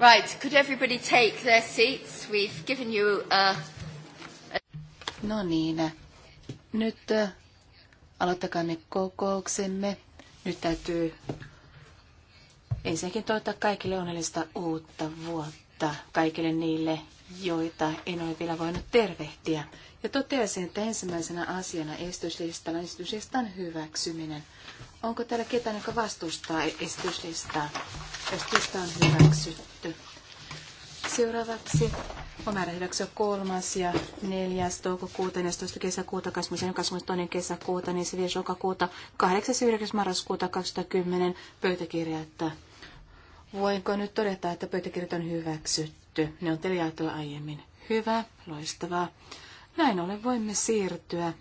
Right, could everybody take their seats? We've given you uh, a... No niin. Nyt äh, aloittakaa ne kokouksemme. Nyt täytyy ensinnäkin toivottaa kaikille onnellista uutta vuotta. Kaikille niille, joita en ole vielä voinut tervehtiä. Ja toteaisin, että ensimmäisenä asiana esityslistalla esityslistan hyväksyminen. Onko täällä ketään, joka vastustaa esityslistaa? Esitystä on hyväksytty. Seuraavaksi on määrä hyväksyä kolmas ja neljäs toukokuuta, 14. kesäkuuta, 22. kesäkuuta, niin se 5. lokakuuta, 8. 9. marraskuuta 2010 pöytäkirjat. Voinko nyt todeta, että pöytäkirjat on hyväksytty? Ne on teille jaettu aiemmin. Hyvä, loistavaa. Näin ollen voimme siirtyä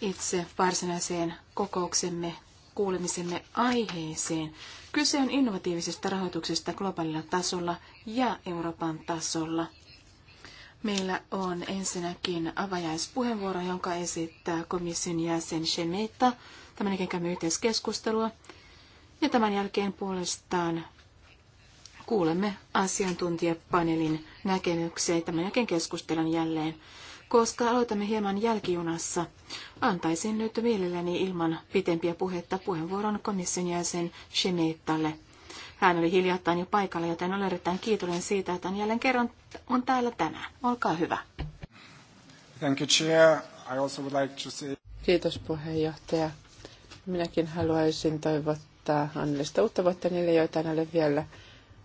itse varsinaiseen kokouksemme kuulemisemme aiheeseen. Kyse on innovatiivisesta rahoituksesta globaalilla tasolla ja Euroopan tasolla. Meillä on ensinnäkin avajaispuheenvuoro, jonka esittää komission jäsen Shemeta. Tämän jälkeen käymme yhteiskeskustelua. Ja tämän jälkeen puolestaan kuulemme asiantuntijapanelin näkemyksiä. Tämän jälkeen keskustelun jälleen koska aloitamme hieman jälkijunassa. Antaisin nyt mielelläni ilman pitempiä puhetta puheenvuoron komission jäsen Shemettalle. Hän oli hiljattain jo paikalla, joten olen erittäin kiitollinen siitä, että hän jälleen kerran on täällä tänään. Olkaa hyvä. Thank you, Chair. I also would like to say... Kiitos puheenjohtaja. Minäkin haluaisin toivottaa onnellista uutta vuotta niille, joita en ole vielä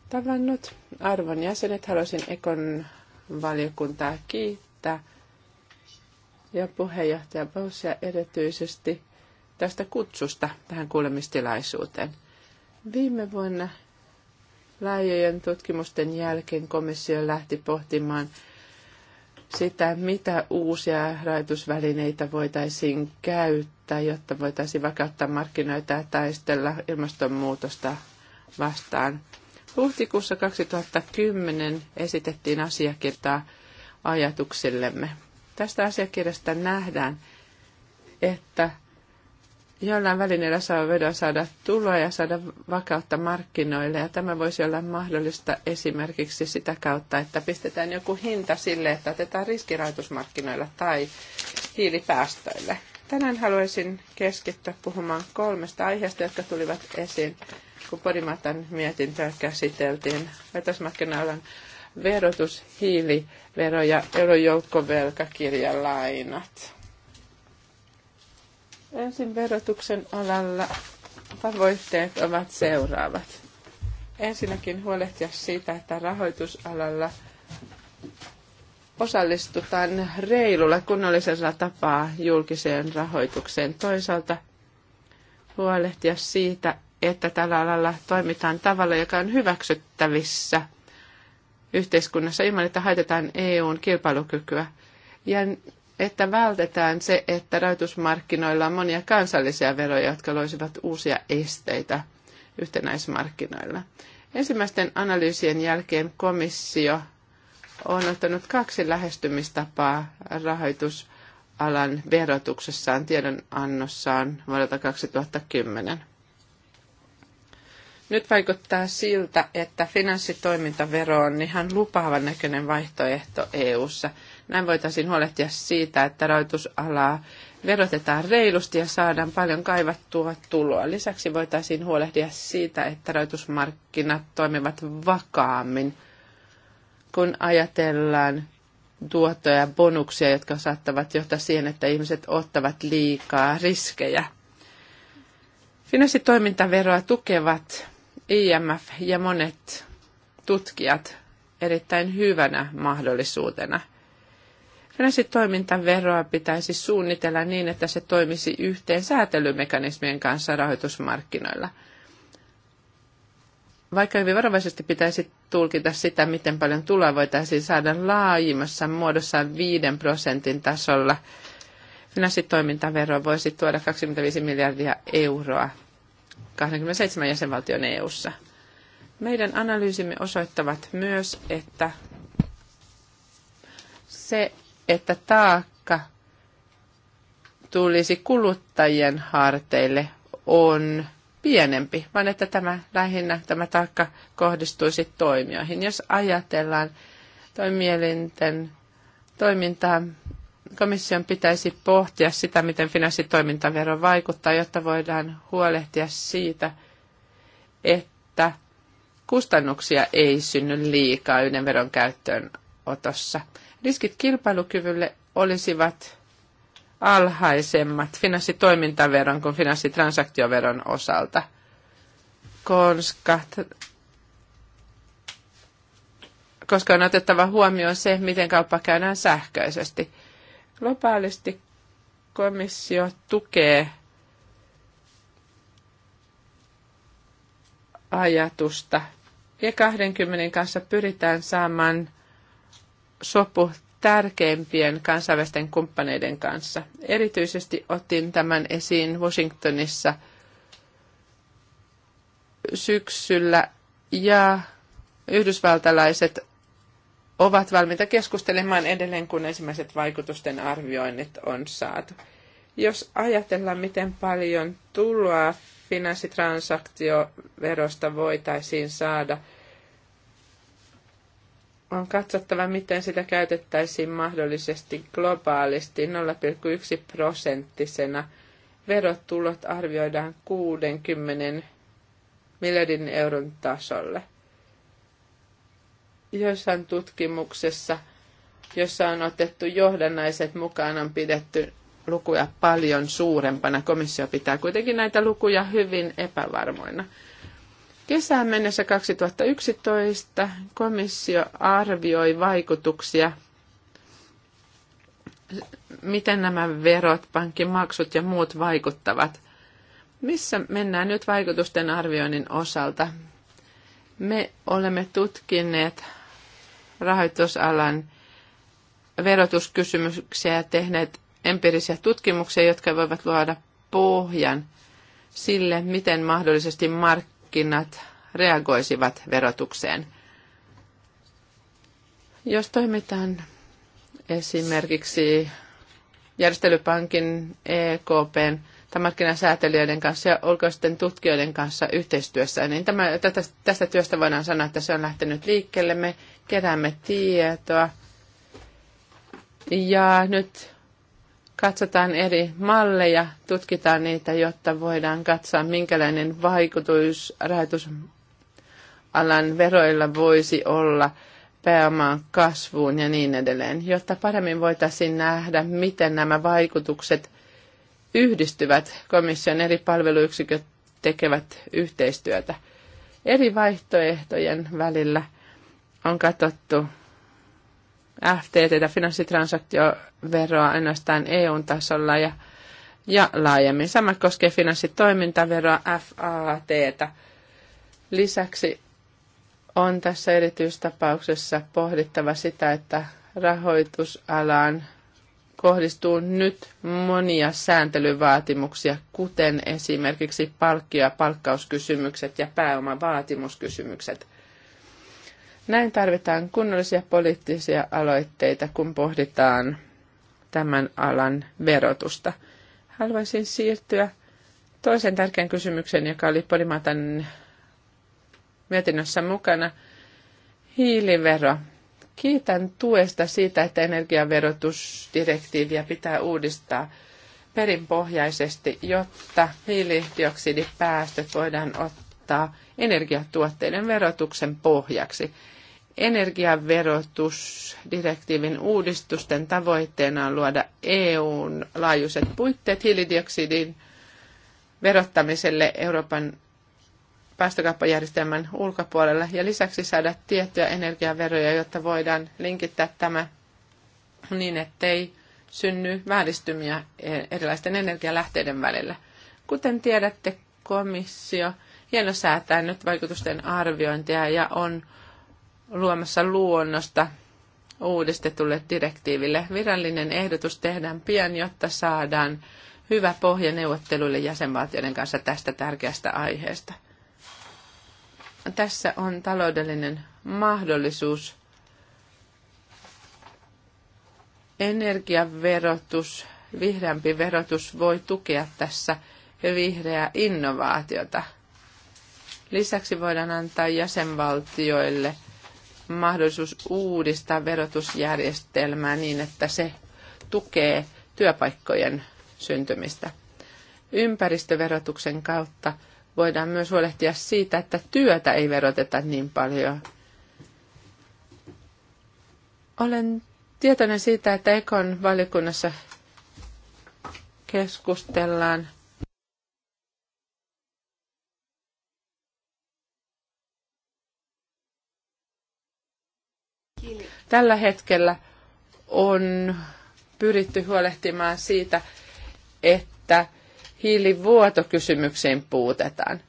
tavannut. Arvon jäsenet, haluaisin Ekon valiokuntaa kiittää ja puheenjohtaja Bausia erityisesti tästä kutsusta tähän kuulemistilaisuuteen. Viime vuonna laajojen tutkimusten jälkeen komissio lähti pohtimaan sitä, mitä uusia rajoitusvälineitä voitaisiin käyttää, jotta voitaisiin vakauttaa markkinoita ja taistella ilmastonmuutosta vastaan. Huhtikuussa 2010 esitettiin asiakirjaa ajatuksillemme. Tästä asiakirjasta nähdään, että jollain välineellä saa vedon saada tuloa ja saada vakautta markkinoille. Ja tämä voisi olla mahdollista esimerkiksi sitä kautta, että pistetään joku hinta sille, että otetaan riskirahoitusmarkkinoilla tai hiilipäästöille. Tänään haluaisin keskittyä puhumaan kolmesta aiheesta, jotka tulivat esiin, kun Podimatan mietintöä käsiteltiin. Vetosmarkkinoilla verotus, hiilivero ja erojoukkovelkakirjalainat. Ensin verotuksen alalla tavoitteet ovat seuraavat. Ensinnäkin huolehtia siitä, että rahoitusalalla osallistutaan reilulla kunnollisella tapaa julkiseen rahoitukseen. Toisaalta huolehtia siitä, että tällä alalla toimitaan tavalla, joka on hyväksyttävissä – yhteiskunnassa ilman, että haitetaan EUn kilpailukykyä ja että vältetään se, että rahoitusmarkkinoilla on monia kansallisia veroja, jotka loisivat uusia esteitä yhtenäismarkkinoilla. Ensimmäisten analyysien jälkeen komissio on ottanut kaksi lähestymistapaa rahoitusalan verotuksessaan tiedonannossaan vuodelta 2010. Nyt vaikuttaa siltä, että finanssitoimintavero on ihan lupaavan näköinen vaihtoehto EU:ssa. Näin voitaisiin huolehtia siitä, että rahoitusalaa verotetaan reilusti ja saadaan paljon kaivattua tuloa. Lisäksi voitaisiin huolehtia siitä, että rahoitusmarkkinat toimivat vakaammin, kun ajatellaan tuottoja ja bonuksia, jotka saattavat johtaa siihen, että ihmiset ottavat liikaa riskejä. Finanssitoimintaveroa tukevat IMF ja monet tutkijat erittäin hyvänä mahdollisuutena. Finanssitoimintaveroa pitäisi suunnitella niin, että se toimisi yhteen säätelymekanismien kanssa rahoitusmarkkinoilla. Vaikka hyvin varovaisesti pitäisi tulkita sitä, miten paljon tuloa voitaisiin saada laajimmassa muodossa 5 prosentin tasolla, finanssitoimintavero voisi tuoda 25 miljardia euroa 27 jäsenvaltion EU:ssa. Meidän analyysimme osoittavat myös, että se, että taakka tulisi kuluttajien harteille, on pienempi, vaan että tämä lähinnä tämä taakka kohdistuisi toimijoihin. Jos ajatellaan toimielinten toimintaa, komission pitäisi pohtia sitä, miten finanssitoimintavero vaikuttaa, jotta voidaan huolehtia siitä, että kustannuksia ei synny liikaa yhden veron käyttöönotossa. Riskit kilpailukyvylle olisivat alhaisemmat finanssitoimintaveron kuin finanssitransaktioveron osalta, koska, koska on otettava huomioon se, miten kauppa käydään sähköisesti – Globaalisti komissio tukee ajatusta. G20 kanssa pyritään saamaan sopu tärkeimpien kansainvälisten kumppaneiden kanssa. Erityisesti otin tämän esiin Washingtonissa syksyllä ja yhdysvaltalaiset ovat valmiita keskustelemaan edelleen, kun ensimmäiset vaikutusten arvioinnit on saatu. Jos ajatellaan, miten paljon tuloa finanssitransaktioverosta voitaisiin saada, on katsottava, miten sitä käytettäisiin mahdollisesti globaalisti 0,1 prosenttisena. Verotulot arvioidaan 60 miljardin euron tasolle – joissain tutkimuksessa, jossa on otettu johdannaiset mukaan, on pidetty lukuja paljon suurempana. Komissio pitää kuitenkin näitä lukuja hyvin epävarmoina. Kesään mennessä 2011 komissio arvioi vaikutuksia, miten nämä verot, pankkimaksut ja muut vaikuttavat. Missä mennään nyt vaikutusten arvioinnin osalta? Me olemme tutkineet rahoitusalan verotuskysymyksiä ja tehneet empiirisiä tutkimuksia, jotka voivat luoda pohjan sille, miten mahdollisesti markkinat reagoisivat verotukseen. Jos toimitaan esimerkiksi järjestelypankin EKPn markkinasäätelijöiden kanssa ja ulkoisten tutkijoiden kanssa yhteistyössä, niin tämä, tästä, tästä työstä voidaan sanoa, että se on lähtenyt liikkeelle. Me keräämme tietoa ja nyt katsotaan eri malleja, tutkitaan niitä, jotta voidaan katsoa, minkälainen vaikutus rahoitusalan veroilla voisi olla pääomaan kasvuun ja niin edelleen, jotta paremmin voitaisiin nähdä, miten nämä vaikutukset yhdistyvät, komission eri palveluyksiköt tekevät yhteistyötä. Eri vaihtoehtojen välillä on katsottu FTT, finanssitransaktioveroa ainoastaan EUn tasolla ja, ja laajemmin. Sama koskee finanssitoimintaveroa FAT. -tä. Lisäksi on tässä erityistapauksessa pohdittava sitä, että rahoitusalan kohdistuu nyt monia sääntelyvaatimuksia, kuten esimerkiksi palkkio- ja palkkauskysymykset ja pääomavaatimuskysymykset. Näin tarvitaan kunnollisia poliittisia aloitteita, kun pohditaan tämän alan verotusta. Haluaisin siirtyä toisen tärkeän kysymyksen, joka oli Polimatan mietinnössä mukana, hiilivero Kiitän tuesta siitä, että energiaverotusdirektiiviä pitää uudistaa perinpohjaisesti, jotta hiilidioksidipäästöt voidaan ottaa energiatuotteiden verotuksen pohjaksi. Energiaverotusdirektiivin uudistusten tavoitteena on luoda EUn laajuiset puitteet hiilidioksidin verottamiselle Euroopan päästökauppajärjestelmän ulkopuolelle ja lisäksi saada tiettyjä energiaveroja, jotta voidaan linkittää tämä niin, ettei synny vääristymiä erilaisten energialähteiden välillä. Kuten tiedätte, komissio säätää nyt vaikutusten arviointia ja on luomassa luonnosta uudistetulle direktiiville. Virallinen ehdotus tehdään pian, jotta saadaan hyvä pohja neuvotteluille jäsenvaltioiden kanssa tästä tärkeästä aiheesta tässä on taloudellinen mahdollisuus. Energiaverotus, vihreämpi verotus voi tukea tässä vihreää innovaatiota. Lisäksi voidaan antaa jäsenvaltioille mahdollisuus uudistaa verotusjärjestelmää niin, että se tukee työpaikkojen syntymistä. Ympäristöverotuksen kautta voidaan myös huolehtia siitä, että työtä ei veroteta niin paljon. Olen tietoinen siitä, että Ekon valikunnassa keskustellaan Tällä hetkellä on pyritty huolehtimaan siitä, että hiilivuotokysymyksiin puutetaan.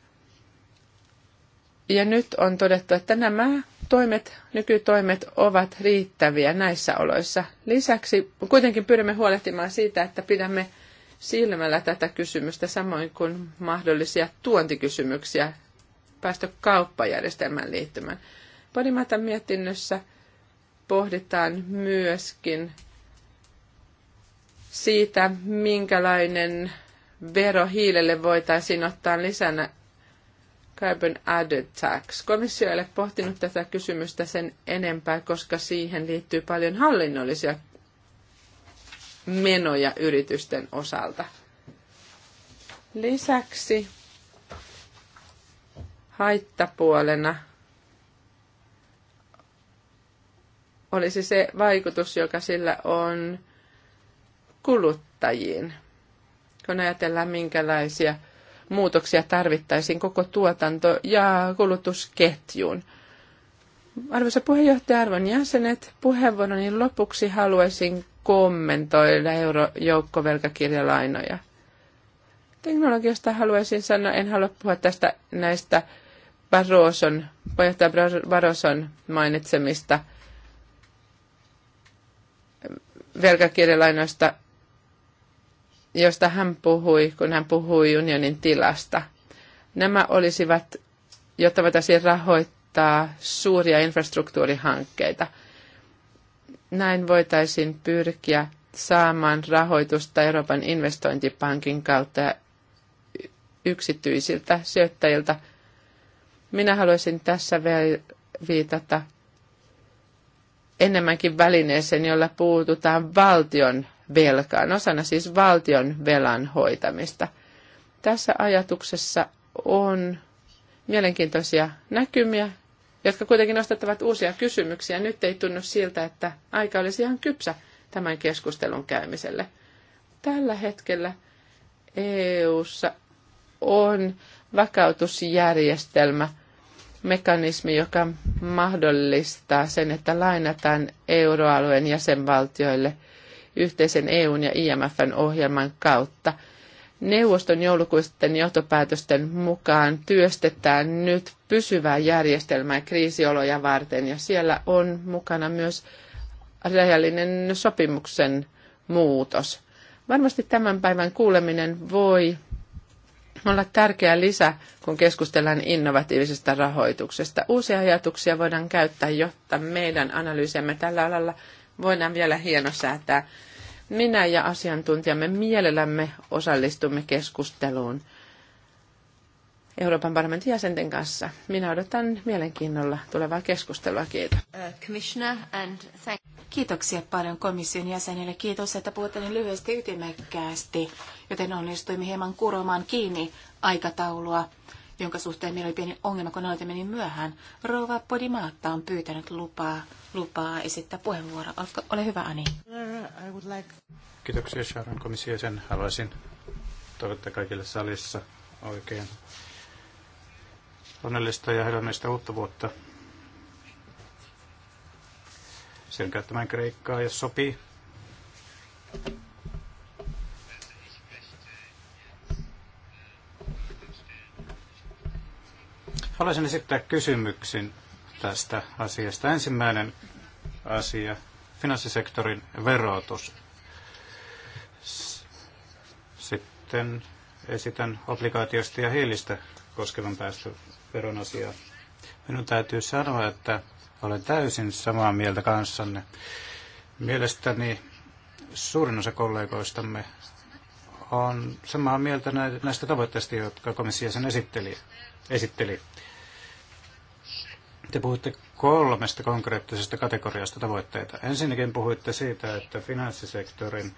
Ja nyt on todettu, että nämä toimet, nykytoimet ovat riittäviä näissä oloissa. Lisäksi kuitenkin pyrimme huolehtimaan siitä, että pidämme silmällä tätä kysymystä samoin kuin mahdollisia tuontikysymyksiä päästökauppajärjestelmän liittymään. Podimatan mietinnössä pohditaan myöskin siitä, minkälainen vero hiilelle voitaisiin ottaa lisänä carbon added tax. Komissio ei ole pohtinut tätä kysymystä sen enempää, koska siihen liittyy paljon hallinnollisia menoja yritysten osalta. Lisäksi haittapuolena olisi se vaikutus, joka sillä on kuluttajiin kun ajatellaan minkälaisia muutoksia tarvittaisiin koko tuotanto- ja kulutusketjuun. Arvoisa puheenjohtaja, arvon jäsenet, puheenvuoroni lopuksi haluaisin kommentoida eurojoukkovelkakirjalainoja. Teknologiasta haluaisin sanoa, en halua puhua tästä näistä Barroson, puheenjohtaja Barroson mainitsemista velkakirjalainoista josta hän puhui, kun hän puhui unionin tilasta. Nämä olisivat, jotta voitaisiin rahoittaa suuria infrastruktuurihankkeita. Näin voitaisiin pyrkiä saamaan rahoitusta Euroopan investointipankin kautta yksityisiltä sijoittajilta. Minä haluaisin tässä vielä viitata enemmänkin välineeseen, jolla puututaan valtion velkaan, osana siis valtion velan hoitamista. Tässä ajatuksessa on mielenkiintoisia näkymiä, jotka kuitenkin nostattavat uusia kysymyksiä. Nyt ei tunnu siltä, että aika olisi ihan kypsä tämän keskustelun käymiselle. Tällä hetkellä EU:ssa on vakautusjärjestelmä, mekanismi, joka mahdollistaa sen, että lainataan euroalueen jäsenvaltioille – yhteisen EUn ja IMFn ohjelman kautta. Neuvoston joulukuisten johtopäätösten mukaan työstetään nyt pysyvää järjestelmää kriisioloja varten ja siellä on mukana myös rajallinen sopimuksen muutos. Varmasti tämän päivän kuuleminen voi olla tärkeä lisä, kun keskustellaan innovatiivisesta rahoituksesta. Uusia ajatuksia voidaan käyttää, jotta meidän analyysiamme tällä alalla voidaan vielä säätää. Minä ja asiantuntijamme mielellämme osallistumme keskusteluun Euroopan parlamentin jäsenten kanssa. Minä odotan mielenkiinnolla tulevaa keskustelua. Kiitos. Uh, Kiitoksia paljon komission jäsenille. Kiitos, että puhutte niin lyhyesti ytimekkäästi, joten onnistuimme hieman kuromaan kiinni aikataulua jonka suhteen meillä oli pieni ongelma, kun aloite meni niin myöhään. Rova Podimaatta on pyytänyt lupaa, lupaa esittää puheenvuoro. Olko, ole hyvä, Ani. Kiitoksia Sharon Sen Haluaisin toivottaa kaikille salissa oikein onnellista ja hedelmällistä uutta vuotta. Sen käyttämään Kreikkaa, jos sopii. Haluaisin esittää kysymyksen tästä asiasta. Ensimmäinen asia, finanssisektorin verotus. Sitten esitän obligaatiosta ja hiilistä koskevan päästöveron asiaa. Minun täytyy sanoa, että olen täysin samaa mieltä kanssanne. Mielestäni suurin osa kollegoistamme on samaa mieltä näistä tavoitteista, jotka komissio sen esitteli esitteli. Te puhutte kolmesta konkreettisesta kategoriasta tavoitteita. Ensinnäkin puhuitte siitä, että finanssisektorin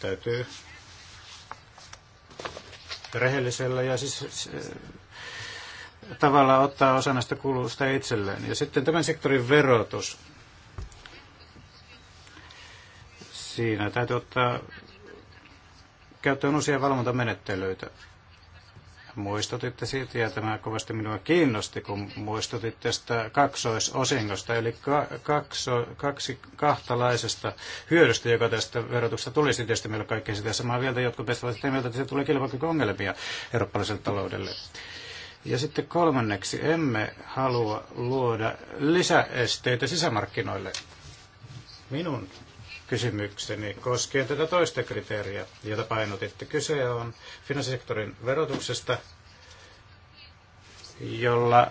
täytyy rehellisellä ja siis äh, tavalla ottaa osa näistä kulusta itselleen. Ja sitten tämän sektorin verotus. Siinä täytyy ottaa käyttöön uusia valvontamenettelyitä muistutitte siitä, ja tämä kovasti minua kiinnosti, kun muistutitte tästä kaksoisosingosta, eli kakso, kaksi kahtalaisesta hyödystä, joka tästä verotuksesta tulisi. Tietysti meillä kaikki sitä samaa mieltä, jotkut pestävät ovat sitä mieltä, että se tulee kilpailukykyongelmia eurooppalaiselle taloudelle. Ja sitten kolmanneksi, emme halua luoda lisäesteitä sisämarkkinoille. Minun kysymykseni koskien tätä toista kriteeriä, jota painotitte. Kyse on finanssisektorin verotuksesta, jolla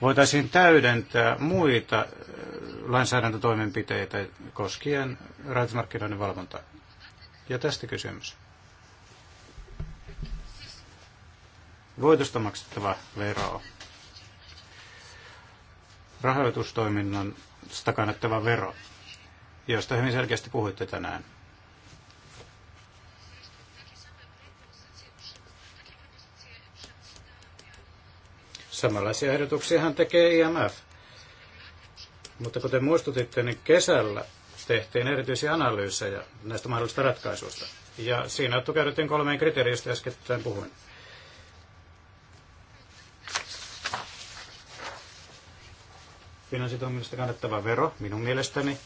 voitaisiin täydentää muita äh, lainsäädäntötoimenpiteitä koskien rahoitusmarkkinoiden valvontaa. Ja tästä kysymys. Voitosta maksettava vero. Rahoitustoiminnan kannettava vero josta hyvin selkeästi puhuitte tänään. Samanlaisia ehdotuksia hän tekee IMF. Mutta kuten muistutitte, niin kesällä tehtiin erityisiä analyysejä näistä mahdollisista ratkaisuista. Ja siinä tukeuduttiin kolmeen kriteeriin, josta äskettäin puhuin. Finanssitoiminnasta kannattava vero, minun mielestäni,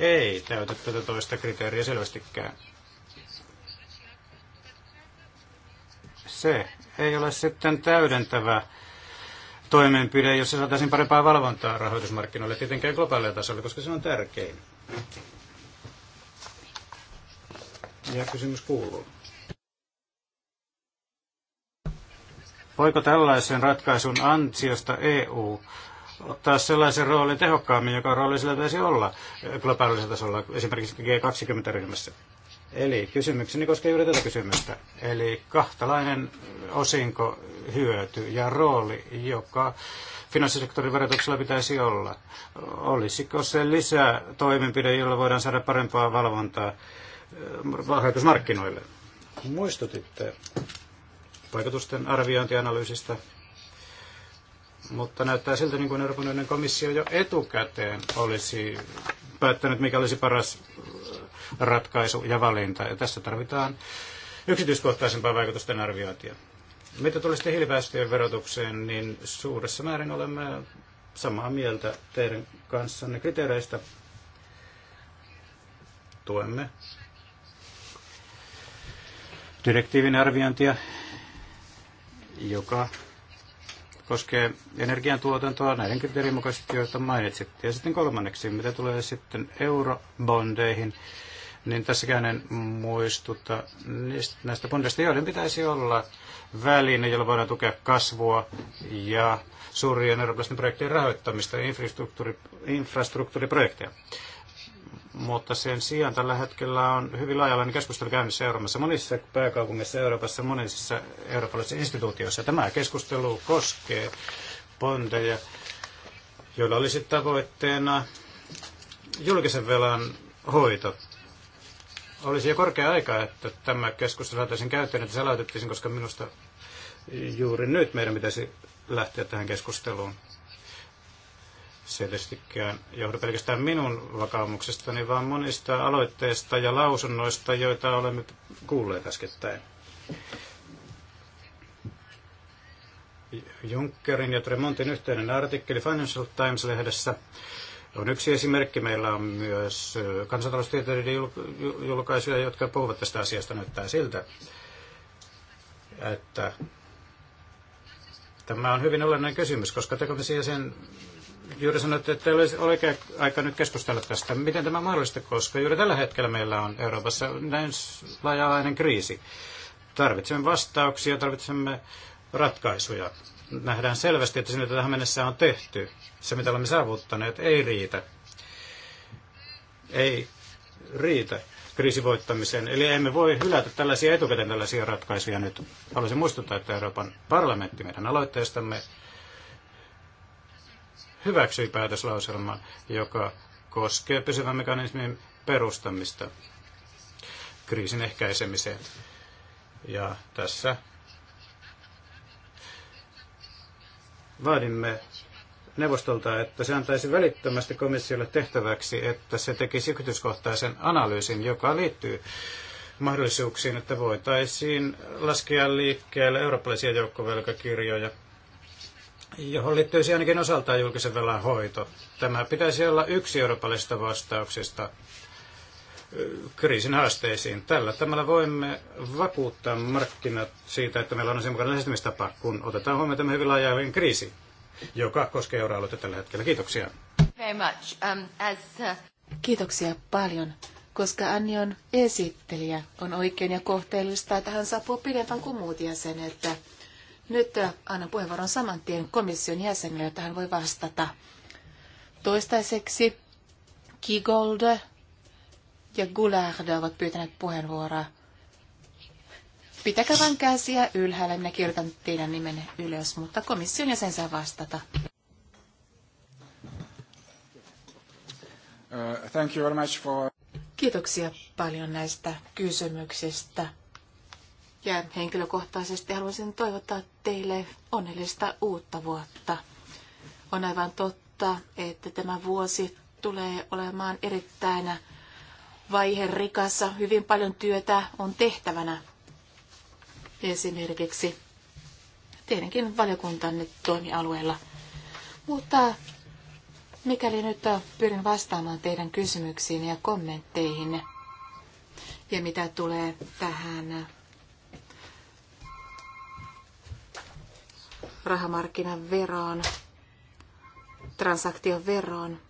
ei täytä tätä toista kriteeriä selvästikään. Se ei ole sitten täydentävä toimenpide, se saataisiin parempaa valvontaa rahoitusmarkkinoille, tietenkään globaalilla tasolla, koska se on tärkein. Ja kysymys kuuluu. Voiko tällaisen ratkaisun ansiosta EU ottaa sellaisen roolin tehokkaammin, joka rooli sillä pitäisi olla globaalisella tasolla, esimerkiksi G20-ryhmässä. Eli kysymykseni koskee juuri tätä kysymystä. Eli kahtalainen osinko, hyöty ja rooli, joka finanssisektorin verotuksella pitäisi olla. Olisiko se lisää toimenpide, jolla voidaan saada parempaa valvontaa äh, rahoitusmarkkinoille? Muistutitte paikatusten arviointianalyysistä mutta näyttää siltä, niin kuin Euroopan unionin komissio jo etukäteen olisi päättänyt, mikä olisi paras äh, ratkaisu ja valinta. Ja tässä tarvitaan yksityiskohtaisempaa vaikutusten arviointia. Mitä tulee sitten hiilipäästöjen verotukseen, niin suuressa määrin olemme samaa mieltä teidän kanssanne kriteereistä. Tuemme direktiivin arviointia, joka koskee energiantuotantoa näiden kriteerien mukaisesti, joita mainitsitte. Ja sitten kolmanneksi, mitä tulee sitten eurobondeihin, niin tässäkään en muistuta niistä, näistä bondeista, joiden pitäisi olla väline, jolla voidaan tukea kasvua ja suurien eurooppalaisten projektien rahoittamista ja infrastruktuuri, infrastruktuuriprojekteja mutta sen sijaan tällä hetkellä on hyvin laajalainen keskustelu käynnissä Euroopassa, monissa pääkaupungeissa Euroopassa, monissa eurooppalaisissa instituutioissa. Tämä keskustelu koskee bondeja, joilla olisi tavoitteena julkisen velan hoito. Olisi jo korkea aika, että tämä keskustelu saataisiin käyttöön, että se aloitettaisiin, koska minusta juuri nyt meidän pitäisi lähteä tähän keskusteluun selvästikään johdu pelkästään minun vakaumuksestani, vaan monista aloitteista ja lausunnoista, joita olemme kuulleet äskettäin. Junckerin ja Tremontin yhteinen artikkeli Financial Times-lehdessä on yksi esimerkki. Meillä on myös kansantaloustieteiden julkaisuja, jotka puhuvat tästä asiasta. Näyttää siltä, että tämä on hyvin olennainen kysymys, koska tekemisiä sen juuri sanoitte, että olisi oikea aika nyt keskustella tästä. Miten tämä mahdollista, koska juuri tällä hetkellä meillä on Euroopassa näin laaja-alainen kriisi. Tarvitsemme vastauksia, tarvitsemme ratkaisuja. Nähdään selvästi, että se mitä tähän mennessä on tehty, se mitä olemme saavuttaneet, ei riitä. Ei riitä kriisivoittamiseen. Eli emme voi hylätä tällaisia etukäteen tällaisia ratkaisuja nyt. Haluaisin muistuttaa, että Euroopan parlamentti meidän aloitteestamme hyväksyi päätöslauselman, joka koskee pysyvän mekanismin perustamista kriisin ehkäisemiseen. Ja tässä vaadimme neuvostolta, että se antaisi välittömästi komissiolle tehtäväksi, että se tekisi yksityiskohtaisen analyysin, joka liittyy mahdollisuuksiin, että voitaisiin laskea liikkeelle eurooppalaisia joukkovelkakirjoja – johon liittyisi ainakin osaltaan julkisen velan hoito. Tämä pitäisi olla yksi eurooppalaisista vastauksista kriisin haasteisiin. Tällä tämällä voimme vakuuttaa markkinat siitä, että meillä on asianmukainen lähestymistapa, kun otetaan huomioon tämä hyvin laaja kriisi, joka koskee euroalueita tällä hetkellä. Kiitoksia. Very much. Um, as, uh... Kiitoksia paljon. Koska Anni on esittelijä, on oikein ja kohteellista, että hän saapuu pidempään kuin muut jäsenet. Nyt annan puheenvuoron saman tien komission jäsenille, jota hän voi vastata. Toistaiseksi Kigold ja Goulard ovat pyytäneet puheenvuoroa. Pitäkää vain käsiä ylhäällä, minä kirjoitan teidän nimenne ylös, mutta komission jäsen saa vastata. Uh, thank you very much for... Kiitoksia paljon näistä kysymyksistä. Ja henkilökohtaisesti haluaisin toivottaa teille onnellista uutta vuotta. On aivan totta, että tämä vuosi tulee olemaan erittäin rikassa. Hyvin paljon työtä on tehtävänä. Esimerkiksi teidänkin valiokuntanne toimialueella. Mutta mikäli nyt pyrin vastaamaan teidän kysymyksiin ja kommentteihin, ja mitä tulee tähän rahamarkkinan veroon, transaktion veroon.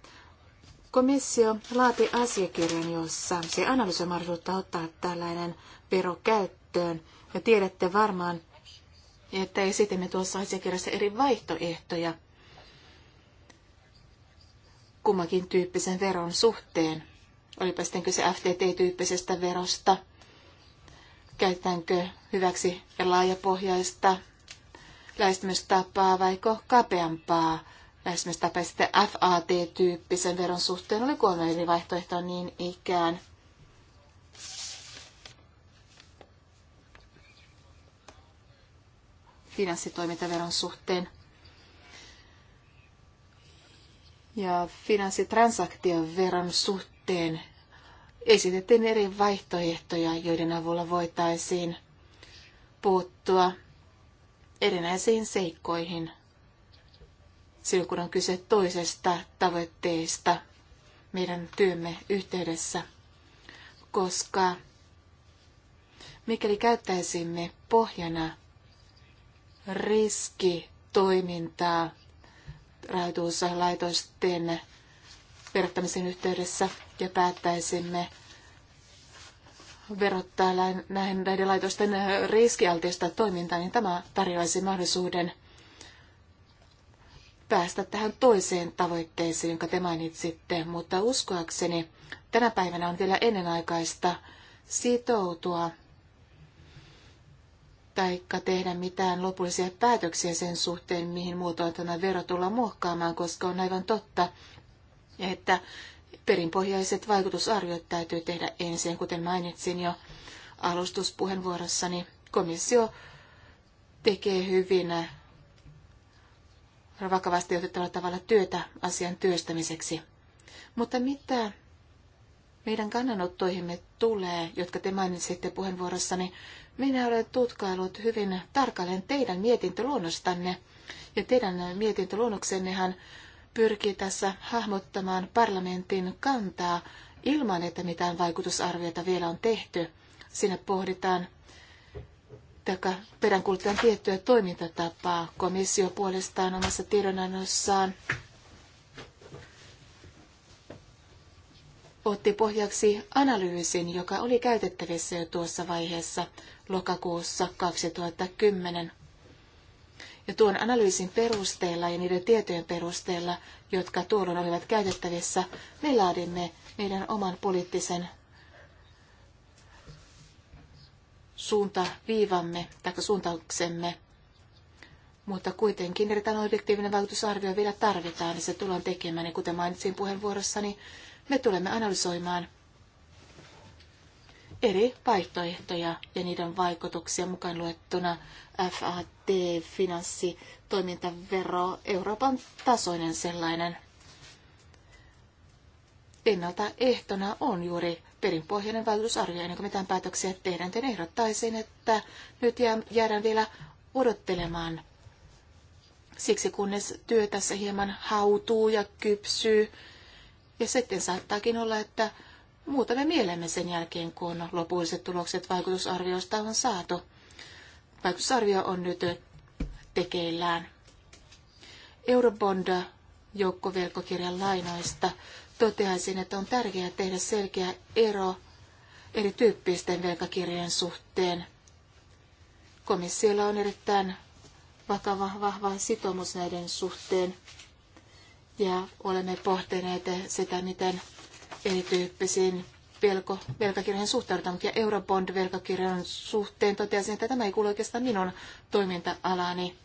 Komissio laati asiakirjan, jossa se analysoi mahdollisuutta ottaa tällainen vero käyttöön. Ja tiedätte varmaan, että esitimme tuossa asiakirjassa eri vaihtoehtoja kummakin tyyppisen veron suhteen. Olipa sitten kyse FTT-tyyppisestä verosta, käytetäänkö hyväksi laajapohjaista lähestymistapaa vai kapeampaa lähestymistapaa. Sitten FAT-tyyppisen veron suhteen oli kolme eri vaihtoehtoa niin ikään. finanssitoimintaveron suhteen. Ja finanssitransaktioveron suhteen esitettiin eri vaihtoehtoja, joiden avulla voitaisiin puuttua erinäisiin seikkoihin silloin, kun on kyse toisesta tavoitteesta meidän työmme yhteydessä, koska mikäli käyttäisimme pohjana riskitoimintaa rahoituslaitosten perustamisen yhteydessä ja päättäisimme verottaa näiden, näiden laitosten äh, riskialtista toimintaa, niin tämä tarjoaisi mahdollisuuden päästä tähän toiseen tavoitteeseen, jonka te mainitsitte, mutta uskoakseni tänä päivänä on vielä ennenaikaista sitoutua tai tehdä mitään lopullisia päätöksiä sen suhteen, mihin muotoon tämä vero tullaan muokkaamaan, koska on aivan totta, että Perinpohjaiset vaikutusarviot täytyy tehdä ensin, kuten mainitsin jo alustuspuheenvuorossani. Komissio tekee hyvin vakavasti otettavalla tavalla työtä asian työstämiseksi. Mutta mitä meidän kannanottoihimme tulee, jotka te mainitsitte puheenvuorossani, minä olen tutkailut hyvin tarkalleen teidän mietintöluonnostanne. Ja teidän mietintöluonnoksennehan pyrkii tässä hahmottamaan parlamentin kantaa ilman, että mitään vaikutusarvioita vielä on tehty. Siinä pohditaan peräänkuulutetaan tiettyä toimintatapaa. Komissio puolestaan omassa tiedonannossaan otti pohjaksi analyysin, joka oli käytettävissä jo tuossa vaiheessa lokakuussa 2010. Ja tuon analyysin perusteella ja niiden tietojen perusteella, jotka tuolloin olivat käytettävissä, me laadimme meidän oman poliittisen suuntaviivamme tai suuntauksemme. Mutta kuitenkin erittäin objektiivinen vaikutusarvio vielä tarvitaan ja niin se tullaan tekemään. Ja kuten mainitsin puheenvuorossani, me tulemme analysoimaan eri vaihtoehtoja ja niiden vaikutuksia mukaan luettuna FAT, finanssi, toimintavero, Euroopan tasoinen sellainen. Ennalta ehtona on juuri perinpohjainen vaikutusarvio, ennen kuin mitään päätöksiä tehdään. Joten ehdottaisin, että nyt jäädään vielä odottelemaan siksi kunnes työ tässä hieman hautuu ja kypsyy. Ja sitten saattaakin olla, että muutamme mielemme sen jälkeen, kun lopulliset tulokset vaikutusarviosta on saatu. Vaikutusarvio on nyt tekeillään. Eurobond joukkovelkokirjan lainoista toteaisin, että on tärkeää tehdä selkeä ero erityyppisten velkakirjojen suhteen. Komissiolla on erittäin vakava, vahva sitoumus näiden suhteen ja olemme pohtineet sitä, miten erityyppisiin pelko, velkakirjojen suhtaudutaan, mutta Eurobond-velkakirjan suhteen totesin, että tämä ei kuulu oikeastaan minun toiminta-alani,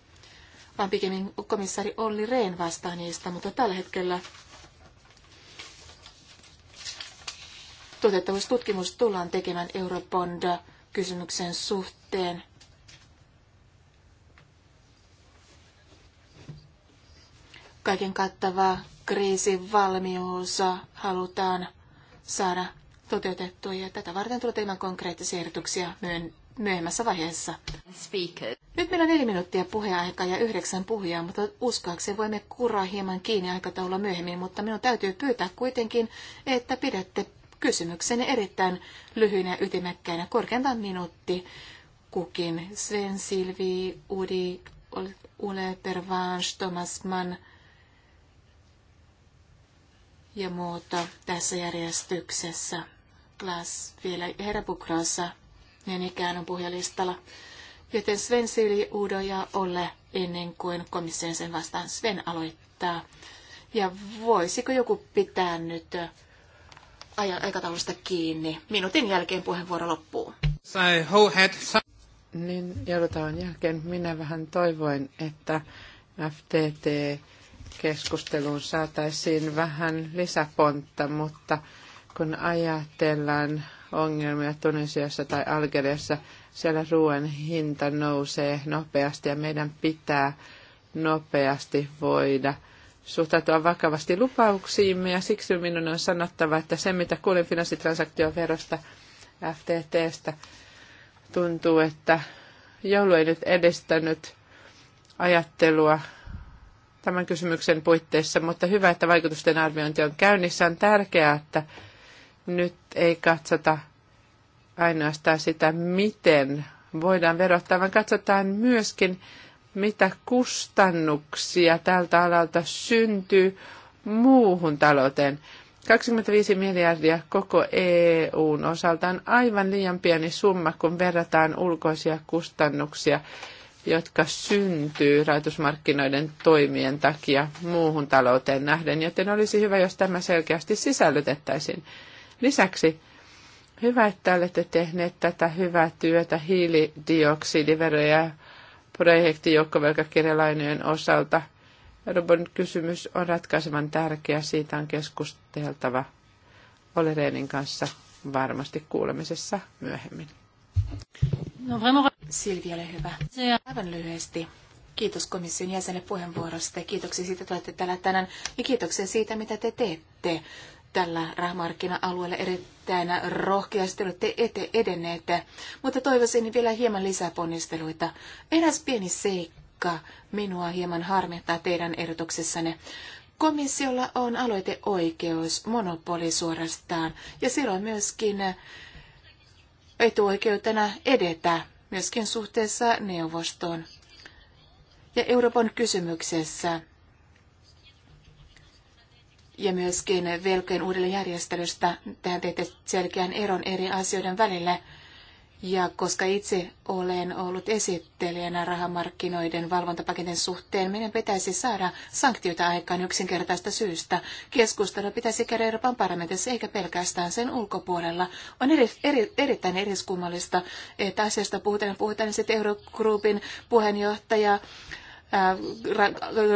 vaan pikemmin komissaari Olli Rehn vastaa niistä, mutta tällä hetkellä tutkimus tullaan tekemään Eurobond-kysymyksen suhteen. Kaiken kattavaa kriisivalmius halutaan saada toteutettua ja tätä varten tulee teemään konkreettisia ehdotuksia myöhemmässä vaiheessa. Speaker. Nyt meillä on neljä minuuttia puheaikaa ja yhdeksän puhujaa, mutta uskoakseni voimme kuraa hieman kiinni aikataululla myöhemmin, mutta minun täytyy pyytää kuitenkin, että pidätte kysymyksen erittäin lyhyinä ja ytimekkäinä, korkeintaan minuutti kukin. Sven Silvi, Udi, Ule, Pervans, Thomas Mann, ja muuta tässä järjestyksessä. Glass vielä herbukrassa, niin ikään on puhelistalla. Joten Sven Sili Udo ja Olle ennen kuin komission sen vastaan Sven aloittaa. Ja voisiko joku pitää nyt ajan aikataulusta kiinni? Minuutin jälkeen puheenvuoro loppuu. Niin joudutaan jälkeen. Minä vähän toivoin, että FTT keskusteluun saataisiin vähän lisäpontta, mutta kun ajatellaan ongelmia Tunisiassa tai Algeriassa, siellä ruoan hinta nousee nopeasti ja meidän pitää nopeasti voida suhtautua vakavasti lupauksiimme ja siksi minun on sanottava, että se mitä kuulin finanssitransaktioverosta FTTstä tuntuu, että joulu ei nyt edistänyt ajattelua tämän kysymyksen puitteissa, mutta hyvä, että vaikutusten arviointi on käynnissä. On tärkeää, että nyt ei katsota ainoastaan sitä, miten voidaan verottaa, vaan katsotaan myöskin, mitä kustannuksia tältä alalta syntyy muuhun talouteen. 25 miljardia koko EUn osalta on aivan liian pieni summa, kun verrataan ulkoisia kustannuksia jotka syntyy rahoitusmarkkinoiden toimien takia muuhun talouteen nähden, joten olisi hyvä, jos tämä selkeästi sisällytettäisiin. Lisäksi hyvä, että olette tehneet tätä hyvää työtä hiilidioksidiveroja projektijoukkovelkakirjalainojen osalta. Robon kysymys on ratkaisevan tärkeä, siitä on keskusteltava Olereenin kanssa varmasti kuulemisessa myöhemmin. No vraiment... Silvi, ole hyvä. Aivan lyhyesti. Kiitos komission jäsenelle puheenvuorosta ja kiitoksia siitä, että olette täällä tänään ja kiitoksia siitä, mitä te teette tällä rahamarkkina-alueella erittäin rohkeasti olette ete edenneet, mutta toivoisin vielä hieman lisää ponnisteluita. Eräs pieni seikka minua hieman harmittaa teidän ehdotuksessanne. Komissiolla on aloiteoikeus, monopoli suorastaan, ja silloin myöskin etuoikeutena edetä myöskin suhteessa neuvostoon. Ja Euroopan kysymyksessä ja myöskin velkojen uudelleenjärjestelystä. Tähän teette selkeän eron eri asioiden välillä. Ja koska itse olen ollut esittelijänä rahamarkkinoiden valvontapaketin suhteen, meidän pitäisi saada sanktioita aikaan yksinkertaista syystä. Keskustelu pitäisi käydä Euroopan parlamentissa eikä pelkästään sen ulkopuolella. On eri, eri, erittäin eriskummallista, että asiasta puhutaan, puhutaan sitten Eurogroupin puheenjohtaja äh,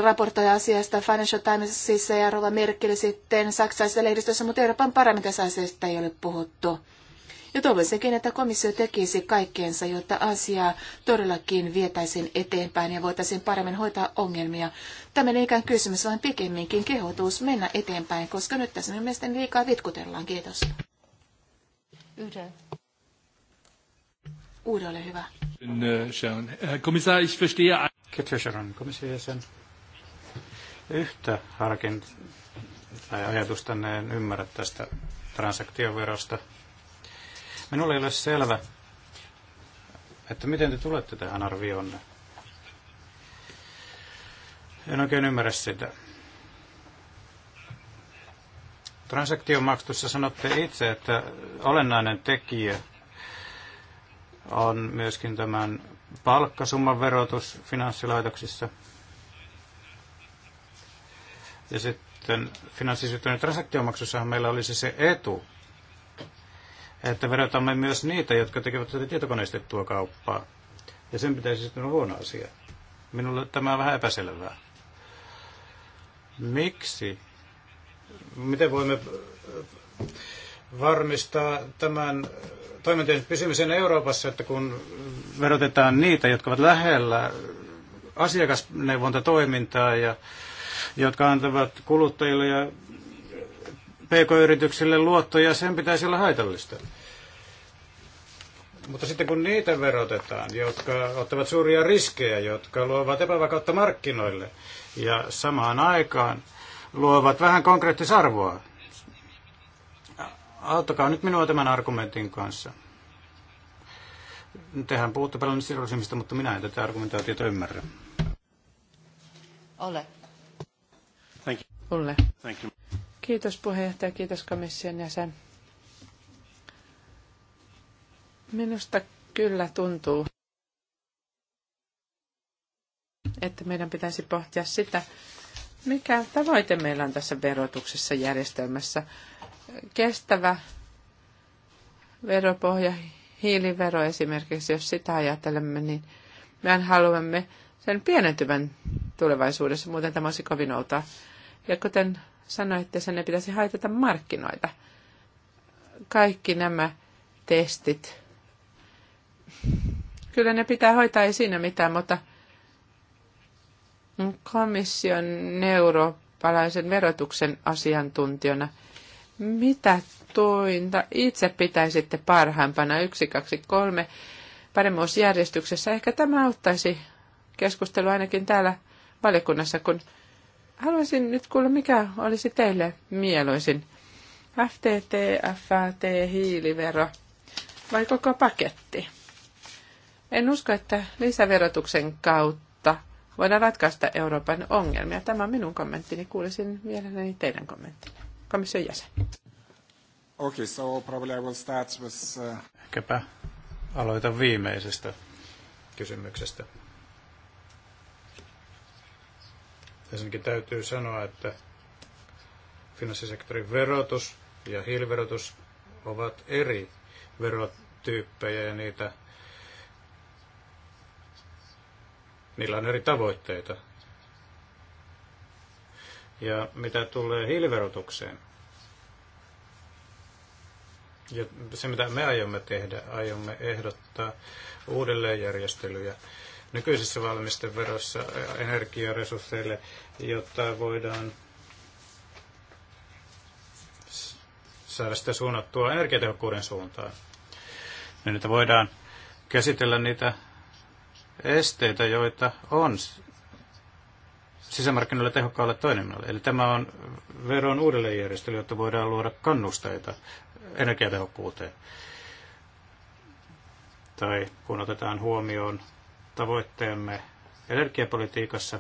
raportoi asiasta Financial Timesissa ja Rova Merkel sitten saksalaisessa lehdistössä, mutta Euroopan parlamentissa asiasta ei ole puhuttu. Ja toivoisinkin, että komissio tekisi kaikkeensa, jotta asiaa todellakin vietäisiin eteenpäin ja voitaisiin paremmin hoitaa ongelmia. Tämä ei ikään kysymys, vaan pikemminkin kehotus mennä eteenpäin, koska nyt tässä mielestäni liikaa vitkutellaan. Kiitos. Yhden. Uude, ole hyvä. Äh, äh, Kiitos, Sharon, jäsen. Yhtä harkintaa tai ajatusta en ymmärrä tästä transaktioverosta Minulle ei ole selvä, että miten te tulette tähän arvioonne. En oikein ymmärrä sitä. Transaktiomaksussa sanotte itse, että olennainen tekijä on myöskin tämän palkkasumman verotus finanssilaitoksissa. Ja sitten finanssisyyttöinen transaktiomaksussahan meillä olisi se etu, että verotamme myös niitä, jotka tekevät tätä tietokoneistettua kauppaa. Ja sen pitäisi sitten olla huono asia. Minulle tämä on vähän epäselvää. Miksi? Miten voimme äh, varmistaa tämän toimintojen pysymisen Euroopassa, että kun verotetaan niitä, jotka ovat lähellä asiakasneuvontatoimintaa ja jotka antavat kuluttajille ja pk-yrityksille luottoja, sen pitäisi olla haitallista. Mutta sitten kun niitä verotetaan, jotka ottavat suuria riskejä, jotka luovat epävakautta markkinoille ja samaan aikaan luovat vähän konkreettisarvoa, auttakaa nyt minua tämän argumentin kanssa. Tehän puhutte paljon sirrosimmista, mutta minä en tätä argumentaatiota ymmärrä. Ole. Thank you. Ole. Thank you. Kiitos puheenjohtaja, kiitos komission jäsen. Minusta kyllä tuntuu, että meidän pitäisi pohtia sitä, mikä tavoite meillä on tässä verotuksessa järjestelmässä. Kestävä veropohja, hiilivero esimerkiksi, jos sitä ajattelemme, niin mehän haluamme sen pienentyvän tulevaisuudessa, muuten tämä olisi kovin outoa. Ja kuten sanoitte sen, ne pitäisi haitata markkinoita. Kaikki nämä testit, kyllä ne pitää hoitaa, ei siinä mitään, mutta komission eurooppalaisen verotuksen asiantuntijana, mitä tointa itse pitäisitte parhaimpana 1, 2, 3 paremmuusjärjestyksessä? Ehkä tämä auttaisi keskustelua ainakin täällä valiokunnassa, kun Haluaisin nyt kuulla, mikä olisi teille mieluisin. FTT, FAT, hiilivero vai koko paketti? En usko, että lisäverotuksen kautta voidaan ratkaista Euroopan ongelmia. Tämä on minun kommenttini. Kuulisin mielelläni teidän kommenttinne. Komission jäsen. Okay, so probably I will start with... Uh... Ehkäpä aloitan viimeisestä kysymyksestä. Ensinnäkin täytyy sanoa, että finanssisektorin verotus ja hiiliverotus ovat eri verotyyppejä ja niitä, niillä on eri tavoitteita. Ja mitä tulee hiiliverotukseen, ja se mitä me aiomme tehdä, aiomme ehdottaa uudelleenjärjestelyjä nykyisissä valmisteverossa energiaresursseille, jotta voidaan saada sitä suunnattua energiatehokkuuden suuntaan. Ja niin, nyt voidaan käsitellä niitä esteitä, joita on sisämarkkinoille tehokkaalle toiminnalle. Eli tämä on veron uudelleenjärjestely, jotta voidaan luoda kannusteita energiatehokkuuteen. Tai kun otetaan huomioon tavoitteemme energiapolitiikassa.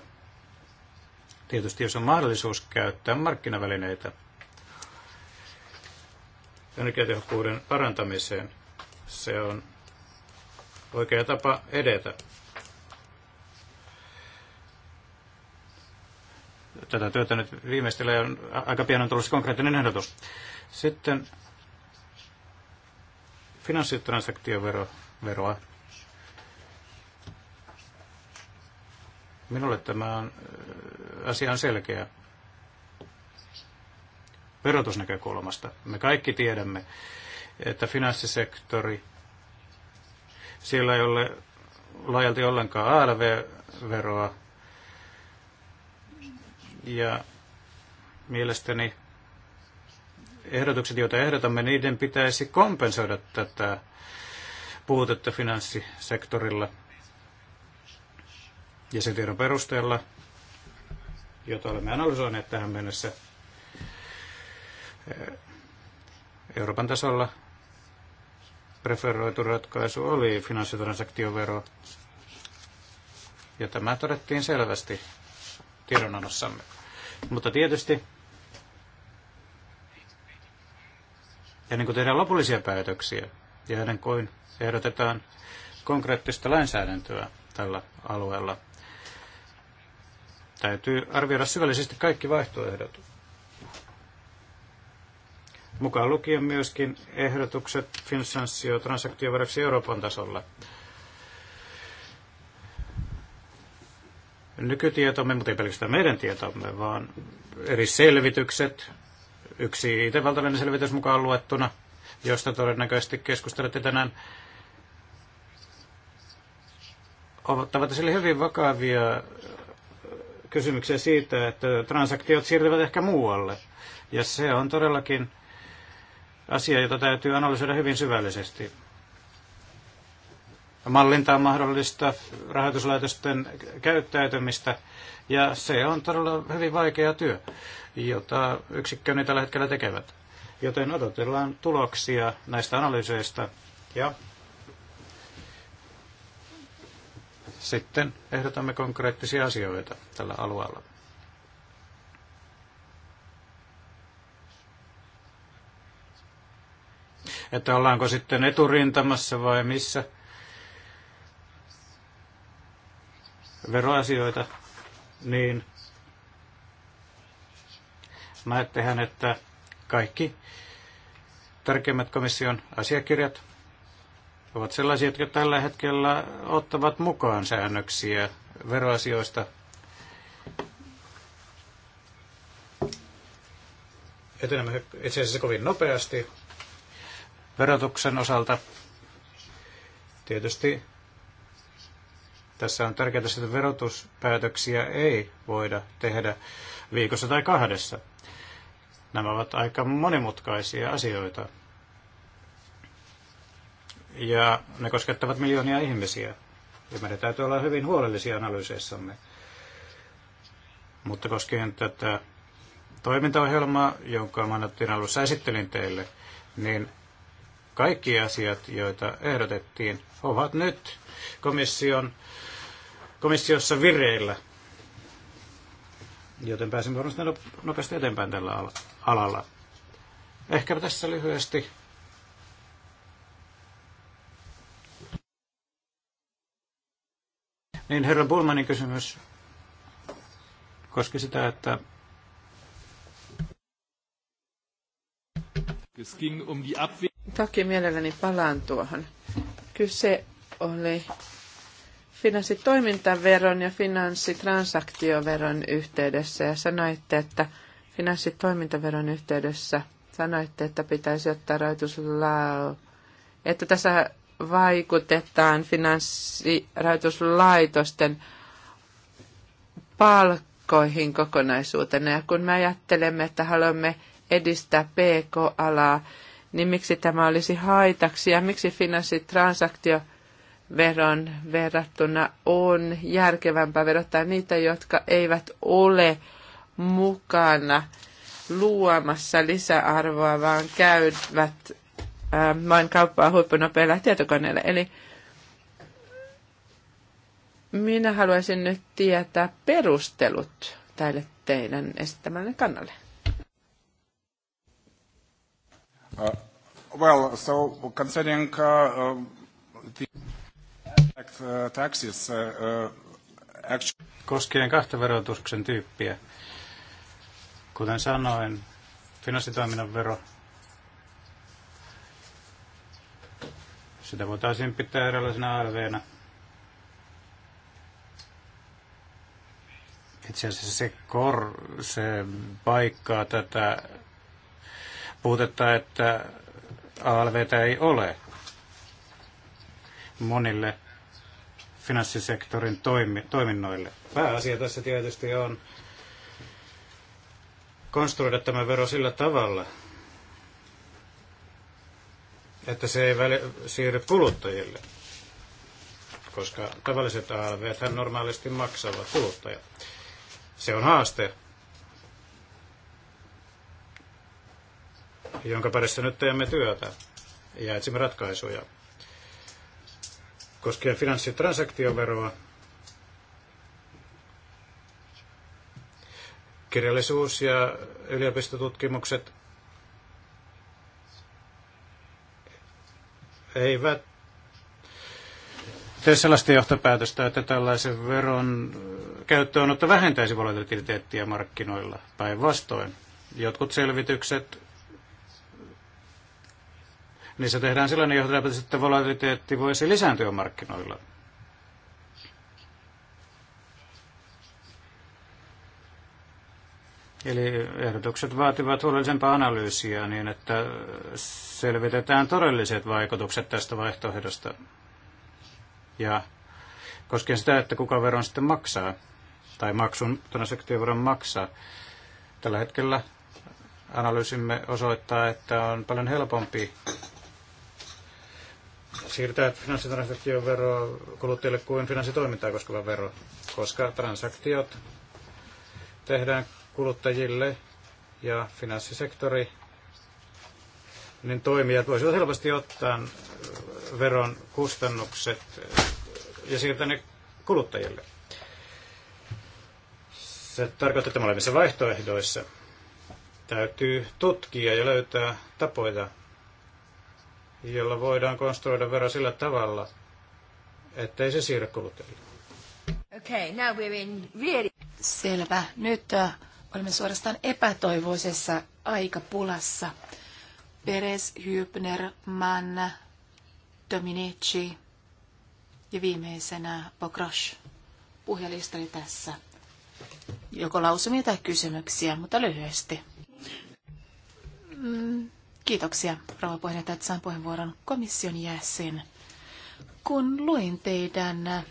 Tietysti jos on mahdollisuus käyttää markkinavälineitä energiatehokkuuden parantamiseen, se on oikea tapa edetä. Tätä työtä nyt viimeistellä on, aika pian on tullut konkreettinen ehdotus. Sitten finanssitransaktioveroa. Veroa Minulle tämä on, äh, asia on selkeä verotusnäkökulmasta. Me kaikki tiedämme, että finanssisektori, siellä ei ole laajalti ollenkaan ALV-veroa. Ja mielestäni ehdotukset, joita ehdotamme, niiden pitäisi kompensoida tätä puutetta finanssisektorilla – ja sen tiedon perusteella, jota olemme analysoineet tähän mennessä eh, Euroopan tasolla, preferoitu ratkaisu oli finanssitransaktiovero. Ja tämä todettiin selvästi tiedonannossamme. Mutta tietysti ja niin kuin tehdään lopullisia päätöksiä ja ennen kuin ehdotetaan konkreettista lainsäädäntöä tällä alueella, Täytyy arvioida syvällisesti kaikki vaihtoehdot. Mukaan lukien myöskin ehdotukset finanssio transaktioveroksi Euroopan tasolla. Nykytietomme, mutta ei pelkästään meidän tietomme, vaan eri selvitykset, yksi itävaltalainen selvitys mukaan luettuna, josta todennäköisesti keskustelette tänään, ovat sille hyvin vakavia kysymykseen siitä, että transaktiot siirtyvät ehkä muualle. Ja se on todellakin asia, jota täytyy analysoida hyvin syvällisesti. Mallinta on mahdollista, rahoituslaitosten käyttäytymistä, ja se on todella hyvin vaikea työ, jota yksikköni tällä hetkellä tekevät. Joten odotellaan tuloksia näistä analyyseista, ja Sitten ehdotamme konkreettisia asioita tällä alueella. Että ollaanko sitten eturintamassa vai missä veroasioita, niin näettehän, että kaikki tärkeimmät komission asiakirjat ovat sellaisia, jotka tällä hetkellä ottavat mukaan säännöksiä veroasioista etenemme itse asiassa kovin nopeasti verotuksen osalta. Tietysti tässä on tärkeää, että verotuspäätöksiä ei voida tehdä viikossa tai kahdessa. Nämä ovat aika monimutkaisia asioita ja ne koskettavat miljoonia ihmisiä. Ja meidän täytyy olla hyvin huolellisia analyyseissamme. Mutta koskien tätä toimintaohjelmaa, jonka mainittiin alussa esittelin teille, niin kaikki asiat, joita ehdotettiin, ovat nyt komission, komissiossa vireillä. Joten pääsemme varmasti nopeasti eteenpäin tällä alalla. Ehkä tässä lyhyesti Niin herra Bulmanin kysymys koski sitä, että um Toki mielelläni palaan tuohon. Kyse oli finanssitoimintaveron ja finanssitransaktioveron yhteydessä ja sanoitte, että finanssitoimintaveron yhteydessä sanoitte, että pitäisi ottaa rahoituslao, että tässä vaikutetaan finanssirahoituslaitosten palkkoihin kokonaisuutena. Ja kun me ajattelemme, että haluamme edistää PK-alaa, niin miksi tämä olisi haitaksi ja miksi finanssitransaktioveron verrattuna on järkevämpää verottaa niitä, jotka eivät ole mukana luomassa lisäarvoa, vaan käyvät Äh, maan kauppaa huippunopeilla tietokoneilla. Eli minä haluaisin nyt tietää perustelut tälle teidän esittämälle kannalle. Uh, well, so concerning uh, the uh, taxes, uh, uh, actually... Koskien kahta verotuksen tyyppiä, kuten sanoin, finanssitoiminnan vero Sitä voitaisiin pitää erilaisena arveena. Itse asiassa se, kor, se paikkaa tätä puutetta, että ALVtä ei ole monille finanssisektorin toimi, toiminnoille. Pääasia tässä tietysti on konstruoida tämä vero sillä tavalla, että se ei väli, siirry kuluttajille, koska tavalliset alv hän normaalisti maksavat kuluttajat. Se on haaste, jonka parissa nyt teemme työtä ja etsimme ratkaisuja. Koskien finanssitransaktioveroa, kirjallisuus ja yliopistotutkimukset eivät tee sellaista johtopäätöstä, että tällaisen veron käyttöönotto vähentäisi volatiliteettia markkinoilla. Päinvastoin. Jotkut selvitykset, niissä tehdään sellainen johtopäätös, että volatiliteetti voisi lisääntyä markkinoilla. Eli ehdotukset vaativat huolellisempaa analyysiä niin, että selvitetään todelliset vaikutukset tästä vaihtoehdosta. Ja koskien sitä, että kuka veron sitten maksaa, tai maksun, transaktioveron maksaa. Tällä hetkellä analyysimme osoittaa, että on paljon helpompi siirtää finanssitransaktion vero kuluttajille kuin finanssitoimintaa koskeva vero, koska transaktiot tehdään kuluttajille ja finanssisektori, niin toimijat voisivat helposti ottaa veron kustannukset ja siirtää ne kuluttajille. Se tarkoittaa, että molemmissa vaihtoehdoissa täytyy tutkia ja löytää tapoja, jolla voidaan konstruoida vero sillä tavalla, ettei se siirry kuluttajille. Okay, now we're in really... Selvä. Nyt äh, Olemme suorastaan epätoivoisessa aikapulassa. Peres, Hübner, Mann, Dominici ja viimeisenä Bokros. Puhelista oli tässä. Joko lausumia tai kysymyksiä, mutta lyhyesti. Mm, kiitoksia, rouva puheenjohtaja, että saan puheenvuoron komission jäsen. Kun luin teidän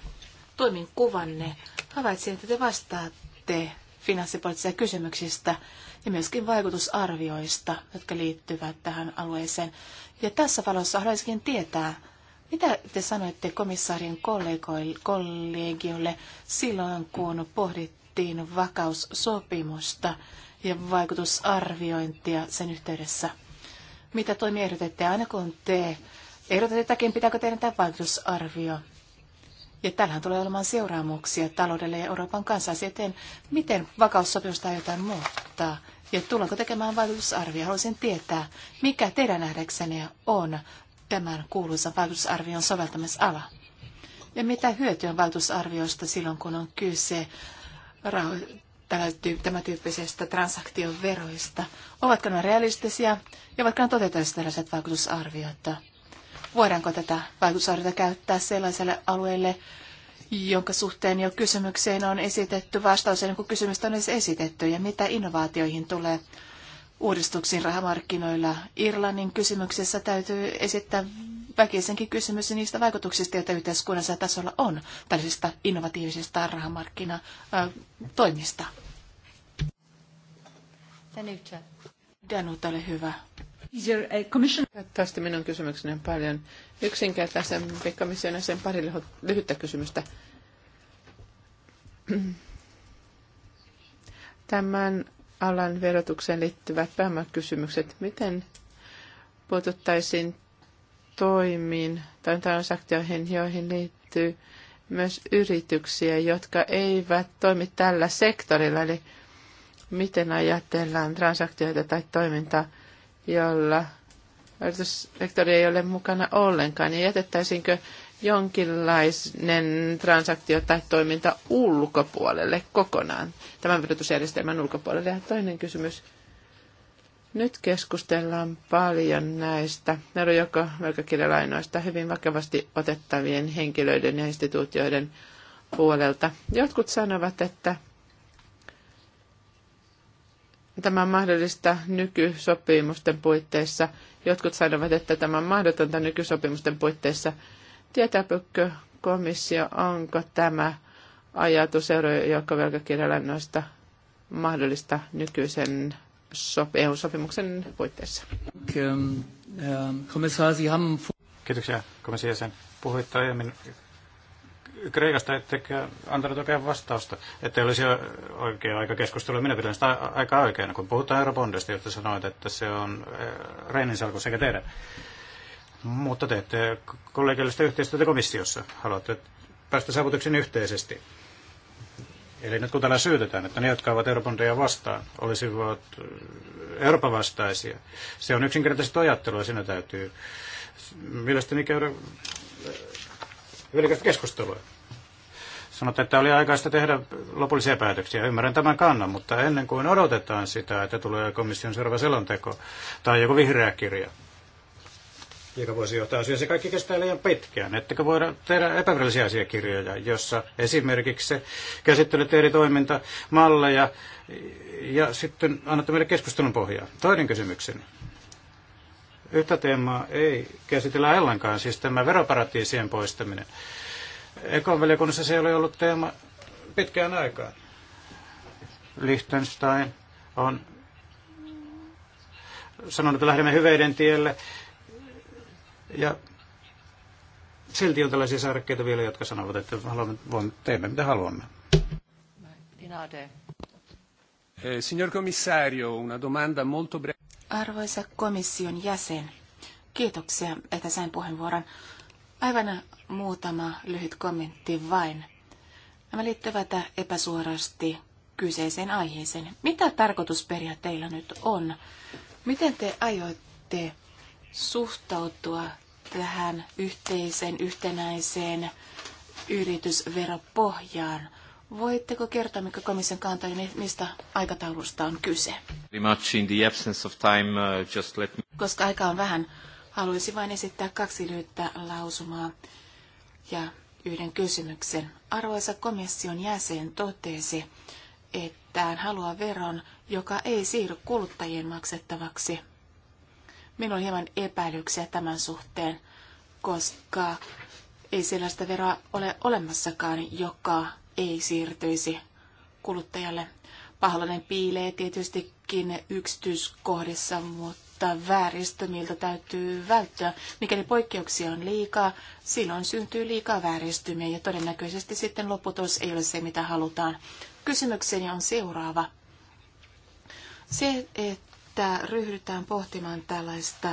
toiminkuvanne, havaitsin, että te vastaatte finanssipoliittisista kysymyksistä ja myöskin vaikutusarvioista, jotka liittyvät tähän alueeseen. Ja tässä valossa haluaisinkin tietää, mitä te sanoitte komissaarin kollegiolle silloin, kun pohdittiin vakaussopimusta ja vaikutusarviointia sen yhteydessä? Mitä toimia ehdotette aina kun te ehdotatte jotakin, pitääkö tehdä tämä vaikutusarvio? Ja tällähän tulee olemaan seuraamuksia taloudelle ja Euroopan kansalle. Joten miten vakaussopimusta aiotaan muuttaa? Ja tullaanko tekemään vaikutusarvio? Haluaisin tietää, mikä teidän nähdäksenne on tämän kuuluisan vaikutusarvion soveltamisala? Ja mitä hyötyä on vaikutusarvioista silloin, kun on kyse raho- tämän tyyppisestä transaktion veroista? Ovatko ne realistisia ja ovatko ne toteutettavissa tällaiset vaikutusarviot? Voidaanko tätä vaikutusarviota käyttää sellaiselle alueelle, jonka suhteen jo kysymykseen on esitetty vastaus ennen kuin kysymystä on edes esitetty, ja mitä innovaatioihin tulee uudistuksiin rahamarkkinoilla. Irlannin kysymyksessä täytyy esittää väkisenkin kysymys niistä vaikutuksista, joita yhteiskunnassa tasolla on tällaisista innovatiivisista rahamarkkinatoimista. Danuta, ole hyvä. Eh, Tästä minun kysymykseni on paljon yksinkertaisempi komission sen pari lyhyttä kysymystä. Tämän alan verotukseen liittyvät pääomakysymykset, miten puututtaisiin toimiin tai transaktioihin, joihin liittyy myös yrityksiä, jotka eivät toimi tällä sektorilla, eli miten ajatellaan transaktioita tai toimintaa jolla yrityssektori ei ole mukana ollenkaan, niin jätettäisiinkö jonkinlainen transaktio tai toiminta ulkopuolelle kokonaan, tämän verotusjärjestelmän ulkopuolelle. Ja toinen kysymys. Nyt keskustellaan paljon näistä verojoko velkakirjalainoista hyvin vakavasti otettavien henkilöiden ja instituutioiden puolelta. Jotkut sanovat, että Tämä on mahdollista nykysopimusten puitteissa. Jotkut sanovat, että tämä on mahdotonta nykysopimusten puitteissa. Tietääkö komissio, onko tämä ajatus noista mahdollista nykyisen EU-sopimuksen puitteissa? Kiitoksia komission jäsen. Puhuitte aiemmin Kreikasta ettekä antanut oikein vastausta, että olisi oikea aika keskustella. Minä pidän sitä aika oikeana, kun puhutaan eurobondista, josta sanoit, että se on eh, Reinin salku sekä teidän. Mutta ette kollegiallista yhteistyötä komissiossa. Haluatte päästä saavutuksen yhteisesti. Eli nyt kun täällä syytetään, että ne, jotka ovat eurobondeja vastaan, olisivat eh, Euroopan vastaisia, se on yksinkertaisesti ajattelua, siinä täytyy mielestäni käydä vilkasta keskustelua. Sanotte, että oli aikaista tehdä lopullisia päätöksiä. Ymmärrän tämän kannan, mutta ennen kuin odotetaan sitä, että tulee komission seuraava selonteko tai joku vihreä kirja, joka voisi johtaa asiaan, se kaikki kestää liian pitkään. Ettekö voida tehdä epävirallisia asiakirjoja, jossa esimerkiksi käsittelette eri toimintamalleja ja sitten annatte meille keskustelun pohjaa. Toinen kysymykseni Yhtä teemaa ei käsitellä ollenkaan, siis tämä veroparatiisien poistaminen. Ekon valiokunnassa se oli ollut teema pitkään aikaan. Liechtenstein on sanonut, että lähdemme hyveiden tielle. Ja silti on tällaisia sarkkeita vielä, jotka sanovat, että haluamme, voimme, teemme mitä haluamme. Eh, signor commissario, una domanda molto breve. Arvoisa komission jäsen, kiitoksia, että sain puheenvuoron. Aivan muutama lyhyt kommentti vain. Nämä liittyvät epäsuorasti kyseiseen aiheeseen. Mitä tarkoitusperia teillä nyt on? Miten te aiotte suhtautua tähän yhteiseen, yhtenäiseen yritysveropohjaan? Voitteko kertoa, mikä komission kanta ja mistä aikataulusta on kyse? Uh, koska aika on vähän, haluaisin vain esittää kaksi lyhyttä lausumaa ja yhden kysymyksen. Arvoisa komission jäsen totesi, että hän haluaa veron, joka ei siirry kuluttajien maksettavaksi. Minulla on hieman epäilyksiä tämän suhteen, koska ei sellaista veroa ole olemassakaan, joka ei siirtyisi kuluttajalle. Paholainen piilee tietystikin yksityiskohdissa, mutta vääristymiltä täytyy välttyä. Mikäli poikkeuksia on liikaa, silloin syntyy liikaa vääristymiä ja todennäköisesti sitten lopputulos ei ole se, mitä halutaan. Kysymykseni on seuraava. Se, että ryhdytään pohtimaan tällaista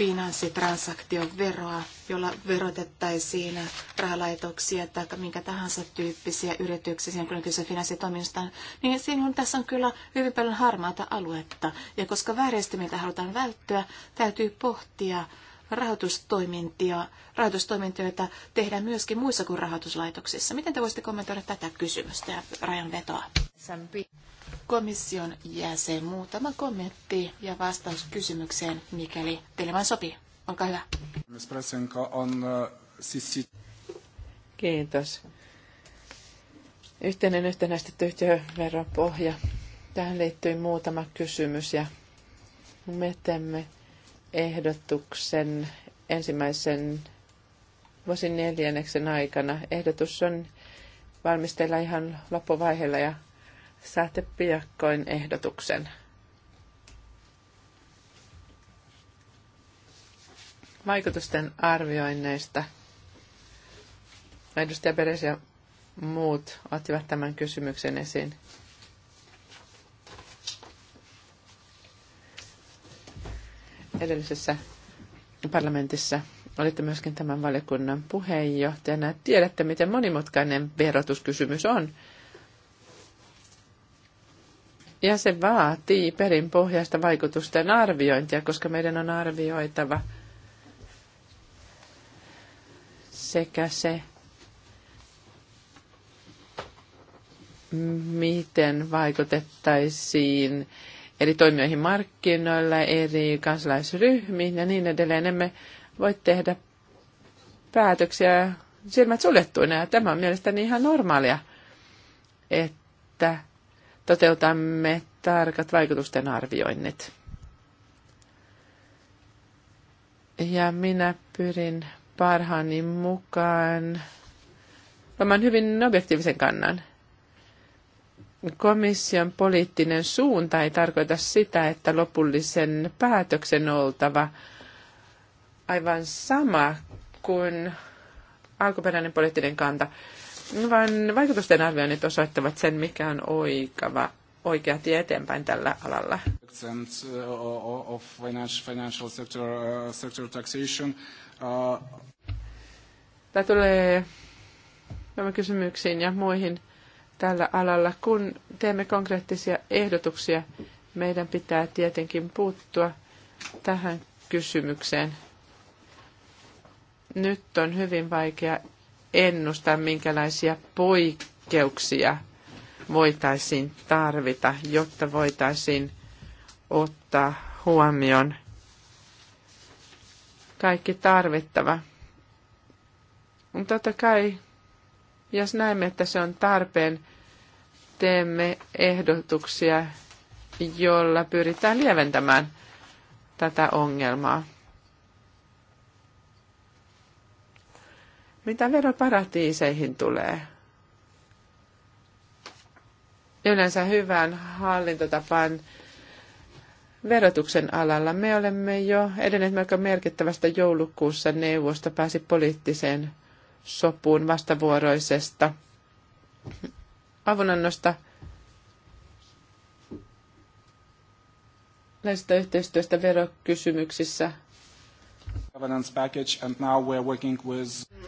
finanssitransaktioveroa, jolla verotettaisiin rahalaitoksia tai minkä tahansa tyyppisiä yrityksiä, kun kyse finanssitoiminnasta, niin silloin tässä on kyllä hyvin paljon harmaata aluetta. Ja koska vääristymiltä halutaan välttyä, täytyy pohtia rahoitustoimintia, rahoitustoimintoja tehdään myöskin muissa kuin rahoituslaitoksissa. Miten te voisitte kommentoida tätä kysymystä ja rajanvetoa? komission jäsen. Muutama kommentti ja vastaus kysymykseen, mikäli teille vain sopii. Olkaa hyvä. Kiitos. Yhteinen yhtenäistetty yhtiöveron pohja. Tähän liittyy muutama kysymys ja me teemme ehdotuksen ensimmäisen vuosin neljänneksen aikana. Ehdotus on valmistella ihan loppuvaiheella ja saatte piakkoin ehdotuksen. Vaikutusten arvioinneista. Edustaja Peres ja muut ottivat tämän kysymyksen esiin. Edellisessä parlamentissa olitte myöskin tämän valiokunnan puheenjohtajana. Tiedätte, miten monimutkainen verotuskysymys on ja se vaatii perinpohjaista vaikutusten arviointia, koska meidän on arvioitava sekä se, miten vaikutettaisiin eri toimijoihin markkinoilla, eri kansalaisryhmiin ja niin edelleen. Emme voi tehdä päätöksiä silmät suljettuina ja tämä on mielestäni ihan normaalia, että toteutamme tarkat vaikutusten arvioinnit. Ja minä pyrin parhaani mukaan oman hyvin objektiivisen kannan. Komission poliittinen suunta ei tarkoita sitä, että lopullisen päätöksen oltava aivan sama kuin alkuperäinen poliittinen kanta. No vaan vaikutusten arvioinnit osoittavat sen, mikä on oikava, oikea tie eteenpäin tällä alalla. Uh, of financial sector, uh, sector taxation. Uh... Tämä tulee nämä kysymyksiin ja muihin tällä alalla. Kun teemme konkreettisia ehdotuksia, meidän pitää tietenkin puuttua tähän kysymykseen. Nyt on hyvin vaikea ennustaa, minkälaisia poikkeuksia voitaisiin tarvita, jotta voitaisiin ottaa huomioon kaikki tarvittava. Totta kai, jos näemme, että se on tarpeen, teemme ehdotuksia, jolla pyritään lieventämään tätä ongelmaa. Mitä veroparatiiseihin tulee? Yleensä hyvään hallintotapaan verotuksen alalla. Me olemme jo edenneet melko merkittävästä joulukuussa neuvosta pääsi poliittiseen sopuun vastavuoroisesta avunannosta näistä yhteistyöstä verokysymyksissä –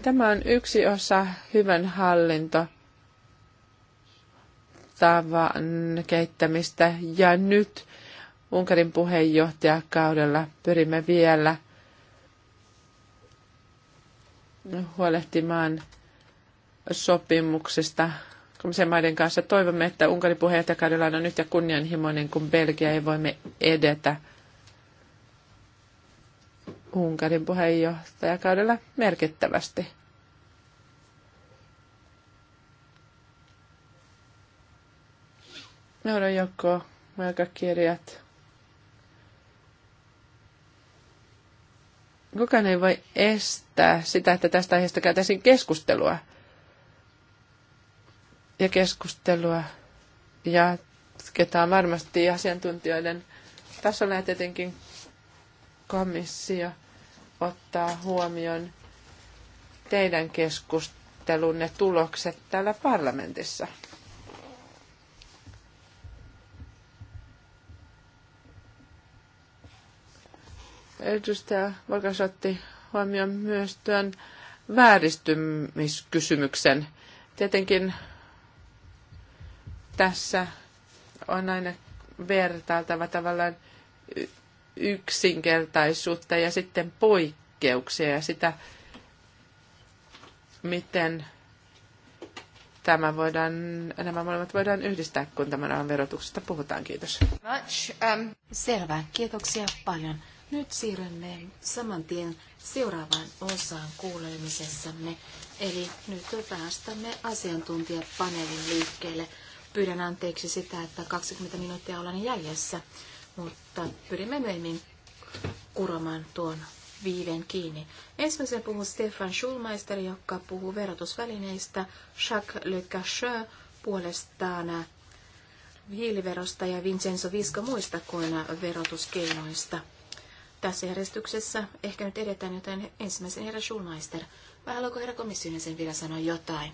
Tämä on yksi osa hyvän hallinto tavan kehittämistä ja nyt Unkarin puheenjohtajakaudella pyrimme vielä huolehtimaan sopimuksesta sen maiden kanssa. Toivomme, että Unkarin puheenjohtajakaudella on nyt ja kunnianhimoinen, kun Belgia ei voimme edetä – Unkarin puheenjohtajakaudella merkittävästi. Meillä on joko velkakirjat. Kukaan ei voi estää sitä, että tästä aiheesta käytäisiin keskustelua. Ja keskustelua jatketaan varmasti asiantuntijoiden tasolla ja tietenkin komissio ottaa huomioon teidän keskustelunne tulokset täällä parlamentissa? Edustaja Valkas otti huomioon myös työn vääristymiskysymyksen. Tietenkin tässä on aina vertailtava tavallaan yksinkertaisuutta ja sitten poikkeuksia ja sitä, miten tämä voidaan, nämä molemmat voidaan yhdistää, kun tämän alan verotuksesta puhutaan. Kiitos. Much, um... Selvä. Kiitoksia paljon. Nyt siirrymme saman tien seuraavaan osaan kuulemisessamme. Eli nyt päästämme asiantuntijapaneelin liikkeelle. Pyydän anteeksi sitä, että 20 minuuttia ollaan jäljessä mutta pyrimme myöhemmin kuromaan tuon viiven kiinni. Ensimmäisenä puhuu Stefan Schulmeister, joka puhuu verotusvälineistä. Jacques Le Cacheux puolestaan hiiliverosta ja Vincenzo Visco muista kuin verotuskeinoista. Tässä järjestyksessä ehkä nyt edetään, joten ensimmäisen herra Schulmeister. Vai haluatko herra komission sen vielä sanoa jotain?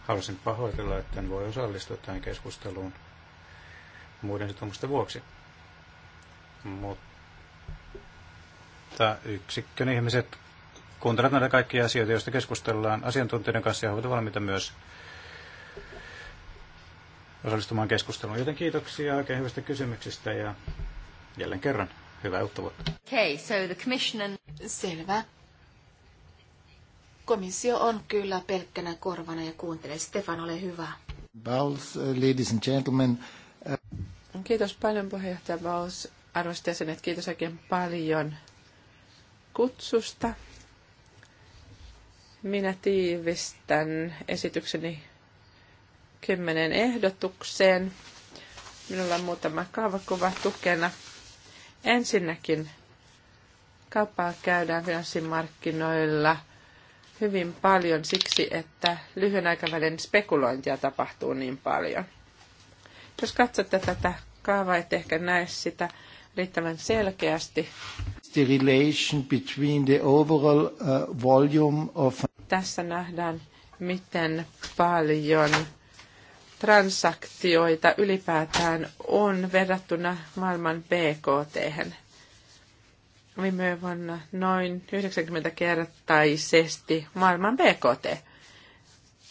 Haluaisin pahoitella, että en voi osallistua tähän keskusteluun muiden sitoumusten vuoksi. Mutta yksikkön ihmiset kuuntelevat näitä kaikkia asioita, joista keskustellaan asiantuntijoiden kanssa ja ovat valmiita myös osallistumaan keskusteluun. Joten kiitoksia oikein hyvistä kysymyksistä ja jälleen kerran hyvää uutta vuotta. Okay, so the commission and... Selvä. Komissio on kyllä pelkkänä korvana ja kuuntelee. Stefan, ole hyvä. Bowles, uh, ladies and gentlemen. Uh, Kiitos paljon puheenjohtaja Vaus. Arvoisat jäsenet, kiitos oikein paljon kutsusta. Minä tiivistän esitykseni kymmenen ehdotukseen. Minulla on muutama kaavakuva tukena. Ensinnäkin kauppaa käydään finanssimarkkinoilla hyvin paljon siksi, että lyhyen aikavälin spekulointia tapahtuu niin paljon – jos katsotte tätä kaavaa, ette ehkä näe sitä riittävän selkeästi. The relation between the overall uh, volume of... Tässä nähdään, miten paljon transaktioita ylipäätään on verrattuna maailman BKT. Viime vuonna noin 90-kertaisesti maailman BKT.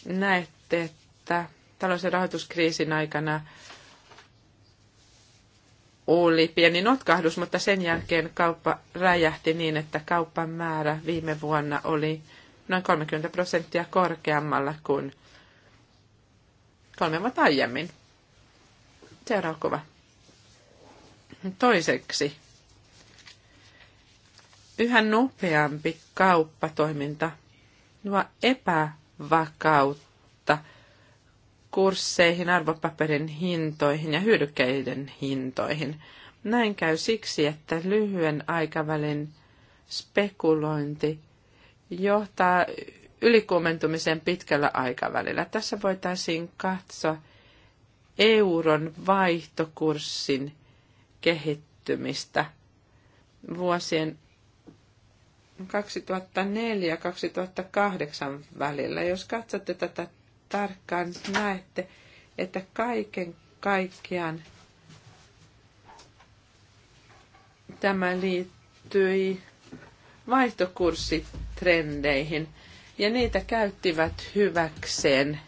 Näette, että talous- ja rahoituskriisin aikana oli pieni notkahdus, mutta sen jälkeen kauppa räjähti niin, että kaupan määrä viime vuonna oli noin 30 prosenttia korkeammalla kuin kolme vuotta aiemmin. Seuraava kuva. Toiseksi. Yhä nopeampi kauppatoiminta luo epävakautta kursseihin, arvopaperin hintoihin ja hyödykkeiden hintoihin. Näin käy siksi, että lyhyen aikavälin spekulointi johtaa ylikuumentumiseen pitkällä aikavälillä. Tässä voitaisiin katsoa euron vaihtokurssin kehittymistä vuosien 2004-2008 välillä. Jos katsotte tätä tarkkaan näette, että kaiken kaikkiaan tämä liittyi vaihtokurssitrendeihin ja niitä käyttivät hyväkseen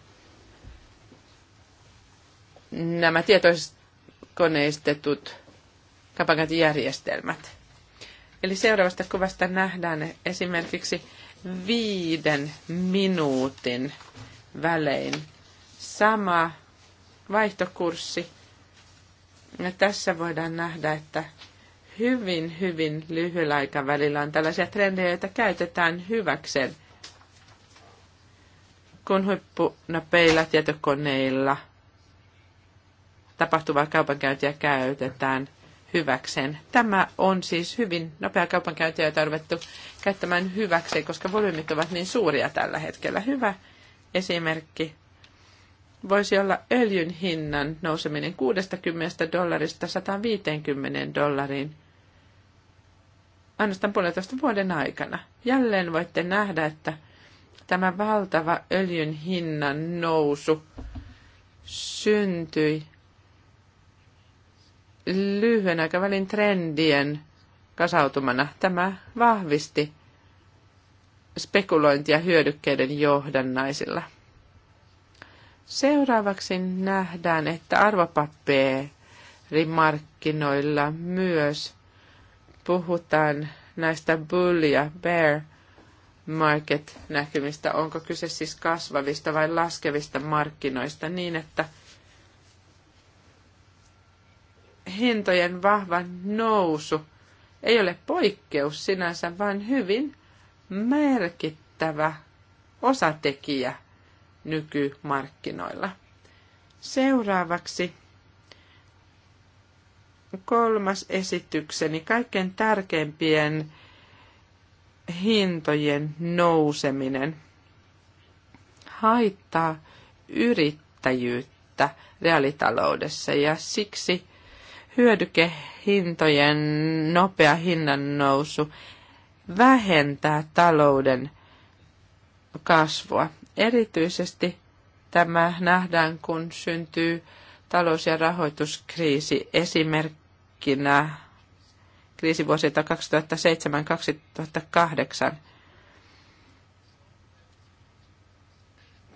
nämä tietoiskoneistetut kapakantijärjestelmät. Eli seuraavasta kuvasta nähdään esimerkiksi viiden minuutin välein. Sama vaihtokurssi. Ja tässä voidaan nähdä, että hyvin, hyvin lyhyellä aikavälillä on tällaisia trendejä, joita käytetään hyväkseen, kun huippunapeilla tietokoneilla tapahtuvaa kaupankäyntiä käytetään hyväkseen. Tämä on siis hyvin nopea kaupankäyntiä, jota on käyttämään hyväkseen, koska volyymit ovat niin suuria tällä hetkellä. Hyvä esimerkki voisi olla öljyn hinnan nouseminen 60 dollarista 150 dollariin ainoastaan puolitoista vuoden aikana. Jälleen voitte nähdä, että tämä valtava öljyn hinnan nousu syntyi lyhyen aikavälin trendien kasautumana. Tämä vahvisti spekulointia hyödykkeiden johdannaisilla. Seuraavaksi nähdään, että arvopaperimarkkinoilla myös puhutaan näistä bull ja bear market-näkymistä. Onko kyse siis kasvavista vai laskevista markkinoista niin, että hintojen vahva nousu ei ole poikkeus sinänsä, vaan hyvin merkittävä osatekijä nykymarkkinoilla. Seuraavaksi kolmas esitykseni kaikkein tärkeimpien hintojen nouseminen haittaa yrittäjyyttä reaalitaloudessa ja siksi hyödykehintojen nopea hinnannousu nousu vähentää talouden kasvua. Erityisesti tämä nähdään, kun syntyy talous- ja rahoituskriisi esimerkkinä kriisivuosilta 2007-2008.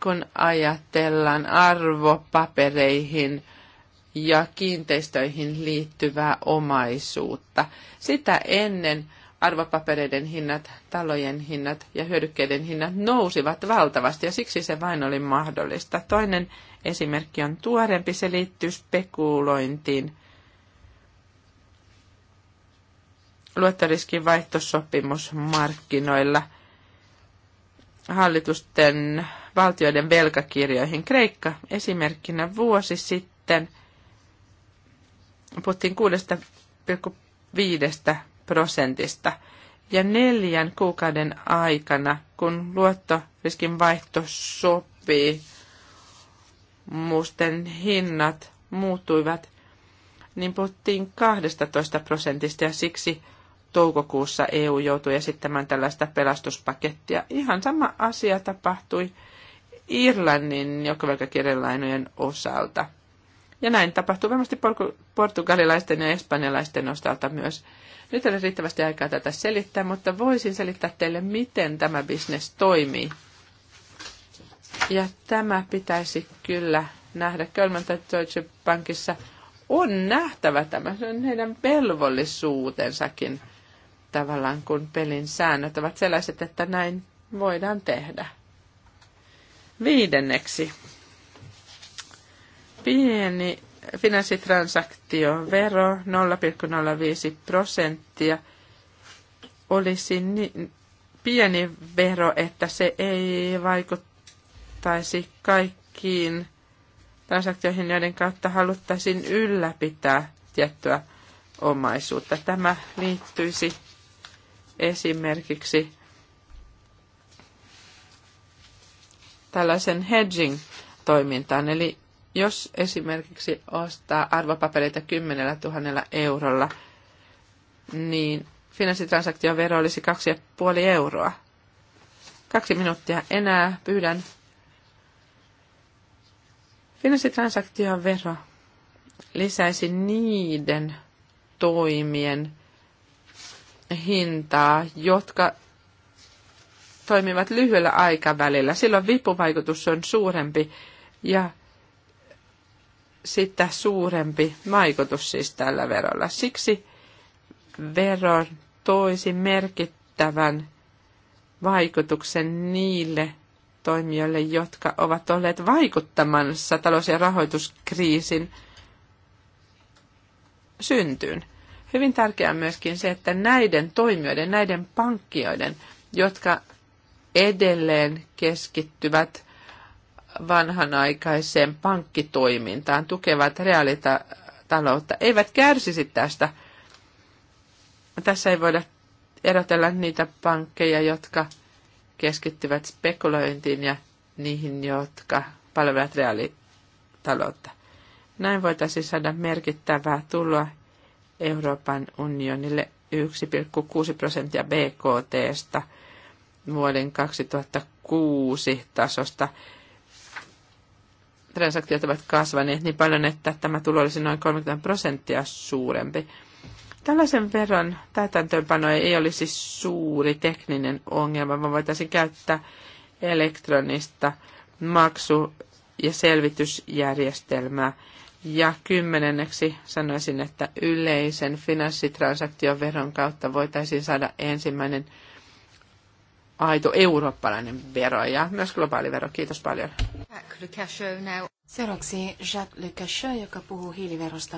Kun ajatellaan arvopapereihin ja kiinteistöihin liittyvää omaisuutta. Sitä ennen arvopapereiden hinnat, talojen hinnat ja hyödykkeiden hinnat nousivat valtavasti ja siksi se vain oli mahdollista. Toinen esimerkki on tuorempi, se liittyy spekulointiin. Luottoriskin markkinoilla hallitusten valtioiden velkakirjoihin. Kreikka esimerkkinä vuosi sitten puhuttiin 6,5 prosentista. Ja neljän kuukauden aikana, kun luottoriskin vaihto sopii, muusten hinnat muuttuivat, niin puhuttiin 12 prosentista ja siksi toukokuussa EU joutui esittämään tällaista pelastuspakettia. Ihan sama asia tapahtui Irlannin jokavelkakirjalainojen osalta – ja näin tapahtuu varmasti portugalilaisten ja espanjalaisten osalta myös. Nyt ei ole riittävästi aikaa tätä selittää, mutta voisin selittää teille, miten tämä bisnes toimii. Ja tämä pitäisi kyllä nähdä. Kölman tai Deutsche Bankissa on nähtävä tämä. Se on heidän velvollisuutensakin tavallaan, kun pelin säännöt ovat sellaiset, että näin voidaan tehdä. Viidenneksi pieni finanssitransaktio vero 0,05 prosenttia olisi niin pieni vero, että se ei vaikuttaisi kaikkiin transaktioihin, joiden kautta haluttaisiin ylläpitää tiettyä omaisuutta. Tämä liittyisi esimerkiksi tällaisen hedging-toimintaan, eli jos esimerkiksi ostaa arvopapereita 10 000 eurolla, niin vero olisi 2,5 euroa. Kaksi minuuttia enää pyydän. vero lisäisi niiden toimien hintaa, jotka toimivat lyhyellä aikavälillä. Silloin vipuvaikutus on suurempi ja sitä suurempi vaikutus siis tällä verolla. Siksi vero toisi merkittävän vaikutuksen niille toimijoille, jotka ovat olleet vaikuttamassa talous- ja rahoituskriisin syntyyn. Hyvin tärkeää on myöskin se, että näiden toimijoiden, näiden pankkioiden, jotka edelleen keskittyvät vanhanaikaiseen pankkitoimintaan, tukevat reaalitaloutta, eivät kärsisi tästä. Tässä ei voida erotella niitä pankkeja, jotka keskittyvät spekulointiin ja niihin, jotka palvelevat reaalitaloutta. Näin voitaisiin saada merkittävää tuloa Euroopan unionille 1,6 prosenttia BKTstä vuoden 2006 tasosta transaktiot ovat kasvaneet niin paljon, että tämä tulo olisi noin 30 prosenttia suurempi. Tällaisen veron täytäntöönpano ei olisi suuri tekninen ongelma, vaan voitaisiin käyttää elektronista maksu- ja selvitysjärjestelmää. Ja kymmenenneksi sanoisin, että yleisen finanssitransaktioveron kautta voitaisiin saada ensimmäinen – aito eurooppalainen vero ja myös globaali vero. Kiitos paljon. Seuraavaksi Jacques Le Cachot, joka puhuu hiiliverosta.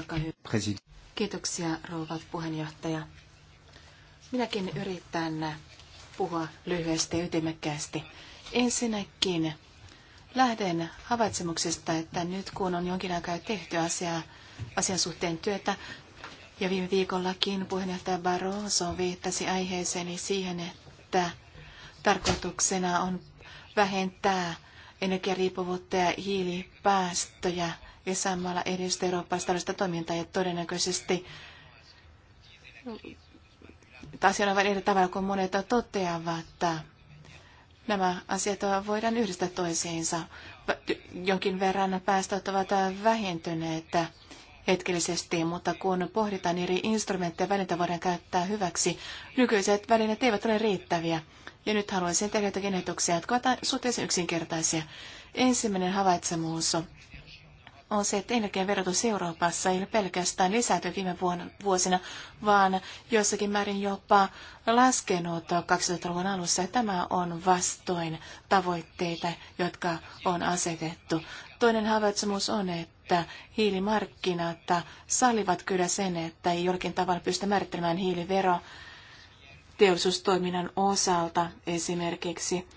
President. Kiitoksia rouva puheenjohtaja. Minäkin yritän puhua lyhyesti ja ytimekkäästi. Ensinnäkin lähden havaitsemuksesta, että nyt kun on jonkin aikaa tehty asia asian suhteen työtä, ja viime viikollakin puheenjohtaja Barroso viittasi aiheeseen siihen, että Tarkoituksena on vähentää energiariippuvuutta ja hiilipäästöjä ja samalla edistää eurooppalaista toimintaa ja todennäköisesti asia on eri tavalla kuin monet toteavat. Nämä asiat voidaan yhdistää toisiinsa. Jonkin verran päästöt ovat vähentyneet hetkellisesti, mutta kun pohditaan eri instrumentteja, välineitä voidaan käyttää hyväksi. Nykyiset välineet eivät ole riittäviä. Ja nyt haluaisin tehdä jotakin ehdotuksia, jotka ovat suhteellisen yksinkertaisia. Ensimmäinen havaitsemuus on se, että energian verotus Euroopassa ei ole pelkästään lisääntynyt viime vuosina, vaan jossakin määrin jopa laskenut 2000-luvun alussa. Tämä on vastoin tavoitteita, jotka on asetettu. Toinen havaitsemus on, että hiilimarkkinat sallivat kyllä sen, että ei jollakin tavalla pystytä määrittelemään hiiliveroa teollisuustoiminnan osalta esimerkiksi,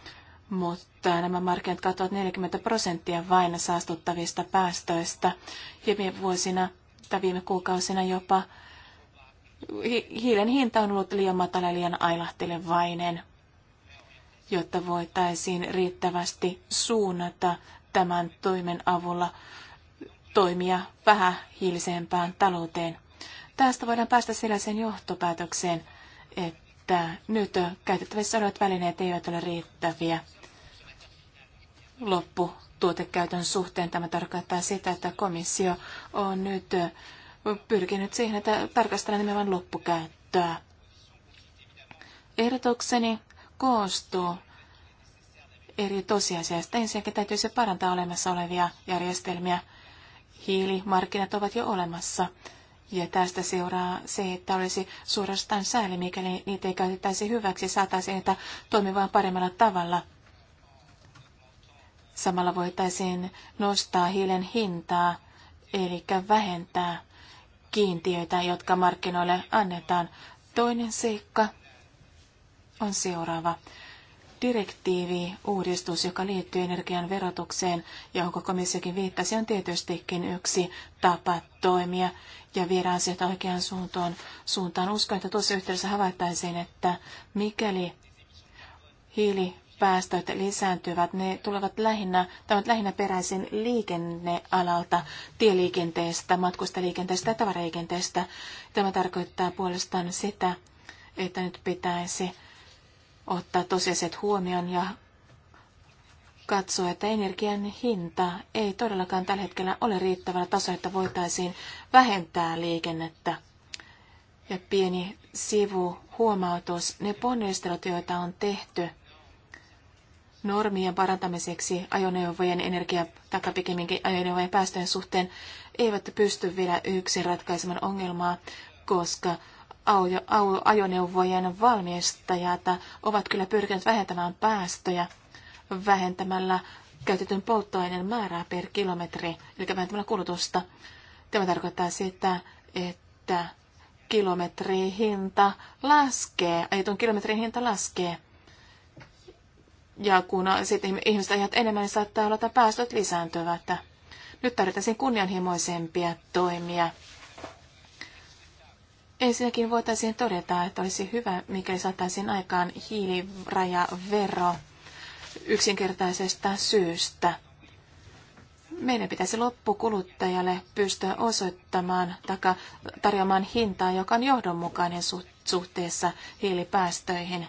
mutta nämä markkinat katsovat 40 prosenttia vain saastuttavista päästöistä ja viime vuosina tai viime kuukausina jopa hiilen hinta on ollut liian matala ja liian ailahtelevainen, jotta voitaisiin riittävästi suunnata tämän toimen avulla toimia vähähiilisempään talouteen. Tästä voidaan päästä sellaiseen johtopäätökseen, että että nyt käytettävissä olevat välineet eivät ole riittäviä lopputuotekäytön suhteen. Tämä tarkoittaa sitä, että komissio on nyt pyrkinyt siihen, että tarkastellaan nimenomaan loppukäyttöä. Ehdotukseni koostuu eri tosiasiasta. Ensinnäkin se parantaa olemassa olevia järjestelmiä. Hiilimarkkinat ovat jo olemassa. Ja tästä seuraa se, että olisi suorastaan sääli, mikäli niitä ei käytettäisi hyväksi, saataisiin niitä toimimaan paremmalla tavalla. Samalla voitaisiin nostaa hiilen hintaa, eli vähentää kiintiöitä, jotka markkinoille annetaan. Toinen seikka on seuraava direktiivi, uudistus, joka liittyy energian verotukseen, ja onko komissiokin viittasi, on tietystikin yksi tapa toimia ja viedä asioita oikeaan suuntaan. suuntaan. Uskon, että tuossa yhteydessä havaittaisiin, että mikäli hiilipäästöt lisääntyvät, ne tulevat lähinnä, tai ovat lähinnä peräisin liikennealalta, tieliikenteestä, matkustaliikenteestä ja tavaraliikenteestä. Tämä tarkoittaa puolestaan sitä, että nyt pitäisi ottaa tosiasiat huomioon ja katsoa, että energian hinta ei todellakaan tällä hetkellä ole riittävällä tasolla, että voitaisiin vähentää liikennettä. Ja pieni sivu huomautus, ne ponnistelut, joita on tehty normien parantamiseksi ajoneuvojen energia- tai pikemminkin ajoneuvojen päästöjen suhteen, eivät pysty vielä yksin ratkaisemaan ongelmaa, koska ajoneuvojen valmistajat ovat kyllä pyrkineet vähentämään päästöjä vähentämällä käytetyn polttoaineen määrää per kilometri, eli vähentämällä kulutusta. Tämä tarkoittaa sitä, että kilometrin hinta laskee, ajetun kilometrin hinta laskee. Ja kun sitten ihmiset ajat enemmän, niin saattaa olla, että päästöt lisääntyvät. Nyt tarvitaan kunnianhimoisempia toimia Ensinnäkin voitaisiin todeta, että olisi hyvä, mikäli saataisiin aikaan hiilirajavero yksinkertaisesta syystä. Meidän pitäisi loppukuluttajalle pystyä osoittamaan tai tarjoamaan hintaa, joka on johdonmukainen suhteessa hiilipäästöihin.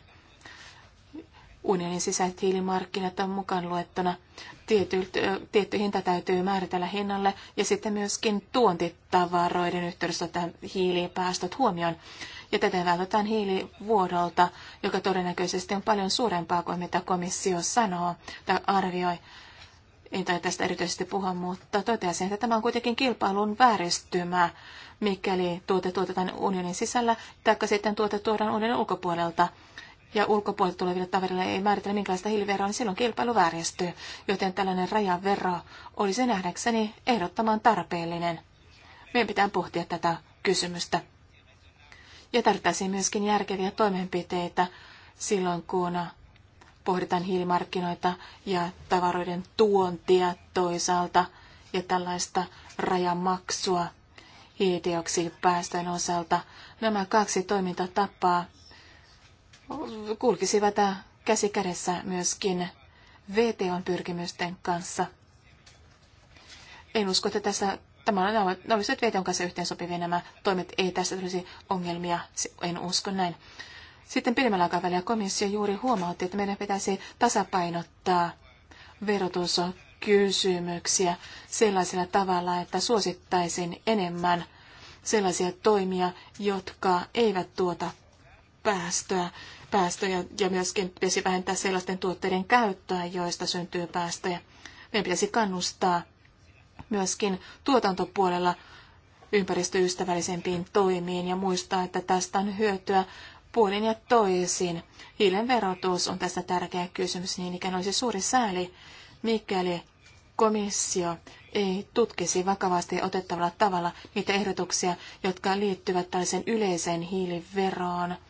Unionin sisäiset hiilimarkkinat on mukaan luettuna tietty hinta täytyy määritellä hinnalle ja sitten myöskin tuontitavaroiden yhteydessä otetaan hiilipäästöt huomioon. Ja täten vältetään hiilivuodolta, joka todennäköisesti on paljon suurempaa kuin mitä komissio sanoo tai arvioi. En tai tästä erityisesti puhua, mutta toteaisin, että tämä on kuitenkin kilpailun vääristymä, mikäli tuote tuotetaan unionin sisällä tai sitten tuote tuodaan unionin ulkopuolelta ja ulkopuolelta tuleville tavereille ei määritellä minkälaista hiiliveroa, niin silloin kilpailu vääristyy, joten tällainen rajavero olisi nähdäkseni ehdottoman tarpeellinen. Meidän pitää pohtia tätä kysymystä. Ja tarvittaisiin myöskin järkeviä toimenpiteitä silloin, kun pohditaan hiilimarkkinoita ja tavaroiden tuontia toisaalta ja tällaista rajamaksua hiilidioksidipäästöjen osalta. Nämä kaksi toimintatapaa kulkisivat käsi kädessä myöskin VTOn pyrkimysten kanssa. En usko, että tässä tämä on, ne olisivat VTOn kanssa yhteensopivia nämä toimet. Ei tässä tulisi ongelmia, en usko näin. Sitten pidemmällä aikavälillä komissio juuri huomautti, että meidän pitäisi tasapainottaa verotuskysymyksiä sellaisella tavalla, että suosittaisin enemmän sellaisia toimia, jotka eivät tuota päästöä päästöjä ja myöskin pitäisi vähentää sellaisten tuotteiden käyttöä, joista syntyy päästöjä. Meidän pitäisi kannustaa myöskin tuotantopuolella ympäristöystävällisempiin toimiin ja muistaa, että tästä on hyötyä puolin ja toisin. Hiilen verotus on tässä tärkeä kysymys, niin ikään olisi suuri sääli, mikäli komissio ei tutkisi vakavasti otettavalla tavalla niitä ehdotuksia, jotka liittyvät tällaisen yleiseen hiiliveroon –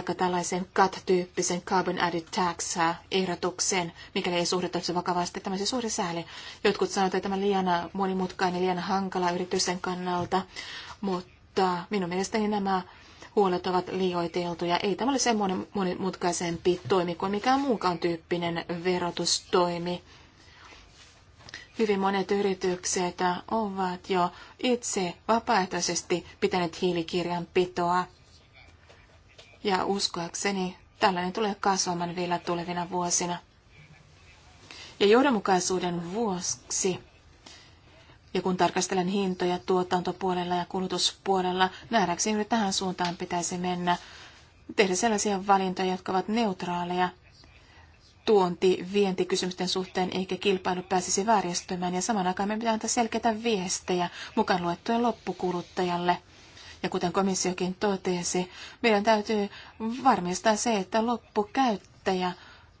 tai tällaisen CAT-tyyppisen Carbon Added Tax-ehdotuksen, äh, mikäli ei suhdettaisi vakavasti. Tämä se suuri sääli. Jotkut sanovat, että tämä liian äh, monimutkainen, liian hankala yritysten kannalta, mutta minun mielestäni nämä huolet ovat liioiteltuja. Ei tämä ole semmoinen monimutkaisempi toimi kuin mikään muukaan tyyppinen verotustoimi. Hyvin monet yritykset äh, ovat jo itse vapaaehtoisesti pitäneet hiilikirjanpitoa ja uskoakseni tällainen tulee kasvamaan vielä tulevina vuosina. Ja johdonmukaisuuden vuoksi, ja kun tarkastelen hintoja tuotantopuolella ja kulutuspuolella, nähdäkseni juuri tähän suuntaan pitäisi mennä, tehdä sellaisia valintoja, jotka ovat neutraaleja tuonti-vientikysymysten suhteen, eikä kilpailu pääsisi vääristymään, ja saman aikaan meidän pitää antaa selkeitä viestejä mukaan luettujen loppukuluttajalle – ja kuten komissiokin totesi, meidän täytyy varmistaa se, että loppukäyttäjä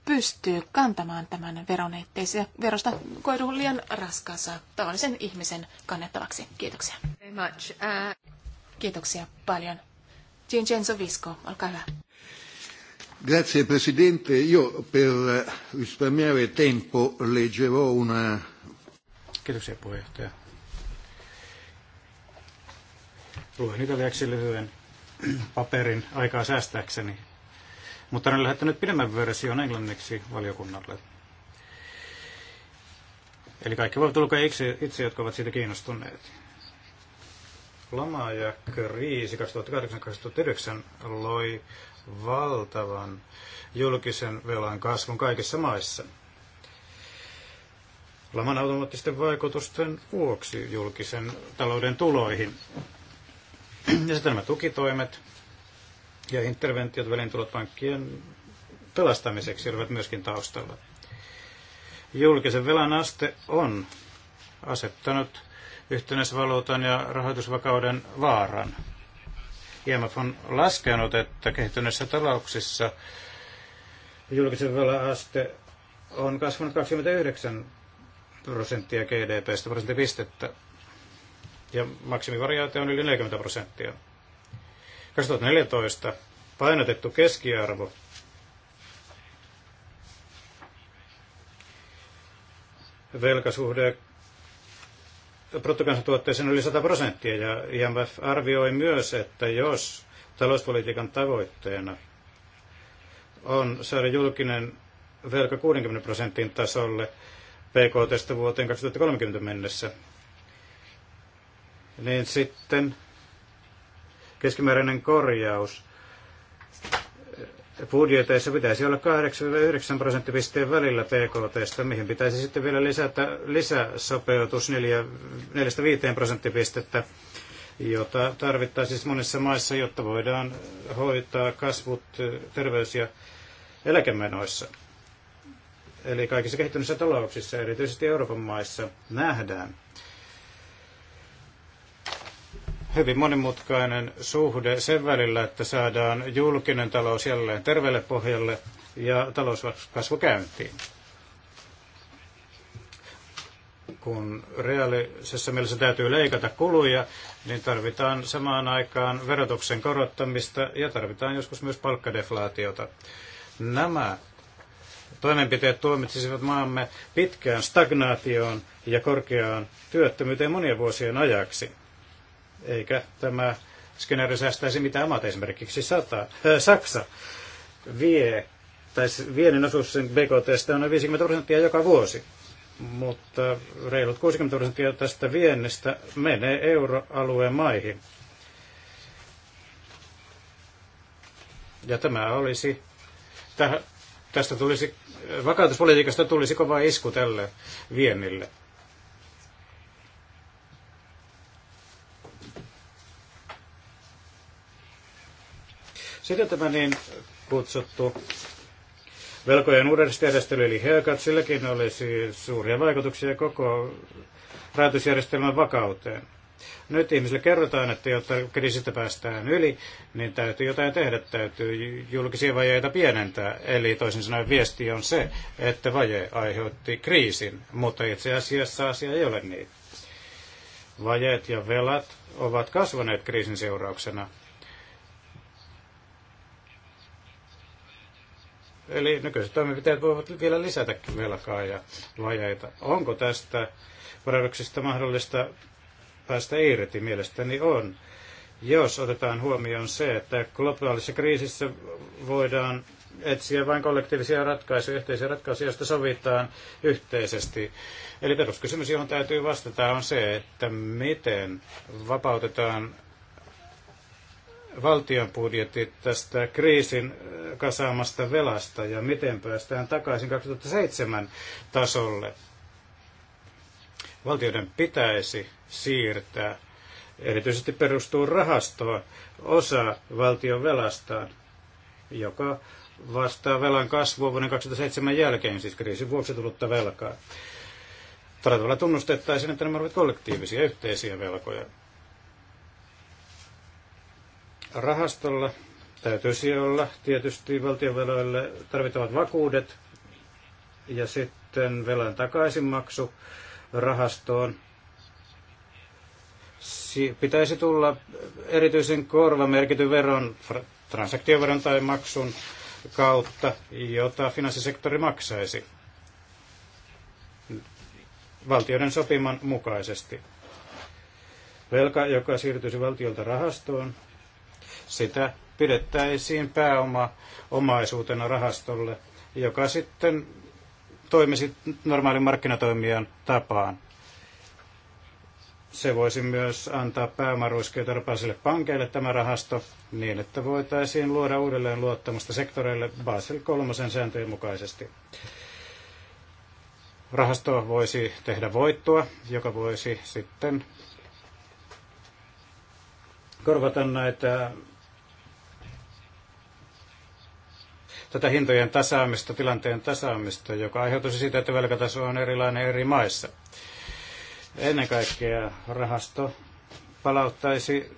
pystyy kantamaan tämän veron, ettei se verosta koidu liian raskaansa tavallisen ihmisen kannettavaksi. Kiitoksia. Uh, Kiitoksia paljon. Vincenzo Visco, olkaa hyvä. Grazie Presidente, io per risparmiare tempo leggerò una... Kiitoksia puheenjohtaja. niitä liiaksi lyhyen paperin aikaa säästääkseni. Mutta olen lähettänyt pidemmän version englanniksi valiokunnalle. Eli kaikki voivat lukea itse, itse jotka ovat siitä kiinnostuneet. Lama ja kriisi 2008-2009 loi valtavan julkisen velan kasvun kaikissa maissa. Laman automaattisten vaikutusten vuoksi julkisen talouden tuloihin ja sitten nämä tukitoimet ja interventiot välintulot pankkien pelastamiseksi olivat myöskin taustalla. Julkisen velan aste on asettanut yhtenäisvaluutan ja rahoitusvakauden vaaran. IMF on laskenut, että kehittyneissä talouksissa julkisen velan aste on kasvanut 29 prosenttia GDPstä, prosenttipistettä ja maksimivariaatio on yli 40 prosenttia. 2014 painotettu keskiarvo velkasuhde bruttokansantuotteeseen yli 100 prosenttia ja IMF arvioi myös, että jos talouspolitiikan tavoitteena on saada julkinen velka 60 prosentin tasolle PKTstä vuoteen 2030 mennessä, niin sitten keskimääräinen korjaus budjeteissa pitäisi olla 8-9 prosenttipisteen välillä PKT, mihin pitäisi sitten vielä lisätä lisäsopeutus 4-5 prosenttipistettä, jota tarvittaisiin siis monissa maissa, jotta voidaan hoitaa kasvut terveys- ja eläkemenoissa. Eli kaikissa kehittyneissä talouksissa, erityisesti Euroopan maissa, nähdään, hyvin monimutkainen suhde sen välillä, että saadaan julkinen talous jälleen terveelle pohjalle ja talouskasvu käyntiin. Kun reaalisessa mielessä täytyy leikata kuluja, niin tarvitaan samaan aikaan verotuksen korottamista ja tarvitaan joskus myös palkkadeflaatiota. Nämä toimenpiteet tuomitsisivat maamme pitkään stagnaatioon ja korkeaan työttömyyteen monien vuosien ajaksi. Eikä tämä skenaario säästäisi mitään maata, esimerkiksi sata, äh, Saksa vie, tai viennin osuus sen BKT on noin 50 prosenttia joka vuosi. Mutta reilut 60 prosenttia tästä viennistä menee euroalueen maihin. Ja tämä olisi, tästä tulisi, vakautuspolitiikasta tulisi kova isku tälle viennille. Sitten tämä niin kutsuttu velkojen uudistusjärjestely, eli haircut, silläkin olisi siis suuria vaikutuksia koko rahoitusjärjestelmän vakauteen. Nyt ihmisille kerrotaan, että jotta kriisistä päästään yli, niin täytyy jotain tehdä, täytyy julkisia vajeita pienentää. Eli toisin sanoen viesti on se, että vaje aiheutti kriisin, mutta itse asiassa asia ei ole niin. Vajeet ja velat ovat kasvaneet kriisin seurauksena, Eli nykyiset toimenpiteet voivat vielä lisätäkin velkaa ja vajeita. Onko tästä paradoksista mahdollista päästä irti? Mielestäni on. Jos otetaan huomioon se, että globaalissa kriisissä voidaan etsiä vain kollektiivisia ratkaisuja, yhteisiä ratkaisuja, joista sovitaan yhteisesti. Eli peruskysymys, johon täytyy vastata, on se, että miten vapautetaan valtion budjetit tästä kriisin äh, kasaamasta velasta ja miten päästään takaisin 2007 tasolle. Valtioiden pitäisi siirtää, erityisesti perustuu rahastoon, osa valtion velastaan, joka vastaa velan kasvua vuoden 2007 jälkeen, siis kriisin vuoksi tullutta velkaa. Tällä tavalla tunnustettaisiin, että nämä ovat kollektiivisia yhteisiä velkoja rahastolla täytyisi olla tietysti valtionveloille tarvittavat vakuudet ja sitten velan takaisinmaksu rahastoon. Pitäisi tulla erityisen korvamerkityn veron, transaktioveron tai maksun kautta, jota finanssisektori maksaisi valtioiden sopiman mukaisesti. Velka, joka siirtyisi valtiolta rahastoon, sitä pidettäisiin pääoma omaisuutena rahastolle, joka sitten toimisi normaalin markkinatoimijan tapaan. Se voisi myös antaa pääomaruiskeita rapaisille pankeille tämä rahasto niin, että voitaisiin luoda uudelleen luottamusta sektoreille Basel kolmosen sääntöjen mukaisesti. Rahasto voisi tehdä voittoa, joka voisi sitten korvata näitä tätä hintojen tasaamista, tilanteen tasaamista, joka aiheutuisi siitä, että velkataso on erilainen eri maissa. Ennen kaikkea rahasto palauttaisi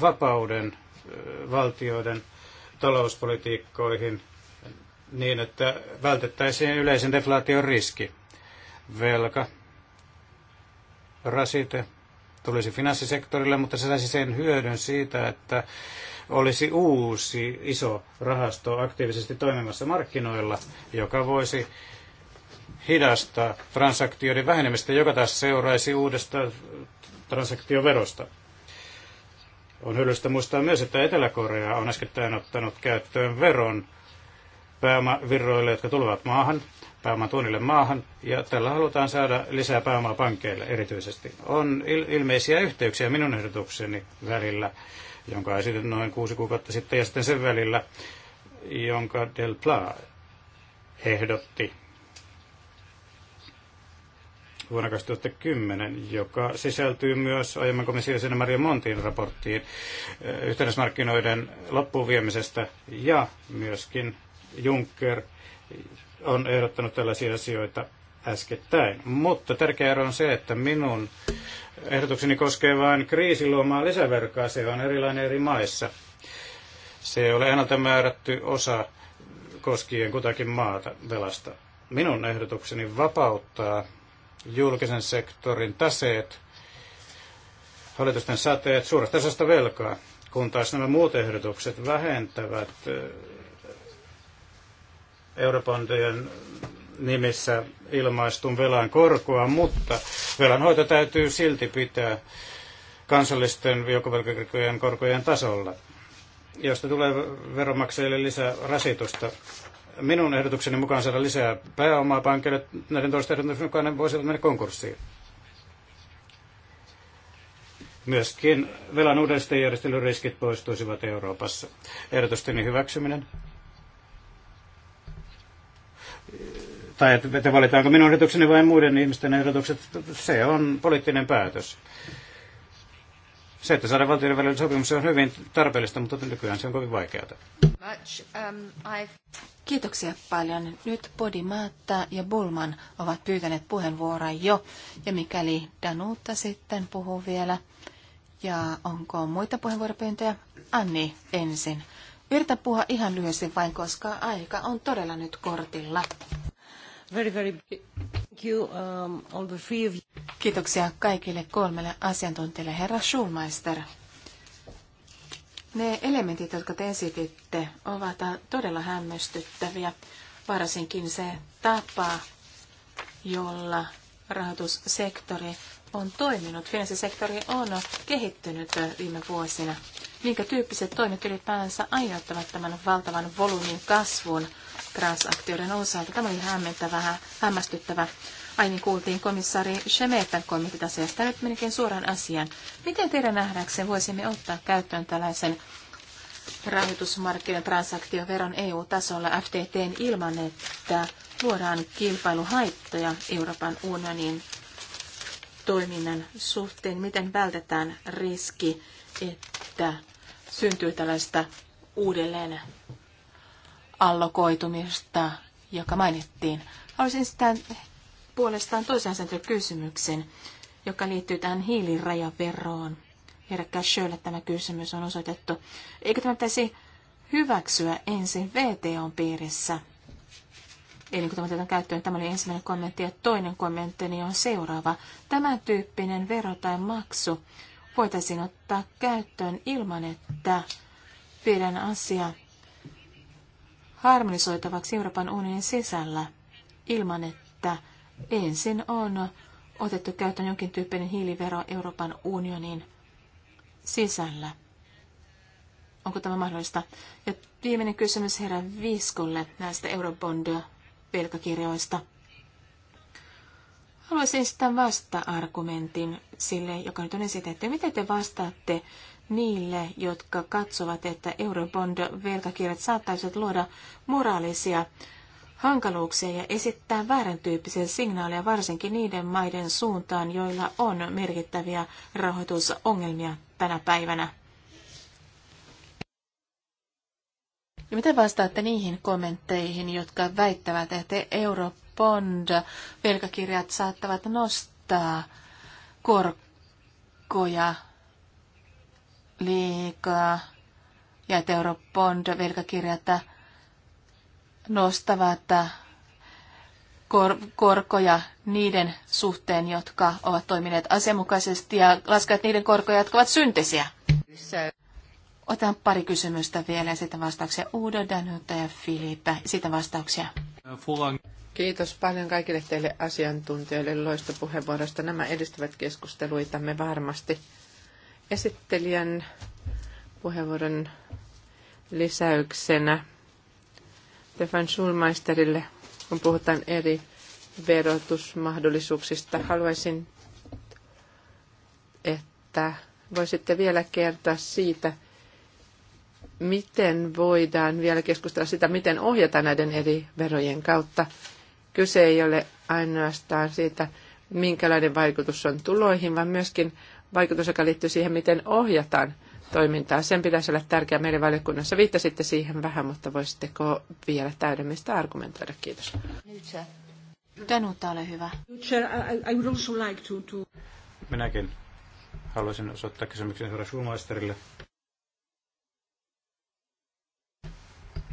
vapauden valtioiden talouspolitiikkoihin niin, että vältettäisiin yleisen deflaation riski. Velka, rasite tulisi finanssisektorille, mutta se saisi sen hyödyn siitä, että olisi uusi iso rahasto aktiivisesti toimimassa markkinoilla, joka voisi hidastaa transaktioiden vähenemistä, joka taas seuraisi uudesta transaktioverosta. On hyödyllistä muistaa myös, että Etelä-Korea on äskettäin ottanut käyttöön veron pääomavirroille, jotka tulevat maahan, pääomatuunnille maahan, ja tällä halutaan saada lisää pääomaa pankeille erityisesti. On il- ilmeisiä yhteyksiä minun ehdotukseni välillä jonka esitin noin kuusi kuukautta sitten, ja sitten sen välillä, jonka Del Pla ehdotti vuonna 2010, joka sisältyy myös aiemman komission Maria Montin raporttiin eh, yhtenäismarkkinoiden loppuun viemisestä ja myöskin Juncker on ehdottanut tällaisia asioita äskettäin. Mutta tärkeä ero on se, että minun ehdotukseni koskee vain kriisiluomaa lisäverkkaa. Se on erilainen eri maissa. Se ei ole ennalta määrätty osa koskien kutakin maata velasta. Minun ehdotukseni vapauttaa julkisen sektorin taseet, hallitusten sateet suuresta osasta velkaa, kun taas nämä muut ehdotukset vähentävät eurobondien nimissä ilmaistun velan korkoa, mutta velanhoito täytyy silti pitää kansallisten joukkovelkakirjojen korkojen tasolla, josta tulee veronmaksajille lisää rasitusta. Minun ehdotukseni mukaan saada lisää pääomaa pankille, näiden toisten ehdotuksen mukaan ne voisivat mennä konkurssiin. Myöskin velan järjestelyriskit poistuisivat Euroopassa. Ehdotusteni hyväksyminen tai että valitaanko minun ehdotukseni vai muiden ihmisten ehdotukset, se on poliittinen päätös. Se, että saada valtioiden välillä sopimus on hyvin tarpeellista, mutta nykyään se on kovin vaikeaa. Um, Kiitoksia paljon. Nyt Maatta ja Bulman ovat pyytäneet puheenvuoroa jo. Ja mikäli Danuutta sitten puhuu vielä. Ja onko muita puheenvuoropyyntöjä? Anni ensin. Yritä puhua ihan lyhyesti vain, koska aika on todella nyt kortilla. Um, Kiitoksia kaikille kolmelle asiantuntijalle. Herra Schulmeister, ne elementit, jotka te esititte, ovat todella hämmästyttäviä, varsinkin se tapa, jolla rahoitussektori on toiminut. Finanssisektori on kehittynyt viime vuosina. Minkä tyyppiset toimet ylipäänsä aiheuttavat tämän valtavan volyymin kasvun transaktioiden osalta. Tämä oli hämmentävä, hämmästyttävä. Aini niin, kuultiin komissaari Shemetan kommentit asiasta. Nyt menikin suoraan asiaan. Miten teidän nähdäkseen voisimme ottaa käyttöön tällaisen rahoitusmarkkinatransaktionveron EU-tasolla FTTn ilman, että luodaan kilpailuhaittoja Euroopan unionin toiminnan suhteen? Miten vältetään riski, että syntyy tällaista uudelleen allokoitumista, joka mainittiin. Haluaisin sitä puolestaan toisen kysymyksen, joka liittyy tähän hiilirajaveroon. Herra Schölle tämä kysymys on osoitettu. Eikö tämä pitäisi hyväksyä ensin VTOn piirissä? Eli kun tämä otetaan käyttöön, tämä oli ensimmäinen kommentti ja toinen niin on seuraava. Tämän tyyppinen vero tai maksu voitaisiin ottaa käyttöön ilman, että viedään asia harmonisoitavaksi Euroopan unionin sisällä ilman, että ensin on otettu käyttöön jonkin tyyppinen hiilivero Euroopan unionin sisällä. Onko tämä mahdollista? Ja viimeinen kysymys herra Viiskolle näistä Eurobond-velkakirjoista. Haluaisin sitten vasta-argumentin sille, joka nyt on esitetty. Miten te vastaatte niille, jotka katsovat, että Eurobond-velkakirjat saattaisivat luoda moraalisia hankaluuksia ja esittää väärän tyyppisiä signaaleja varsinkin niiden maiden suuntaan, joilla on merkittäviä rahoitusongelmia tänä päivänä. Ja miten vastaatte niihin kommentteihin, jotka väittävät, että Eurobond-velkakirjat saattavat nostaa korkoja liikaa ja että eurobond velkakirjat nostavat kor- korkoja niiden suhteen, jotka ovat toimineet asianmukaisesti ja laskevat niiden korkoja, jotka ovat syntisiä. Otan pari kysymystä vielä ja sitten vastauksia Uudo, Danuta ja Filippa. Sitten vastauksia. Kiitos paljon kaikille teille asiantuntijoille puheenvuorosta. Nämä edistävät keskusteluitamme varmasti. Esittelijän puheenvuoron lisäyksenä Stefan Schulmeisterille, kun puhutaan eri verotusmahdollisuuksista. Haluaisin, että voisitte vielä kertoa siitä, miten voidaan vielä keskustella sitä, miten ohjata näiden eri verojen kautta. Kyse ei ole ainoastaan siitä, minkälainen vaikutus on tuloihin, vaan myöskin vaikutus, joka liittyy siihen, miten ohjataan toimintaa. Sen pitäisi olla tärkeää meidän valiokunnassa. Viittasitte siihen vähän, mutta voisitteko vielä täydemmistä argumentoida? Kiitos. Tänuutta ole hyvä. Minäkin haluaisin osoittaa kysymyksen herra Schumaisterille.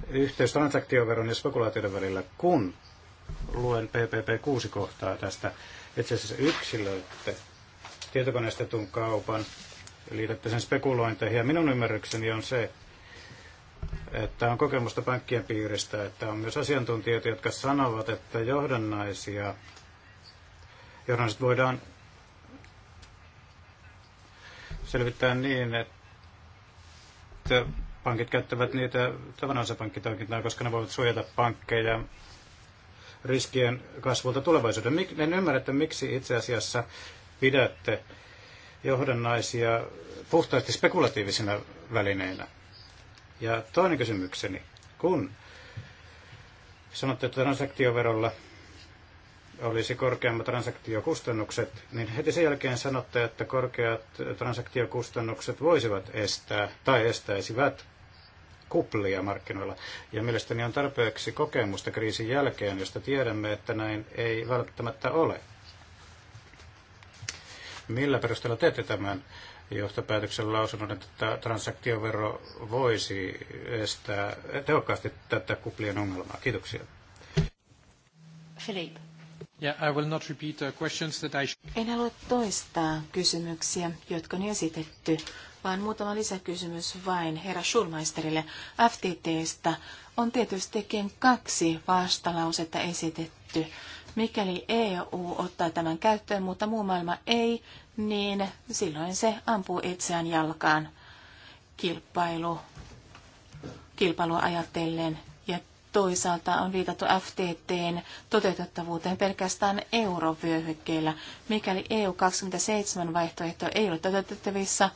Yhteys transaktioveron ja spekulaatioiden välillä, kun luen PPP 6 kohtaa tästä, itse asiassa yksilöitte tietokoneistetun kaupan, liitätte sen spekulointeihin. Ja minun ymmärrykseni on se, että on kokemusta pankkien piiristä, että on myös asiantuntijoita, jotka sanovat, että johdannaisia, johdannaiset voidaan selvittää niin, että pankit käyttävät niitä tavanomaisen pankkitoimintaa, koska ne voivat suojata pankkeja riskien kasvulta tulevaisuuden. En ymmärrä, että miksi itse asiassa pidätte johdannaisia puhtaasti spekulatiivisina välineinä? Ja toinen kysymykseni, kun sanotte, että transaktioverolla olisi korkeammat transaktiokustannukset, niin heti sen jälkeen sanotte, että korkeat transaktiokustannukset voisivat estää tai estäisivät kuplia markkinoilla. Ja mielestäni on tarpeeksi kokemusta kriisin jälkeen, josta tiedämme, että näin ei välttämättä ole. Millä perusteella teette tämän johtopäätöksen lausunnon, että transaktiovero voisi estää tehokkaasti tätä kuplien ongelmaa? Kiitoksia. Philippe. Yeah, I will not repeat the uh, questions that I... En halua toistaa kysymyksiä, jotka on esitetty, vaan muutama lisäkysymys vain herra Schulmeisterille. FTTstä on tietysti kaksi vastalausetta esitetty Mikäli EU ottaa tämän käyttöön, mutta muu maailma ei, niin silloin se ampuu itseään jalkaan kilpailu, kilpailua ajatellen. Ja toisaalta on viitattu FTTn toteutettavuuteen pelkästään eurovyöhykkeillä. Mikäli EU27 vaihtoehto ei ole toteutettavissa,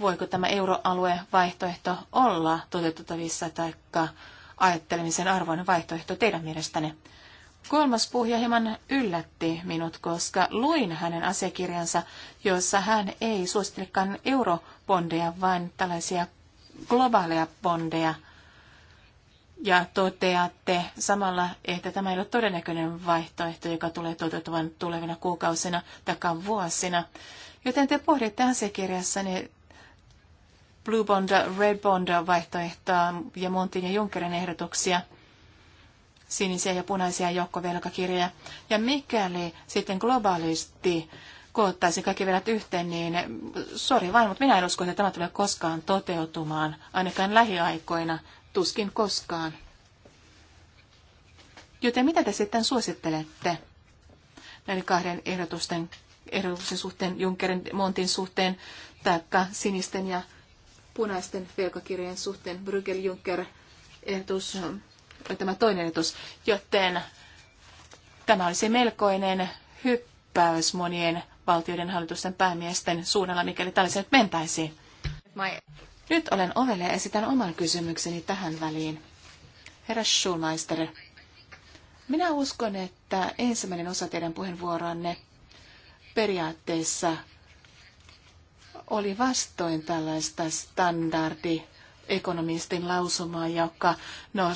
voiko tämä euroalue vaihtoehto olla toteutettavissa taikka ajattelemisen arvoinen vaihtoehto teidän mielestänne? Kolmas puhja hieman yllätti minut, koska luin hänen asiakirjansa, jossa hän ei suosittelekaan eurobondeja, vaan tällaisia globaaleja bondeja. Ja toteatte samalla, että tämä ei ole todennäköinen vaihtoehto, joka tulee toteutuvan tulevina kuukausina tai vuosina. Joten te pohditte asiakirjassanne Blue Bond, Red Bond vaihtoehtoa ja Montin ja Junckerin ehdotuksia, sinisiä ja punaisia joukkovelkakirjoja. Ja mikäli sitten globaalisti koottaisiin kaikki velat yhteen, niin sori vaan, mutta minä en usko, että tämä tulee koskaan toteutumaan, ainakaan lähiaikoina, tuskin koskaan. Joten mitä te sitten suosittelette näiden kahden ehdotusten, ehdotusten suhteen, Junckerin Montin suhteen, taikka sinisten ja punaisten velkakirjojen suhteen Brügel Juncker ehdotus, äh, tämä toinen ehdotus, joten tämä olisi melkoinen hyppäys monien valtioiden hallitusten päämiesten suunnalla, mikäli tällaiset mentäisiin. Nyt olen ovelle ja esitän oman kysymykseni tähän väliin. Herra Schulmeister, minä uskon, että ensimmäinen osa teidän puheenvuoroanne periaatteessa oli vastoin tällaista standardi ekonomistin lausumaa, joka no,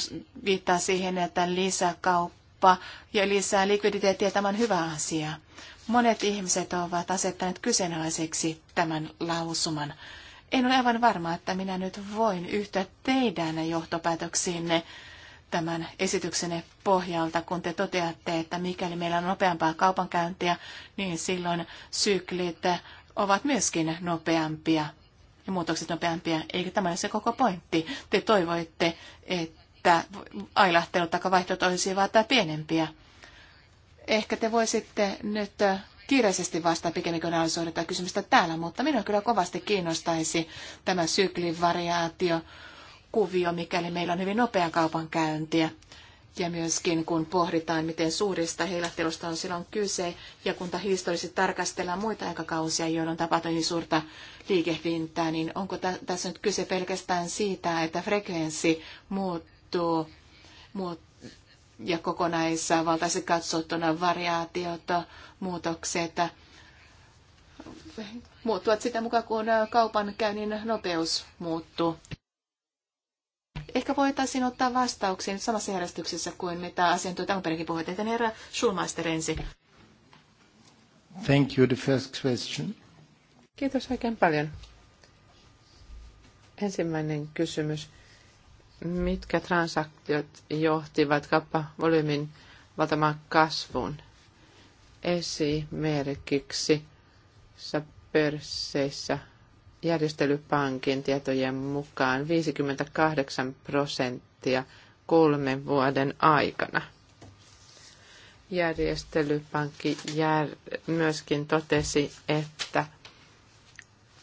viittaa siihen, että lisäkauppa ja lisää likviditeettiä tämä on hyvä asia. Monet ihmiset ovat asettaneet kyseenalaiseksi tämän lausuman. En ole aivan varma, että minä nyt voin yhtä teidän johtopäätöksiinne tämän esityksenne pohjalta, kun te toteatte, että mikäli meillä on nopeampaa kaupankäyntiä, niin silloin syklit ovat myöskin nopeampia ja muutokset nopeampia, eikä tämä ole se koko pointti. Te toivoitte, että ailahtelut tai vaihtot olisivat pienempiä. Ehkä te voisitte nyt kiireisesti vastaa pikemminkin kuin analysoida tätä kysymystä täällä, mutta minua kyllä kovasti kiinnostaisi tämä syklin variaatio kuvio, mikäli meillä on hyvin nopea kaupankäyntiä ja myöskin kun pohditaan, miten suurista heilahtelusta on silloin kyse, ja kun historiallisesti tarkastellaan muita aikakausia, jolloin tapahtui niin suurta liikehdintää, niin onko tässä nyt kyse pelkästään siitä, että frekvenssi muuttuu, muuttuu ja kokonaisvaltaisesti katsottuna variaatiot, muutokset muuttuvat sitä mukaan, kun kaupan käynnin nopeus muuttuu. Ehkä voitaisiin ottaa vastauksen samassa järjestyksessä kuin mitä asiantuntijat alunperinkin puhuivat. Joten herra Schulmeister ensin. Thank you, the first question. Kiitos oikein paljon. Ensimmäinen kysymys. Mitkä transaktiot johtivat kauppavolyymin valtamaan kasvuun? Esimerkiksi pörsseissä järjestelypankin tietojen mukaan 58 prosenttia kolmen vuoden aikana. Järjestelypankki myöskin totesi, että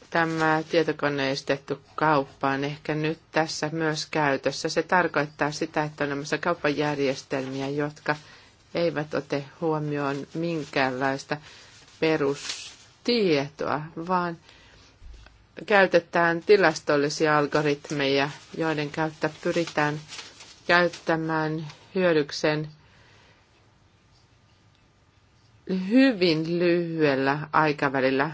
tämä tietokoneistettu kauppa on ehkä nyt tässä myös käytössä. Se tarkoittaa sitä, että on olemassa kauppajärjestelmiä, jotka eivät ote huomioon minkäänlaista perustietoa, vaan – käytetään tilastollisia algoritmeja, joiden kautta pyritään käyttämään hyödyksen hyvin lyhyellä aikavälillä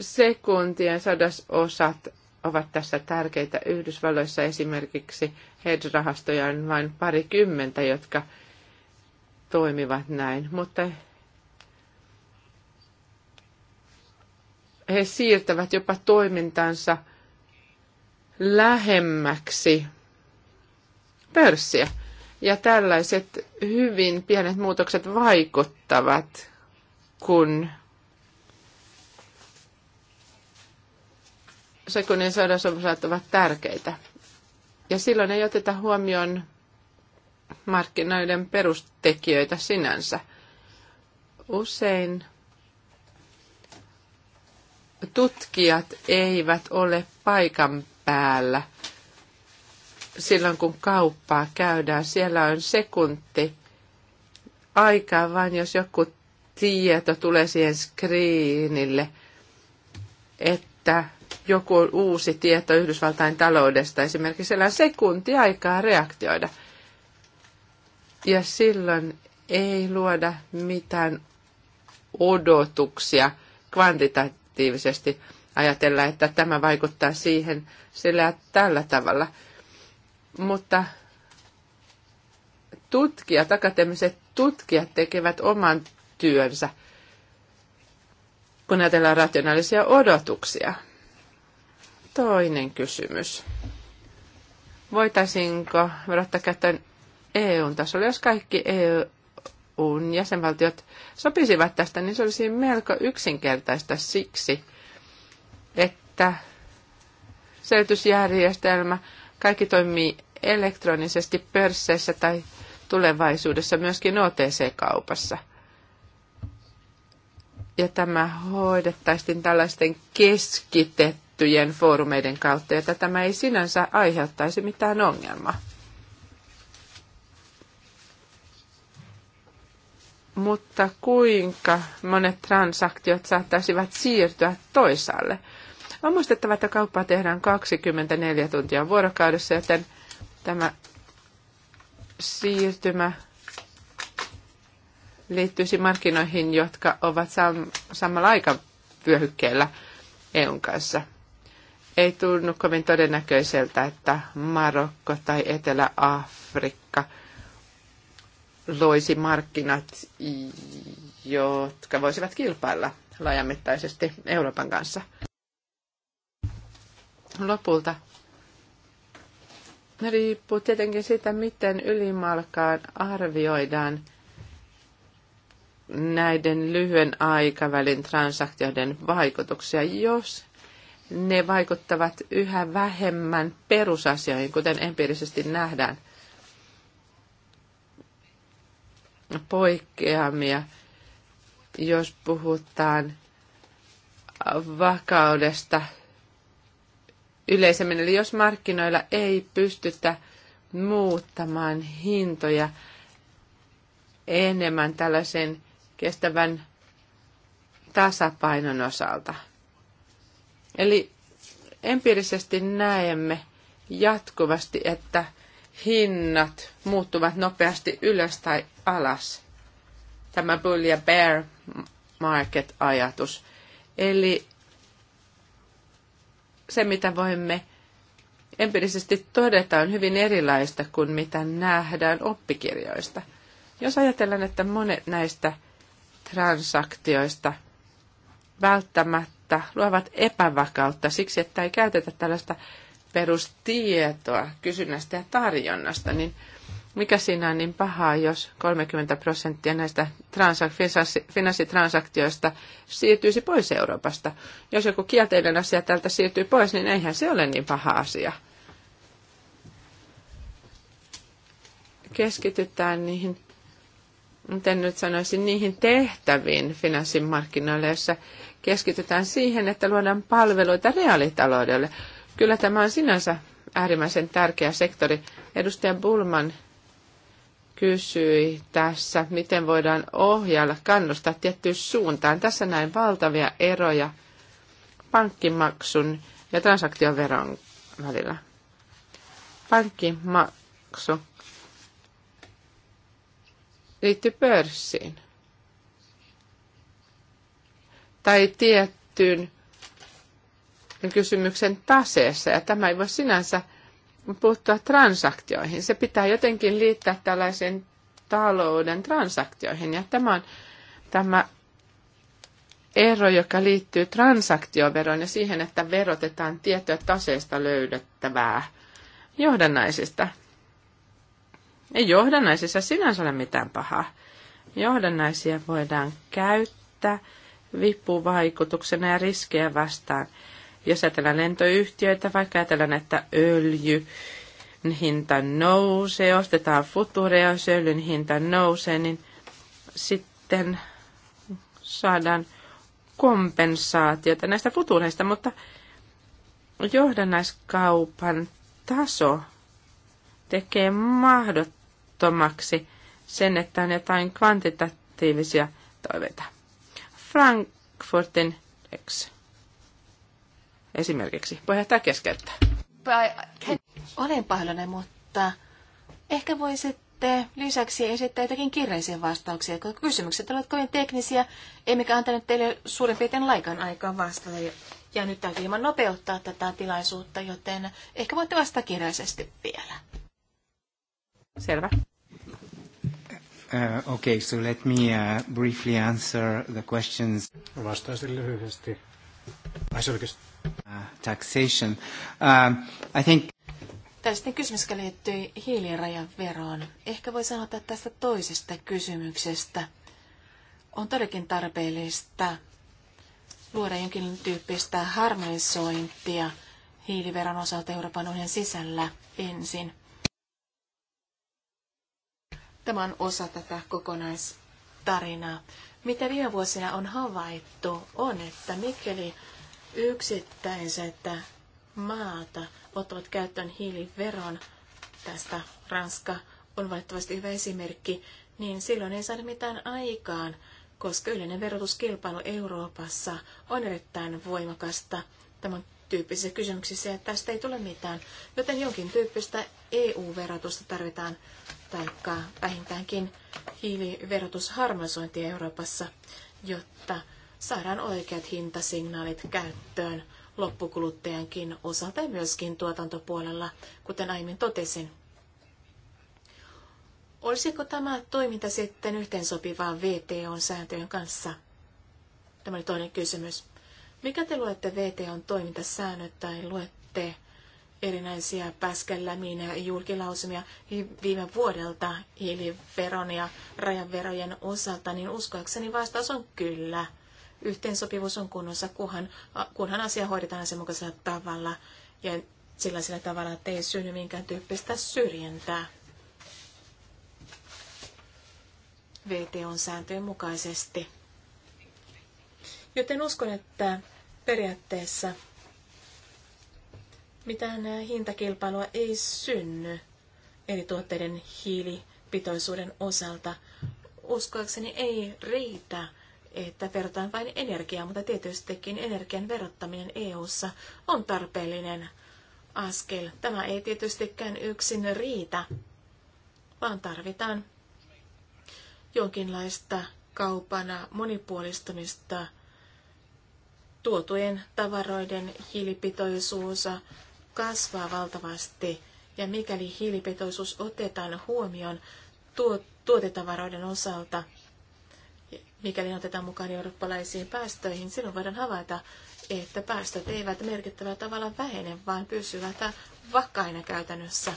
sekuntien sadasosat ovat tässä tärkeitä. Yhdysvalloissa esimerkiksi hedge-rahastoja on vain parikymmentä, jotka toimivat näin, mutta he siirtävät jopa toimintansa lähemmäksi pörssiä. Ja tällaiset hyvin pienet muutokset vaikuttavat, kun sekunnin sodasopimukset ovat tärkeitä. Ja silloin ei oteta huomioon markkinoiden perustekijöitä sinänsä. Usein tutkijat eivät ole paikan päällä silloin, kun kauppaa käydään. Siellä on sekunti aikaa, vaan jos joku tieto tulee siihen skriinille, että joku uusi tieto Yhdysvaltain taloudesta, esimerkiksi siellä on sekunti aikaa reaktioida. Ja silloin ei luoda mitään odotuksia kvantitatiivisesti aktiivisesti ajatella, että tämä vaikuttaa siihen sillä tällä tavalla. Mutta tutkijat, akateemiset tutkijat tekevät oman työnsä, kun ajatellaan rationaalisia odotuksia. Toinen kysymys. Voitaisinko verottaa käyttöön eu tasolla, jos kaikki eu jäsenvaltiot sopisivat tästä, niin se olisi melko yksinkertaista siksi, että selitysjärjestelmä, kaikki toimii elektronisesti pörsseissä tai tulevaisuudessa myöskin OTC-kaupassa. Ja tämä hoidettaisiin tällaisten keskitettyjen foorumeiden kautta, ja tämä ei sinänsä aiheuttaisi mitään ongelmaa. mutta kuinka monet transaktiot saattaisivat siirtyä toisaalle? On muistettava, että kauppaa tehdään 24 tuntia vuorokaudessa, joten tämä siirtymä liittyisi markkinoihin, jotka ovat sam- samalla aikavyöhykkeellä EUn kanssa. Ei tunnu kovin todennäköiseltä, että Marokko tai Etelä-Afrikka – loisi markkinat, jotka voisivat kilpailla laajamittaisesti Euroopan kanssa. Lopulta riippuu tietenkin siitä, miten ylimalkaan arvioidaan näiden lyhyen aikavälin transaktioiden vaikutuksia, jos ne vaikuttavat yhä vähemmän perusasioihin, kuten empiirisesti nähdään. poikkeamia, jos puhutaan vakaudesta yleisemmin. Eli jos markkinoilla ei pystytä muuttamaan hintoja enemmän tällaisen kestävän tasapainon osalta. Eli empiirisesti näemme jatkuvasti, että hinnat muuttuvat nopeasti ylös tai alas. Tämä bull ja bear market-ajatus. Eli se, mitä voimme empiirisesti todeta, on hyvin erilaista kuin mitä nähdään oppikirjoista. Jos ajatellaan, että monet näistä transaktioista välttämättä luovat epävakautta siksi, että ei käytetä tällaista perustietoa kysynnästä ja tarjonnasta, niin mikä siinä on niin pahaa, jos 30 prosenttia näistä transak- finanssitransaktioista siirtyisi pois Euroopasta? Jos joku kielteinen asia tältä siirtyy pois, niin eihän se ole niin paha asia. Keskitytään niihin, miten nyt sanoisin, niihin tehtäviin finanssimarkkinoille, joissa keskitytään siihen, että luodaan palveluita reaalitaloudelle – Kyllä tämä on sinänsä äärimmäisen tärkeä sektori. Edustaja Bulman kysyi tässä, miten voidaan ohjailla, kannustaa tiettyyn suuntaan. Tässä näin valtavia eroja pankkimaksun ja transaktioveron välillä. Pankkimaksu liittyy pörssiin tai tiettyyn kysymyksen taseessa ja tämä ei voi sinänsä puuttua transaktioihin. Se pitää jotenkin liittää tällaisen talouden transaktioihin ja tämä on tämä ero, joka liittyy transaktioveroon ja siihen, että verotetaan tiettyä taseesta löydettävää johdannaisista. Ei johdannaisissa sinänsä ole mitään pahaa. Johdannaisia voidaan käyttää vipuvaikutuksena ja riskejä vastaan – jos ajatellaan lentoyhtiöitä, vaikka ajatellaan, että öljy, hinta nousee, ostetaan futureja, jos öljyn hinta nousee, niin sitten saadaan kompensaatiota näistä futureista, mutta johdannaiskaupan taso tekee mahdottomaksi sen, että on jotain kvantitatiivisia toiveita. Frankfurtin X esimerkiksi. Puheenjohtaja keskeyttää. Olen pahoillani, mutta ehkä voisitte lisäksi esittää jotakin kirjallisia vastauksia, koska kysymykset ovat kovin teknisiä, emmekä antaneet teille suurin piirtein laikan aikaa vastata. Ja nyt täytyy hieman nopeuttaa tätä tilaisuutta, joten ehkä voitte vastata kirjallisesti vielä. Selvä. Uh, okay, so let me uh, briefly answer the questions. Vastaisin lyhyesti. Ai se oikeastaan Uh, taxation. Um, I think... Tästä kysymys, joka liittyy hiilirajaveroon. Ehkä voi sanoa tästä toisesta kysymyksestä. On todellakin tarpeellista luoda jonkin tyyppistä harmonisointia hiiliveron osalta Euroopan unionin sisällä ensin. Tämä on osa tätä kokonaistarinaa. Mitä viime vuosina on havaittu, on, että mikäli yksittäiset maata ottavat käyttöön hiiliveron, tästä Ranska on valitettavasti hyvä esimerkki, niin silloin ei saada mitään aikaan, koska yleinen verotuskilpailu Euroopassa on erittäin voimakasta tämän tyyppisissä kysymyksissä, ja tästä ei tule mitään. Joten jonkin tyyppistä EU-verotusta tarvitaan, taikka vähintäänkin hiiliverotusharmonisointia Euroopassa, jotta saadaan oikeat hintasignaalit käyttöön loppukuluttajankin osalta ja myöskin tuotantopuolella, kuten aiemmin totesin. Olisiko tämä toiminta sitten yhteensopivaa VTO-sääntöjen kanssa? Tämä oli toinen kysymys. Mikä te luette VTOn toimintasäännöt tai luette erinäisiä ja julkilausumia viime vuodelta hiiliveron ja rajanverojen osalta, niin uskoakseni vastaus on kyllä – yhteensopivuus on kunnossa, kunhan, kunhan asia hoidetaan asianmukaisella tavalla ja sillä sillä tavalla, että ei synny minkään tyyppistä syrjintää. on sääntöjen mukaisesti. Joten uskon, että periaatteessa mitään hintakilpailua ei synny eri tuotteiden hiilipitoisuuden osalta. Uskoakseni ei riitä että verrataan vain energiaa, mutta tietystikin energian verottaminen EU:ssa on tarpeellinen askel. Tämä ei tietystikään yksin riitä, vaan tarvitaan jonkinlaista kaupana monipuolistumista tuotujen tavaroiden hiilipitoisuus kasvaa valtavasti, ja mikäli hiilipitoisuus otetaan huomioon tuotetavaroiden osalta – Mikäli otetaan mukaan eurooppalaisiin päästöihin, silloin voidaan havaita, että päästöt eivät merkittävällä tavalla vähene, vaan pysyvät vakaina käytännössä.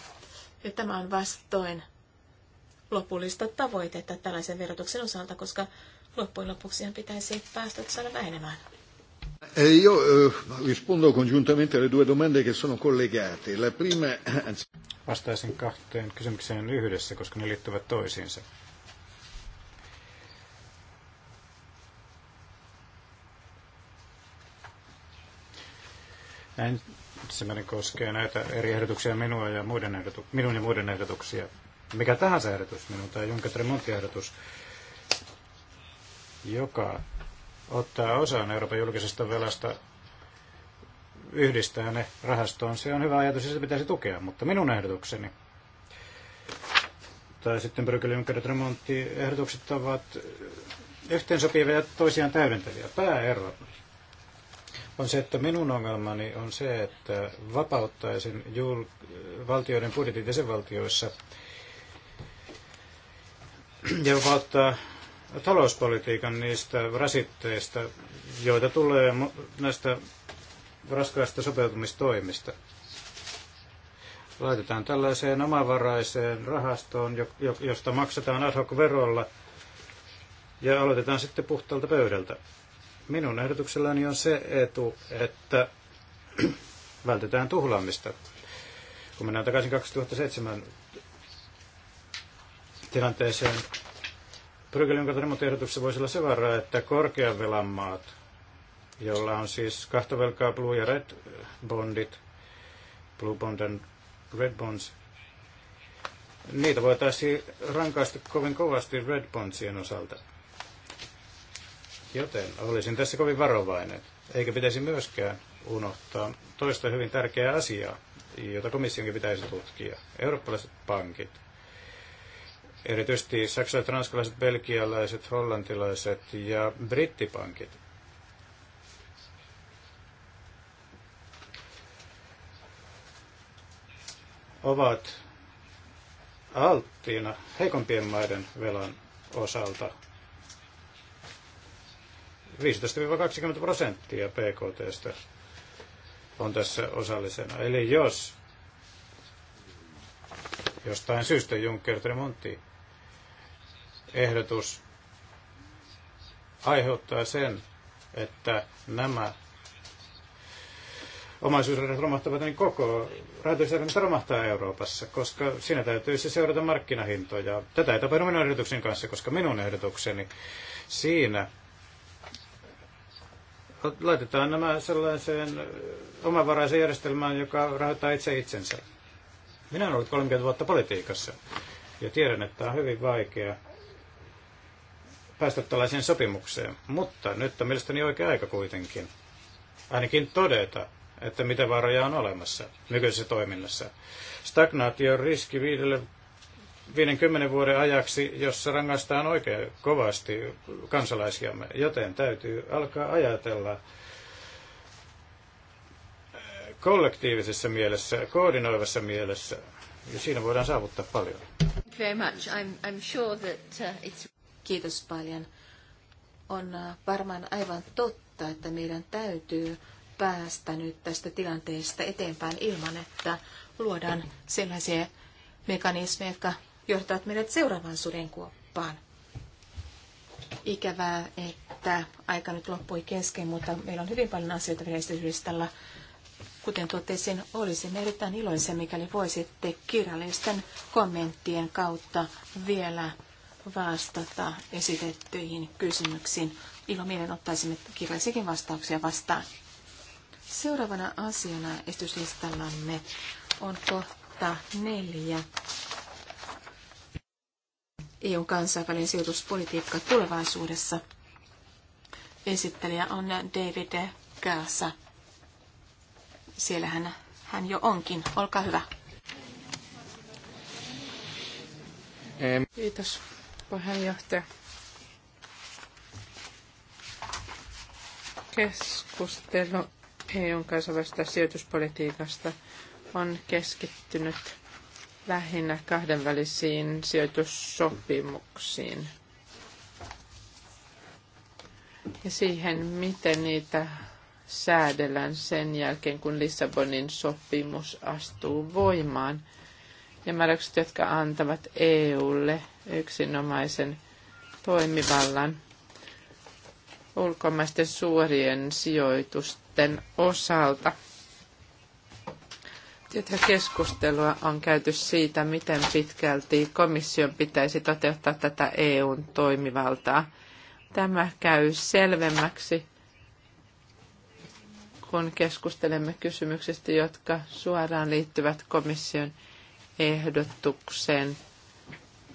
Ja tämä on vastoin lopullista tavoitetta tällaisen verotuksen osalta, koska loppujen lopuksi pitäisi päästöt saada vähenemään. E io eh, rispondo congiuntamente alle due domande che sono collegate. La prima... Eh, Vastaisin kahteen kysymykseen yhdessä, koska ne liittyvät toisiinsa. Ensimmäinen koskee näitä eri ehdotuksia minua ja muiden ehdotu- minun ja muiden ehdotuksia. Mikä tahansa ehdotus, minun tai Juncker ehdotus, joka ottaa osan Euroopan julkisesta velasta, yhdistää ne rahastoon. Se on hyvä ajatus ja sitä pitäisi tukea, mutta minun ehdotukseni tai sitten Brygel Juncker ehdotukset ovat yhteensopivia ja toisiaan täydentäviä. Pääero on se, että minun ongelmani on se, että vapauttaisin jul- valtioiden budjetit jäsenvaltioissa ja vapauttaa talouspolitiikan niistä rasitteista, joita tulee näistä raskaista sopeutumistoimista. Laitetaan tällaiseen omavaraiseen rahastoon, josta maksetaan ad hoc verolla ja aloitetaan sitten puhtaalta pöydältä. Minun ehdotukselläni on se etu, että vältetään tuhlaamista. Kun mennään takaisin 2007 tilanteeseen, Brygelin katarimuutehdotuksessa voisi olla se vara, että korkean velan maat, jolla on siis kahtovelkaa blue ja red bondit, blue bond and red bonds, niitä voitaisiin rankaista kovin kovasti red bondsien osalta. Joten olisin tässä kovin varovainen, eikä pitäisi myöskään unohtaa toista hyvin tärkeää asiaa, jota komissionkin pitäisi tutkia. Eurooppalaiset pankit, erityisesti saksalaiset, ranskalaiset, belgialaiset, hollantilaiset ja brittipankit, ovat alttiina heikompien maiden velan osalta 15-20 prosenttia PKTstä on tässä osallisena. Eli jos jostain syystä Juncker tremontti ehdotus aiheuttaa sen, että nämä omaisuusrahat romahtavat, niin koko rahoitusjärjestelmä romahtaa Euroopassa, koska siinä täytyisi siis seurata markkinahintoja. Tätä ei tapahdu minun ehdotuksen kanssa, koska minun ehdotukseni siinä laitetaan nämä sellaiseen omavaraiseen järjestelmään, joka rahoittaa itse itsensä. Minä olen ollut 30 vuotta politiikassa ja tiedän, että on hyvin vaikea päästä tällaiseen sopimukseen. Mutta nyt on mielestäni oikea aika kuitenkin ainakin todeta, että mitä varoja on olemassa nykyisessä toiminnassa. Stagnaation riski 5 50 vuoden ajaksi, jossa rangaistaan oikein kovasti kansalaisiamme, joten täytyy alkaa ajatella eh, kollektiivisessa mielessä, koordinoivassa mielessä, ja siinä voidaan saavuttaa paljon. Kiitos paljon. On uh, varmaan aivan totta, että meidän täytyy päästä nyt tästä tilanteesta eteenpäin ilman, että luodaan sellaisia mekanismeja, jotka johtavat meidät seuraavaan sudenkuoppaan. Ikävää, että aika nyt loppui kesken, mutta meillä on hyvin paljon asioita vielä esityslistalla. Kuten totesin, olisi erittäin iloisia, mikäli voisitte kirjallisten kommenttien kautta vielä vastata esitettyihin kysymyksiin. Ilomielen ottaisimme kirjallisikin vastauksia vastaan. Seuraavana asiana esityslistallamme on kohta neljä EUn kansainvälinen sijoituspolitiikka tulevaisuudessa. Esittelijä on David Kaasa. Siellähän hän jo onkin. Olkaa hyvä. Kiitos puheenjohtaja. Keskustelu EUn kansainvälisestä sijoituspolitiikasta on keskittynyt lähinnä kahdenvälisiin sijoitussopimuksiin ja siihen, miten niitä säädellään sen jälkeen, kun Lissabonin sopimus astuu voimaan. Ja määräykset, jotka antavat EUlle yksinomaisen toimivallan ulkomaisten suorien sijoitusten osalta – Tätä keskustelua on käyty siitä, miten pitkälti komission pitäisi toteuttaa tätä EUn toimivaltaa. Tämä käy selvemmäksi, kun keskustelemme kysymyksistä, jotka suoraan liittyvät komission ehdotukseen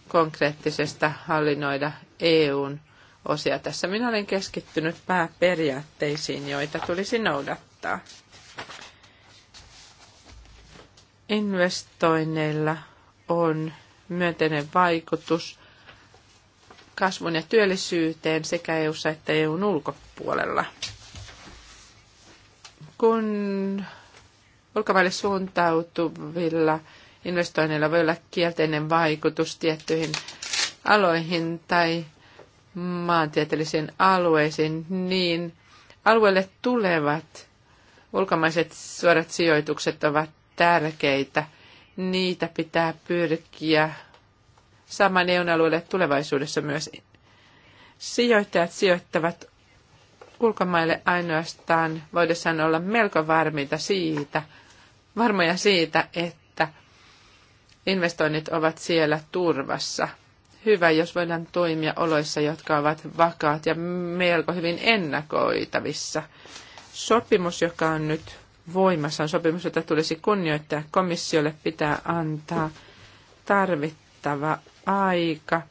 konkreettisesta hallinnoida EUn osia. Tässä minä olen keskittynyt pääperiaatteisiin, joita tulisi noudattaa investoinneilla on myönteinen vaikutus kasvun ja työllisyyteen sekä eu että EUn ulkopuolella. Kun ulkomaille suuntautuvilla investoinneilla voi olla kielteinen vaikutus tiettyihin aloihin tai maantieteellisiin alueisiin, niin alueelle tulevat ulkomaiset suorat sijoitukset ovat tärkeitä. Niitä pitää pyrkiä saamaan EUn alueelle tulevaisuudessa myös. Sijoittajat sijoittavat ulkomaille ainoastaan voidessaan olla melko varmiita siitä, varmoja siitä, että investoinnit ovat siellä turvassa. Hyvä, jos voidaan toimia oloissa, jotka ovat vakaat ja melko hyvin ennakoitavissa. Sopimus, joka on nyt voimassa on sopimus, jota tulisi kunnioittaa. Komissiolle pitää antaa tarvittava aika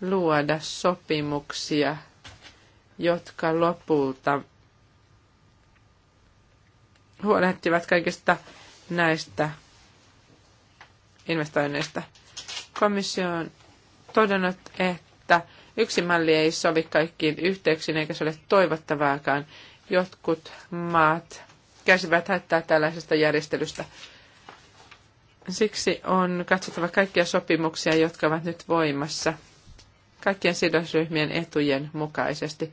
luoda sopimuksia, jotka lopulta huolehtivat kaikista näistä investoinneista. Komissio on todennut, että yksi malli ei sovi kaikkiin yhteyksiin eikä se ole toivottavaakaan. Jotkut maat kärsivät hätää tällaisesta järjestelystä. Siksi on katsottava kaikkia sopimuksia, jotka ovat nyt voimassa, kaikkien sidosryhmien etujen mukaisesti,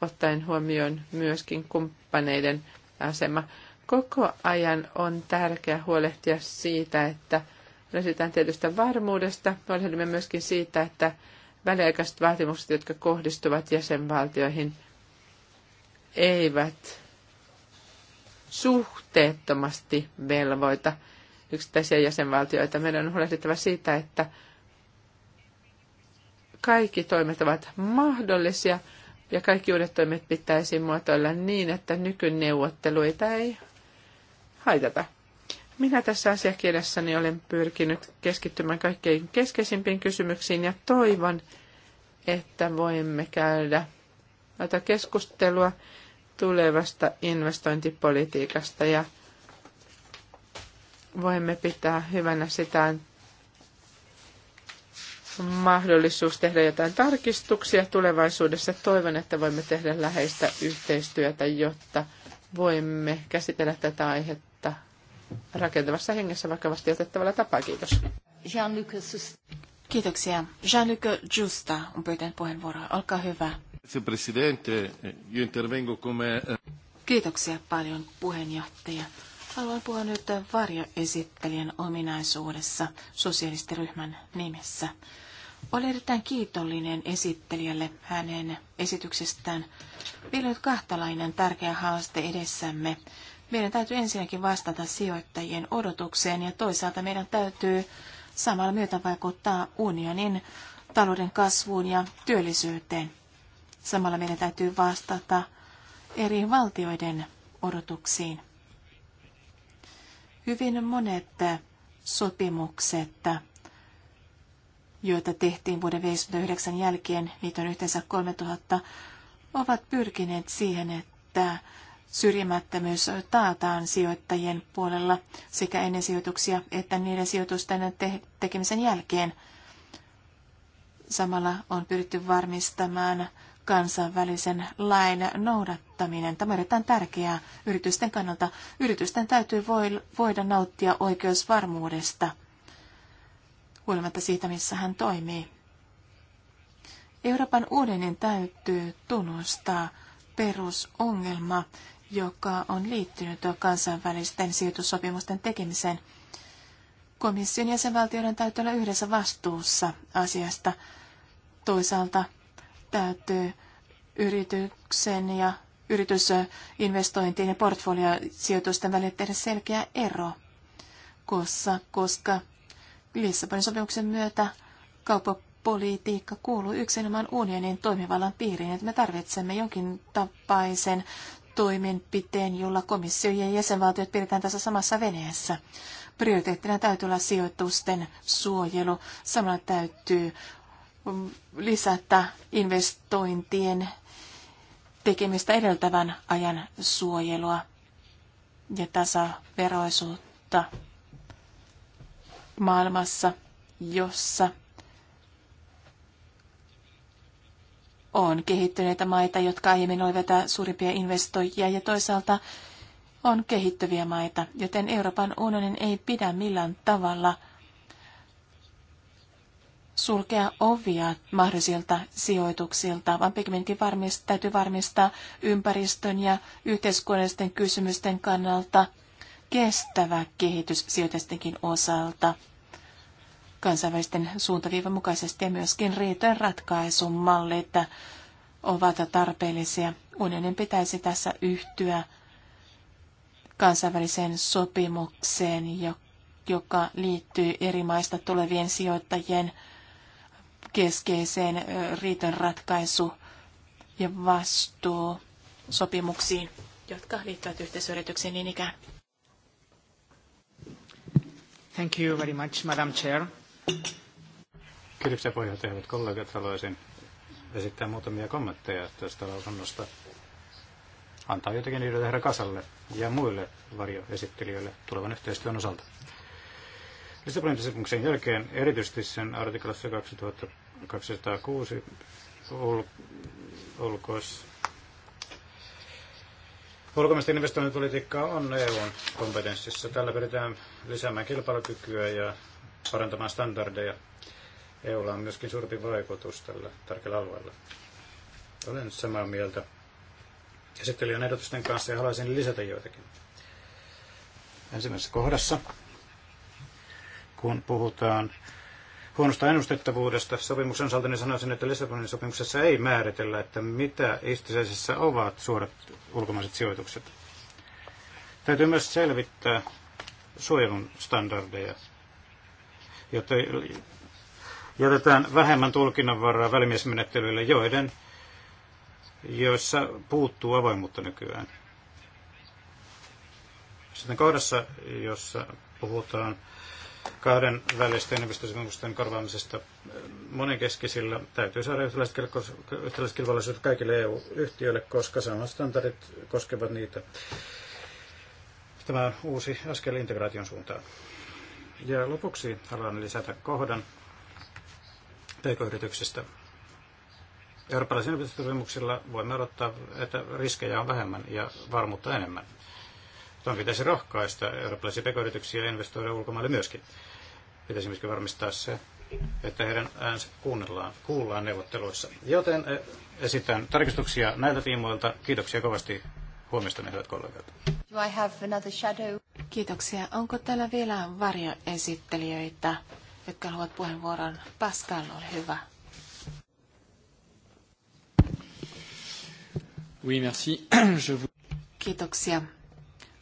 ottaen huomioon myöskin kumppaneiden asema. Koko ajan on tärkeää huolehtia siitä, että löysitään tietystä varmuudesta. Huolehdimme myöskin siitä, että väliaikaiset vaatimukset, jotka kohdistuvat jäsenvaltioihin, eivät suhteettomasti velvoita yksittäisiä jäsenvaltioita. Meidän on huolehdittava siitä, että kaikki toimet ovat mahdollisia ja kaikki uudet toimet pitäisi muotoilla niin, että nykyneuvotteluita ei haitata. Minä tässä asiakirjassani olen pyrkinyt keskittymään kaikkein keskeisimpiin kysymyksiin ja toivon, että voimme käydä tätä keskustelua tulevasta investointipolitiikasta ja voimme pitää hyvänä sitä mahdollisuus tehdä jotain tarkistuksia tulevaisuudessa. Toivon, että voimme tehdä läheistä yhteistyötä, jotta voimme käsitellä tätä aihetta rakentavassa hengessä vakavasti otettavalla tapaa. Kiitos. Jean-Luc Kiitoksia. Jean-Luc Justa on pyytänyt puheenvuoroa. Olkaa hyvä. Eh, Kiitoksia paljon puheenjohtaja. Haluan puhua nyt varjoesittelijän ominaisuudessa sosialistiryhmän nimissä. Olen erittäin kiitollinen esittelijälle hänen esityksestään. Meillä on kahtalainen tärkeä haaste edessämme. Meidän täytyy ensinnäkin vastata sijoittajien odotukseen ja toisaalta meidän täytyy samalla myötä vaikuttaa unionin talouden kasvuun ja työllisyyteen. Samalla meidän täytyy vastata eri valtioiden odotuksiin. Hyvin monet sopimukset, joita tehtiin vuoden 1959 jälkeen, niitä on yhteensä 3000, ovat pyrkineet siihen, että syrjimättömyys taataan sijoittajien puolella sekä ennen sijoituksia että niiden sijoitusten te- tekemisen jälkeen. Samalla on pyritty varmistamaan kansainvälisen lain noudattaminen. Tämä on erittäin tärkeää yritysten kannalta. Yritysten täytyy voida nauttia oikeusvarmuudesta, huolimatta siitä, missä hän toimii. Euroopan unionin täytyy tunnustaa perusongelma, joka on liittynyt kansainvälisten sijoitussopimusten tekemiseen. Komission jäsenvaltioiden täytyy olla yhdessä vastuussa asiasta. Toisaalta päättyy yrityksen ja yritysinvestointien ja portfoliosijoitusten välillä tehdä selkeä ero, koska, koska Lissabonin sopimuksen myötä kauppapolitiikka kuuluu yksinomaan unionin toimivallan piiriin, että me tarvitsemme jonkin tapaisen toimenpiteen, jolla komissio ja jäsenvaltiot pidetään tässä samassa veneessä. Prioriteettina täytyy olla sijoitusten suojelu. Samalla täytyy lisätä investointien tekemistä edeltävän ajan suojelua ja tasaveroisuutta maailmassa, jossa on kehittyneitä maita, jotka aiemmin olivat suurimpia investoijia ja toisaalta on kehittyviä maita, joten Euroopan unionin ei pidä millään tavalla sulkea ovia mahdollisilta sijoituksilta, vaan pikemminkin varmist, täytyy varmistaa ympäristön ja yhteiskunnallisten kysymysten kannalta kestävä kehitys sijoitustenkin osalta kansainvälisten suuntaviivan mukaisesti ja myöskin riitojen ratkaisun mallit ovat tarpeellisia. Unionin pitäisi tässä yhtyä kansainväliseen sopimukseen, joka liittyy eri maista tulevien sijoittajien keskeiseen riitanratkaisu- ja vastuusopimuksiin, jotka liittyvät yhteisyrityksiin niin ikään. Thank you very much, Madam Chair. Kiitoksia puheenjohtaja, hyvät kollegat. Haluaisin esittää muutamia kommentteja tästä lausunnosta. Antaa jotakin niitä herra Kasalle ja muille varjoesittelijöille tulevan yhteistyön osalta. Lissabonin sopimuksen jälkeen erityisesti sen artiklassa 2000 206 ul, ulkois. Ulkomaisten investointipolitiikka on EUn kompetenssissa. Tällä pyritään lisäämään kilpailukykyä ja parantamaan standardeja. EUlla on myöskin suurempi vaikutus tällä tärkeällä alueella. Olen samaa mieltä käsittelijän ehdotusten kanssa ja haluaisin lisätä joitakin. Ensimmäisessä kohdassa, kun puhutaan huonosta ennustettavuudesta sopimuksen osalta, niin sanoisin, että Lissabonin sopimuksessa ei määritellä, että mitä istiseisessä ovat suorat ulkomaiset sijoitukset. Täytyy myös selvittää suojelun standardeja, jotta jätetään vähemmän tulkinnanvaraa välimiesmenettelyille, joiden joissa puuttuu avoimuutta nykyään. Sitten kohdassa, jossa puhutaan kahden välisten investointisopimusten korvaamisesta eh, monenkeskisillä täytyy saada yhtäläiset, yhtäläiset kaikille EU-yhtiöille, koska samat standardit koskevat niitä. Tämä on uusi askel integraation suuntaan. Ja lopuksi haluan lisätä kohdan pk-yrityksistä. Eurooppalaisilla investointisopimuksilla voimme odottaa, että riskejä on vähemmän ja varmuutta enemmän. Tuon pitäisi rohkaista eurooppalaisia pekoyrityksiä investoida ulkomaille myöskin. Pitäisi myöskin varmistaa se, että heidän äänsä kuunnellaan, kuullaan neuvotteluissa. Joten eh, esitän tarkistuksia näiltä tiimoilta. Kiitoksia kovasti ne hyvät kollegat. Do I have another shadow? Kiitoksia. Onko täällä vielä varjoesittelijöitä, jotka haluavat puheenvuoron? Pascal, ole hyvä. Oui, merci. Je vous... Kiitoksia.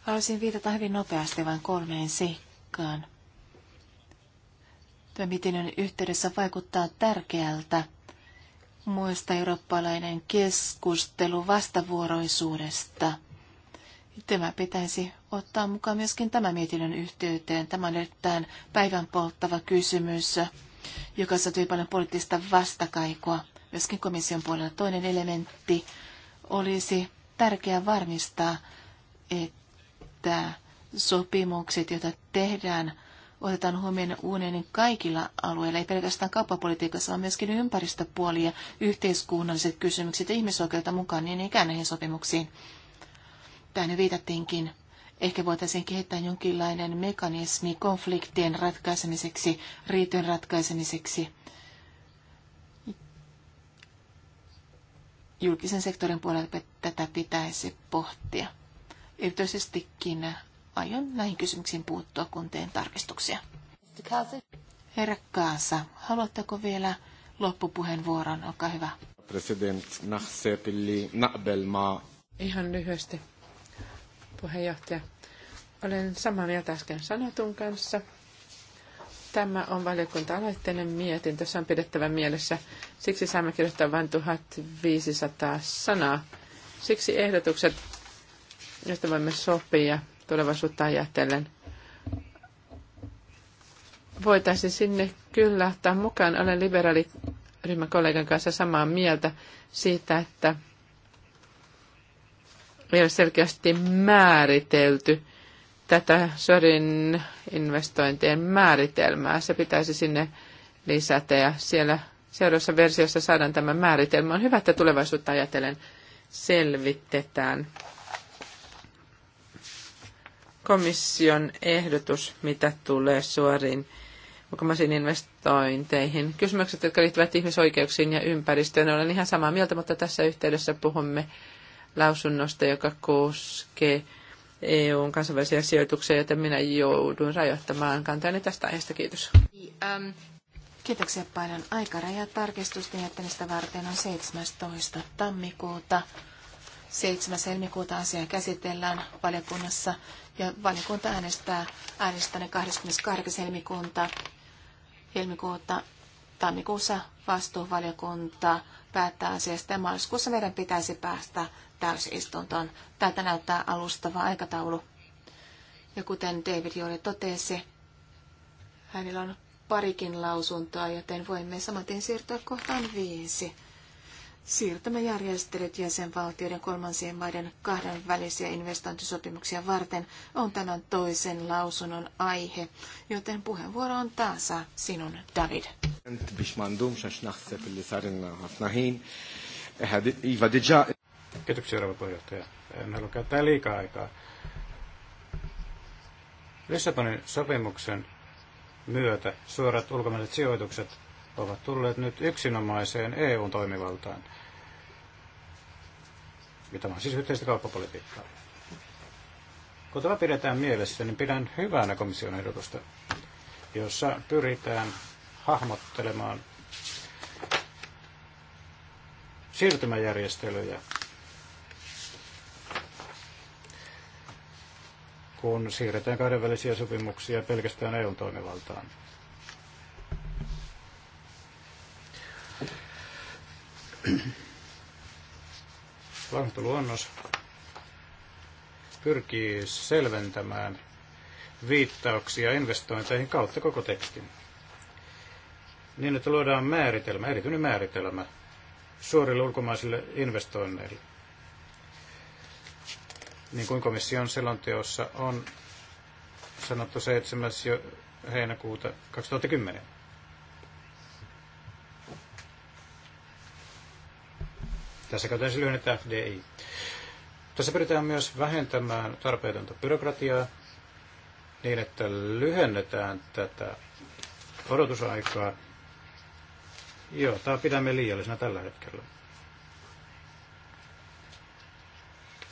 Haluaisin viitata hyvin nopeasti vain kolmeen seikkaan. Tämä on yhteydessä vaikuttaa tärkeältä muista eurooppalainen keskustelu vastavuoroisuudesta. Tämä pitäisi ottaa mukaan myöskin tämän mietinnön yhteyteen. Tämä on erittäin päivän polttava kysymys, joka satui paljon poliittista vastakaikoa. Myöskin komission puolella toinen elementti olisi tärkeää varmistaa, että että sopimukset, joita tehdään, otetaan huomioon unionin kaikilla alueilla, ei pelkästään kauppapolitiikassa, vaan myöskin ympäristöpuoli ja yhteiskunnalliset kysymykset ja ihmisoikeutta mukaan niin ikään näihin sopimuksiin. Tähän viitattiinkin. Ehkä voitaisiin kehittää jonkinlainen mekanismi konfliktien ratkaisemiseksi, riitojen ratkaisemiseksi. Julkisen sektorin puolelta tätä pitäisi pohtia. Erityisestikin aion näihin kysymyksiin puuttua, kun teen tarkistuksia. Herra Kaasa, haluatteko vielä loppupuheenvuoron? Olkaa hyvä. President Nahsepilli Nabelmaa. Ihan lyhyesti, puheenjohtaja. Olen samaa mieltä äsken sanotun kanssa. Tämä on valiokunta-aloitteinen mietintö. Se on pidettävä mielessä. Siksi saamme kirjoittaa vain 1500 sanaa. Siksi ehdotukset josta voimme sopia tulevaisuutta ajatellen. Voitaisiin sinne kyllä ottaa mukaan. Olen liberaaliryhmän kollegan kanssa samaa mieltä siitä, että ei ole selkeästi määritelty tätä Sorin investointien määritelmää. Se pitäisi sinne lisätä ja siellä seuraavassa versiossa saadaan tämä määritelmä. On hyvä, että tulevaisuutta ajatellen selvitetään komission ehdotus, mitä tulee suoriin ulkomaisiin investointeihin. Kysymykset, jotka liittyvät ihmisoikeuksiin ja ympäristöön, olen ihan samaa mieltä, mutta tässä yhteydessä puhumme lausunnosta, joka koskee EUn kansainvälisiä sijoituksia, joten minä joudun rajoittamaan kantani tästä aiheesta. Kiitos. Kiitoksia paljon. Aikaraja jättämistä varten on 17. tammikuuta 7. helmikuuta asiaa käsitellään valiokunnassa ja valiokunta äänestää äänestäneen 28. helmikuuta, helmikuuta tammikuussa vastuuvaliokunta päättää asiasta ja maaliskuussa meidän pitäisi päästä täysistuntoon. Tältä näyttää alustava aikataulu. Ja kuten David juuri totesi, hänellä on parikin lausuntoa, joten voimme samaten siirtyä kohtaan viisi. Siirtymäjärjestelyt jäsenvaltioiden kolmansien maiden kahden välisiä investointisopimuksia varten on tämän toisen lausunnon aihe, joten puheenvuoro on taas sinun, David. Kiitoksia, rouva puheenjohtaja. En halua käyttää liikaa aikaa. Lissabonin sopimuksen myötä suorat ulkomaiset sijoitukset ovat tulleet nyt yksinomaiseen eu toimivaltaan. Ja tämä on siis yhteistä kauppapolitiikkaa. Kun tämä pidetään mielessä, niin pidän hyvänä komission ehdotusta, jossa pyritään hahmottelemaan siirtymäjärjestelyjä, kun siirretään kahdenvälisiä sopimuksia pelkästään eu toimivaltaan. luonnos pyrkii selventämään viittauksia investointeihin kautta koko tekstin. Niin, että luodaan määritelmä, erityinen määritelmä suorille ulkomaisille investoinneille. Niin kuin komission selonteossa on sanottu 7. heinäkuuta 2010. Tässä käytännössä siis lyhennetään FDI. Tässä pyritään myös vähentämään tarpeetonta byrokratiaa niin, että lyhennetään tätä odotusaikaa, tämä pidämme liiallisena tällä hetkellä.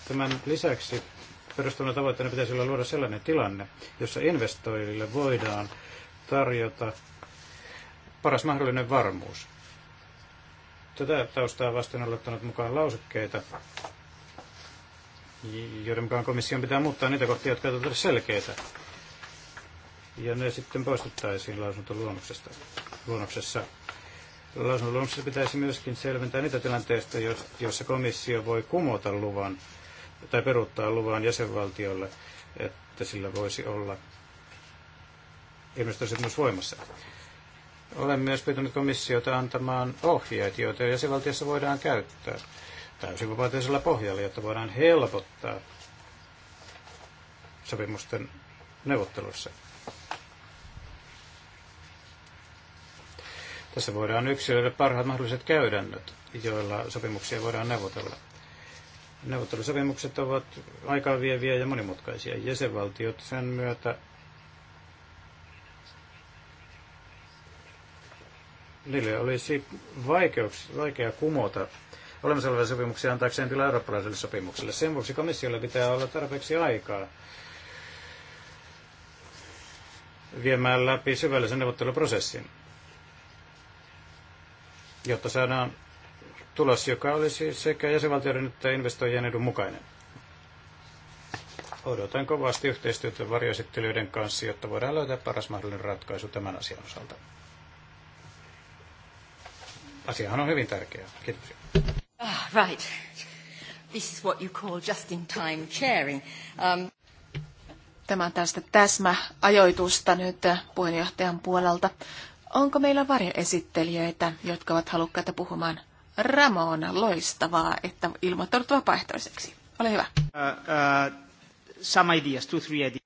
Tämän lisäksi perustuvana tavoitteena pitäisi olla luoda sellainen tilanne, jossa investoijille voidaan tarjota paras mahdollinen varmuus. Tätä taustaa vasten aloittanut mukaan lausekkeita, joiden mukaan komission pitää muuttaa niitä kohtia, jotka ovat selkeitä. Ja ne sitten poistettaisiin lausuntoluonnoksesta. Luonnoksessa. Lausuntoluonnoksessa pitäisi myöskin selventää niitä tilanteista, joissa komissio voi kumota luvan tai peruuttaa luvan jäsenvaltiolle, että sillä voisi olla myös voimassa. Olen myös pyytänyt komissiota antamaan ohjeet, joita jäsenvaltiossa voidaan käyttää täysin vapaaehtoisella pohjalla, jotta voidaan helpottaa sopimusten neuvotteluissa. Tässä voidaan yksilöidä parhaat mahdolliset käytännöt, joilla sopimuksia voidaan neuvotella. Neuvottelusopimukset ovat aikaa vieviä ja monimutkaisia. Jäsenvaltiot sen myötä niille olisi vaikeus, vaikea kumota olemassa olevia sopimuksia antaakseen tilaa eurooppalaiselle sopimukselle. Sen vuoksi komissiolla pitää olla tarpeeksi aikaa viemään läpi syvällisen neuvotteluprosessin, jotta saadaan tulos, joka olisi sekä jäsenvaltioiden että investoijien edun mukainen. Odotan kovasti yhteistyötä varjoesittelyiden kanssa, jotta voidaan löytää paras mahdollinen ratkaisu tämän asian osalta. Asiahan on hyvin tärkeä. Kiitoksia. Ah, right. This is what you call just in time chairing. Um... Tämä on tästä täsmäajoitusta nyt eh, puheenjohtajan puolelta. Onko meillä varjoesittelijöitä, jotka ovat halukkaita puhumaan? Ramona, loistavaa, että ilmoittaudut vapaaehtoiseksi. Ole hyvä. Uh, uh, some ideas, two, three ideas.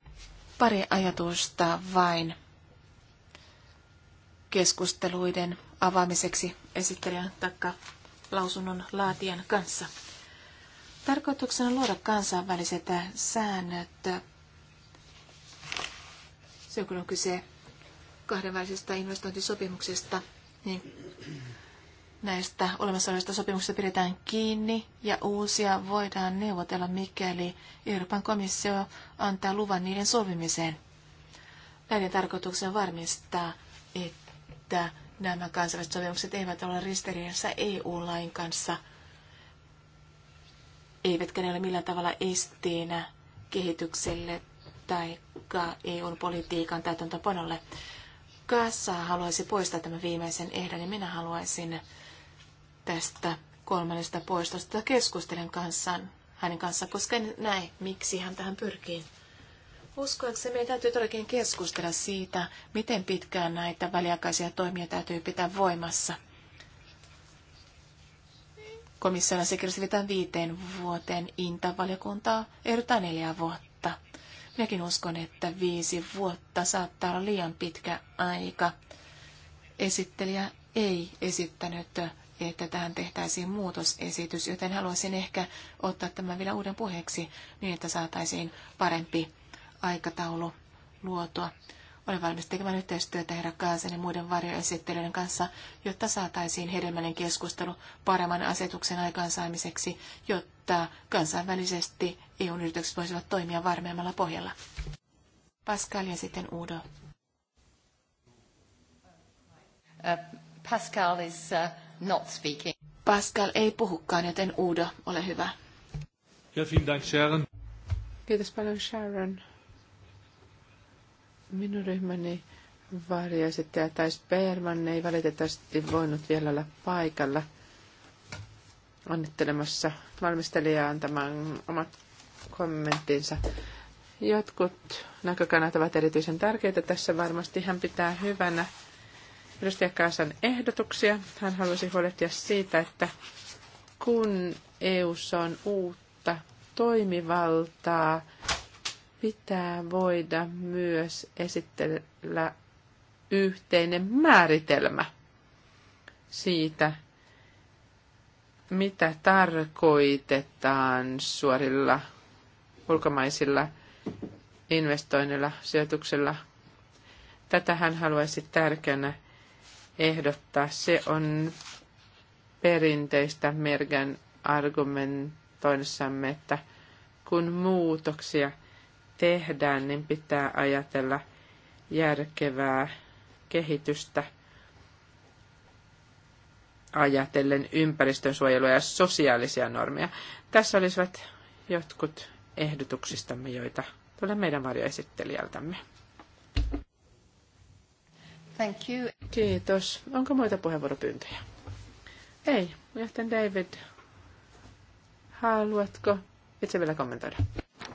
Pari ajatusta vain keskusteluiden avaamiseksi esittelijän takka lausunnon laatijan kanssa. Tarkoituksena on luoda kansainväliset säännöt, se kun on kyse kahdenvälisestä investointisopimuksesta, niin näistä olemassa olevista sopimuksista pidetään kiinni ja uusia voidaan neuvotella, mikäli Euroopan komissio antaa luvan niiden solvimiseen. Näiden tarkoituksena varmistaa, että nämä kansainväliset sopimukset eivät ole ristiriidassa EU-lain kanssa, eivätkä ne ole millään tavalla esteenä kehitykselle tai eu politiikan täytäntöpanolle. Kassa haluaisi poistaa tämän viimeisen ehdon, niin minä haluaisin tästä kolmannesta poistosta keskustelen kanssaan, hänen kanssaan, koska en näe, miksi hän tähän pyrkii. Uskoakseni meidän täytyy todellakin keskustella siitä, miten pitkään näitä väliaikaisia toimia täytyy pitää voimassa. Komissiona se kirjoitetaan viiteen vuoteen, Inta-valiokuntaa ehdotetaan neljä vuotta. Minäkin uskon, että viisi vuotta saattaa olla liian pitkä aika. Esittelijä ei esittänyt, että tähän tehtäisiin muutosesitys, joten haluaisin ehkä ottaa tämän vielä uuden puheeksi niin, että saataisiin parempi aikataulu luotua. Olen valmis tekemään yhteistyötä herra Kaasen ja muiden varjoesittelyiden kanssa, jotta saataisiin hedelmällinen keskustelu paremman asetuksen aikaansaamiseksi, jotta kansainvälisesti EUn yritykset voisivat toimia varmeammalla pohjalla. Pascal ja sitten Udo. Uh, Pascal is uh, not speaking. Pascal ei puhukaan, joten Udo, ole hyvä. Ja, Dank, Sharon. Kiitos paljon, Sharon. Minun ryhmäni varjaesittäjä tai Sperman ei valitettavasti voinut vielä olla paikalla onnittelemassa valmistelijaa antamaan omat kommenttinsa. Jotkut näkökannat ovat erityisen tärkeitä tässä varmasti. Hän pitää hyvänä edustaja Kaasan ehdotuksia. Hän halusi huolehtia siitä, että kun EU:ssa on uutta toimivaltaa pitää voida myös esitellä yhteinen määritelmä siitä, mitä tarkoitetaan suorilla ulkomaisilla investoinnilla, sijoituksilla. hän haluaisi tärkeänä ehdottaa. Se on perinteistä Mergen argumentoinnissamme, että kun muutoksia – tehdään, niin pitää ajatella järkevää kehitystä ajatellen ympäristönsuojelua ja sosiaalisia normeja. Tässä olisivat jotkut ehdotuksistamme, joita tulee meidän varjoesittelijältämme. Thank you. Kiitos. Onko muita puheenvuoropyyntöjä? Ei. Joten David, haluatko itse vielä kommentoida?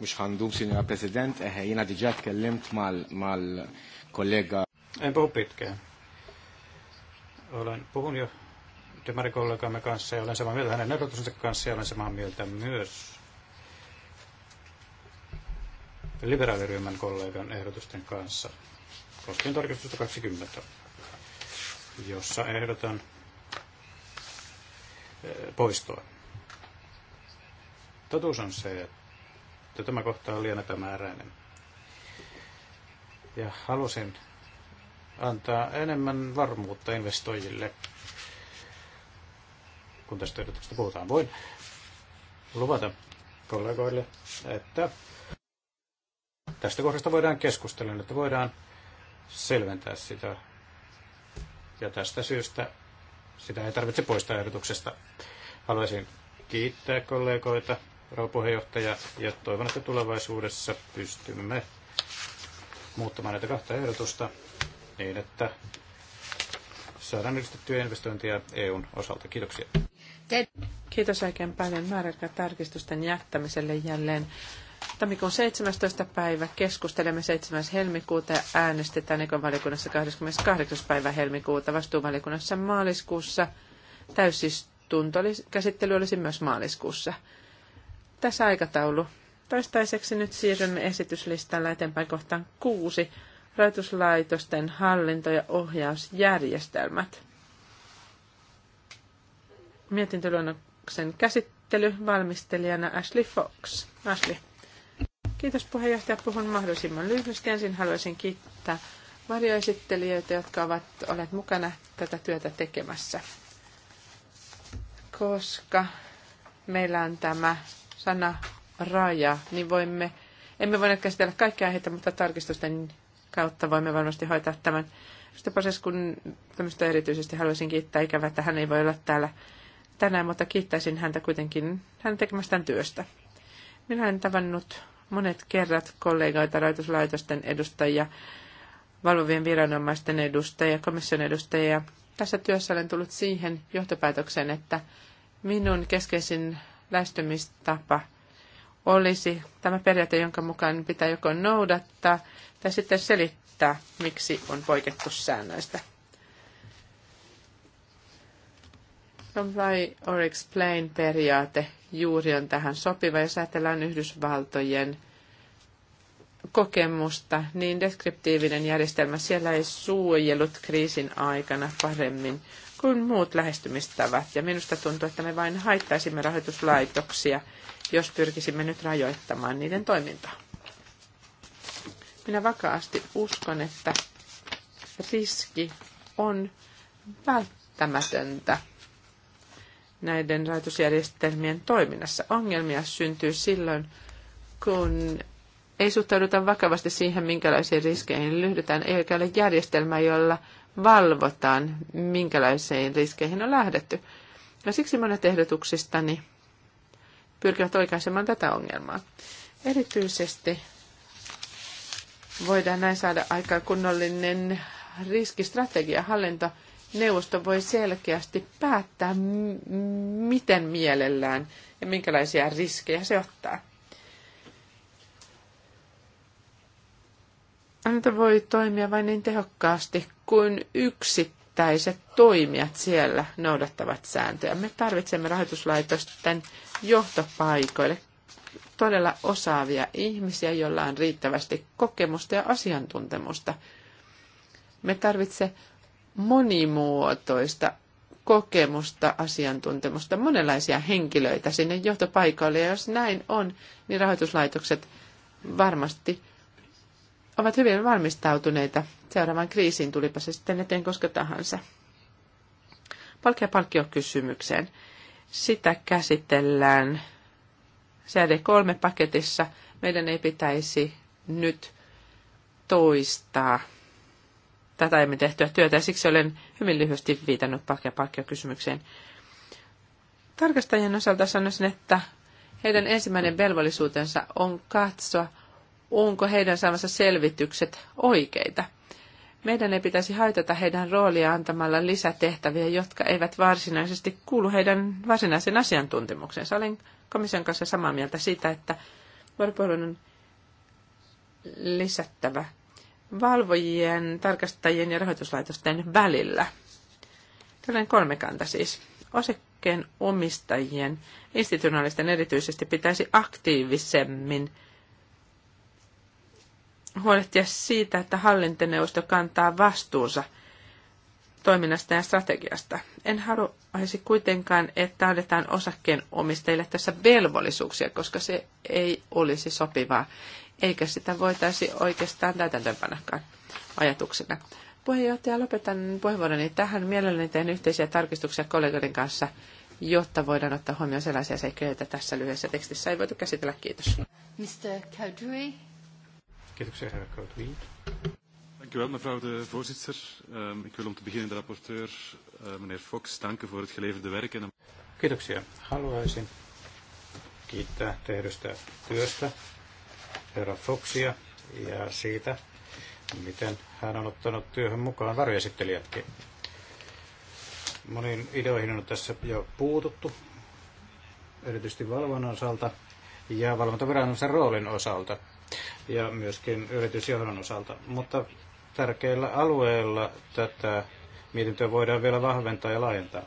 mux ħandum, Signora President, eħe, jena diġa tkellimt mal-kollega. Mal en puhu pitkään. Olen puhun jo demarikollegamme kanssa ja olen samaa mieltä hänen näkökulmansa kanssa ja olen samaa mieltä myös liberaaliryhmän kollegan ehdotusten kanssa koskien tarkistusta 20, jossa ehdotan eh, poistoa. Totuus on se, että mutta tämä kohta on liian epämääräinen. Ja halusin antaa enemmän varmuutta investoijille, kun tästä yrityksestä puhutaan. Voin luvata kollegoille, että tästä kohdasta voidaan keskustella, että voidaan selventää sitä. Ja tästä syystä sitä ei tarvitse poistaa ehdotuksesta. Haluaisin kiittää kollegoita rouva ja toivon, että tulevaisuudessa pystymme muuttamaan näitä kahta ehdotusta niin, että saadaan yhdistettyä investointia EUn osalta. Kiitoksia. Kiitos oikein paljon määräkä tarkistusten jättämiselle jälleen. Tammikuun 17. päivä keskustelemme 7. helmikuuta ja äänestetään ekovaliokunnassa 28. päivä helmikuuta vastuuvaliokunnassa maaliskuussa. Täysistuntokäsittely olisi myös maaliskuussa. Tässä aikataulu. Toistaiseksi nyt siirrymme esityslistalla eteenpäin kohtaan kuusi. Rahoituslaitosten hallinto- ja ohjausjärjestelmät. Mietintöluonnoksen käsittely valmistelijana Ashley Fox. Ashley. Kiitos puheenjohtaja. Puhun mahdollisimman lyhyesti. Ensin haluaisin kiittää varjoesittelijöitä, jotka ovat olleet mukana tätä työtä tekemässä. Koska meillä on tämä sana raja, niin voimme, emme voi käsitellä kaikkia aiheita, mutta tarkistusten kautta voimme varmasti hoitaa tämän. Pases, kun tämmöistä erityisesti haluaisin kiittää, ikävä, että hän ei voi olla täällä tänään, mutta kiittäisin häntä kuitenkin hän tekemästään työstä. Minä olen tavannut monet kerrat kollegoita, rajoituslaitosten edustajia, valvovien viranomaisten edustajia, komission edustajia. Tässä työssä olen tullut siihen johtopäätökseen, että minun keskeisin lähestymistapa olisi tämä periaate, jonka mukaan pitää joko noudattaa tai sitten selittää, miksi on poikettu säännöistä. Comply no, or explain periaate juuri on tähän sopiva. Jos ajatellaan Yhdysvaltojen kokemusta, niin deskriptiivinen järjestelmä siellä ei suojellut kriisin aikana paremmin kuin muut lähestymistavat. Ja minusta tuntuu, että me vain haittaisimme rahoituslaitoksia, jos pyrkisimme nyt rajoittamaan niiden toimintaa. Minä vakaasti uskon, että riski on välttämätöntä näiden rahoitusjärjestelmien toiminnassa. Ongelmia syntyy silloin, kun ei suhtauduta vakavasti siihen, minkälaisiin riskeihin lyhdytään, eikä ole järjestelmää, jolla valvotaan, minkälaisiin riskeihin on lähdetty. Ja siksi monet ehdotuksistani pyrkivät oikaisemaan tätä ongelmaa. Erityisesti voidaan näin saada aika kunnollinen riskistrategia. Hallintoneuvosto voi selkeästi päättää, miten mielellään ja minkälaisia riskejä se ottaa. Anta voi toimia vain niin tehokkaasti kuin yksittäiset toimijat siellä noudattavat sääntöjä. Me tarvitsemme rahoituslaitosten johtopaikoille todella osaavia ihmisiä, joilla on riittävästi kokemusta ja asiantuntemusta. Me tarvitsemme monimuotoista kokemusta, asiantuntemusta, monenlaisia henkilöitä sinne johtopaikoille. Ja jos näin on, niin rahoituslaitokset varmasti ovat hyvin valmistautuneita seuraavaan kriisiin, tulipa se sitten eteen koska tahansa. Palkki- ja palkkiokysymykseen. Sitä käsitellään CD3-paketissa. Meidän ei pitäisi nyt toistaa tätä aiemmin tehtyä työtä, ja siksi olen hyvin lyhyesti viitannut palkki- ja palkkiokysymykseen. Tarkastajien osalta sanoisin, että heidän ensimmäinen velvollisuutensa on katsoa – onko heidän saamansa selvitykset oikeita. Meidän ei pitäisi haitata heidän roolia antamalla lisätehtäviä, jotka eivät varsinaisesti kuulu heidän varsinaisen asiantuntemuksensa. Olen komission kanssa samaa mieltä siitä, että vuoropuhelun on lisättävä valvojien, tarkastajien ja rahoituslaitosten välillä. Tällainen kolmekanta siis. Osakkeen omistajien institutionaalisten erityisesti pitäisi aktiivisemmin – huolehtia siitä, että hallintoneuvosto kantaa vastuunsa toiminnasta ja strategiasta. En haluaisi kuitenkaan, että annetaan osakkeen omistajille tässä velvollisuuksia, koska se ei olisi sopivaa, eikä sitä voitaisi oikeastaan täytäntöönpanakaan ajatuksena. Puheenjohtaja, lopetan puheenvuoroni tähän. Mielelläni teen yhteisiä tarkistuksia kollegoiden kanssa, jotta voidaan ottaa huomioon sellaisia seikkoja, joita tässä lyhyessä tekstissä ei voitu käsitellä. Kiitos. Mr. Kaudry. Kiitoksia, herra Wien. Dank u wel, mevrouw de voorzitter. Um, ik wil om te beginnen de rapporteur, uh, meneer Fox, danken voor het geleverde werk. En... Kiitoksia. Haluaisin kiittää tehdystä työstä herra Foxia ja siitä, miten hän on ottanut työhön mukaan varjoesittelijätkin. Moniin ideoihin on tässä jo puututtu, erityisesti valvonnan osalta ja valvontaviranomaisen roolin osalta ja myöskin yritysjohdon osalta. Mutta tärkeillä alueilla tätä mietintöä voidaan vielä vahventaa ja laajentaa.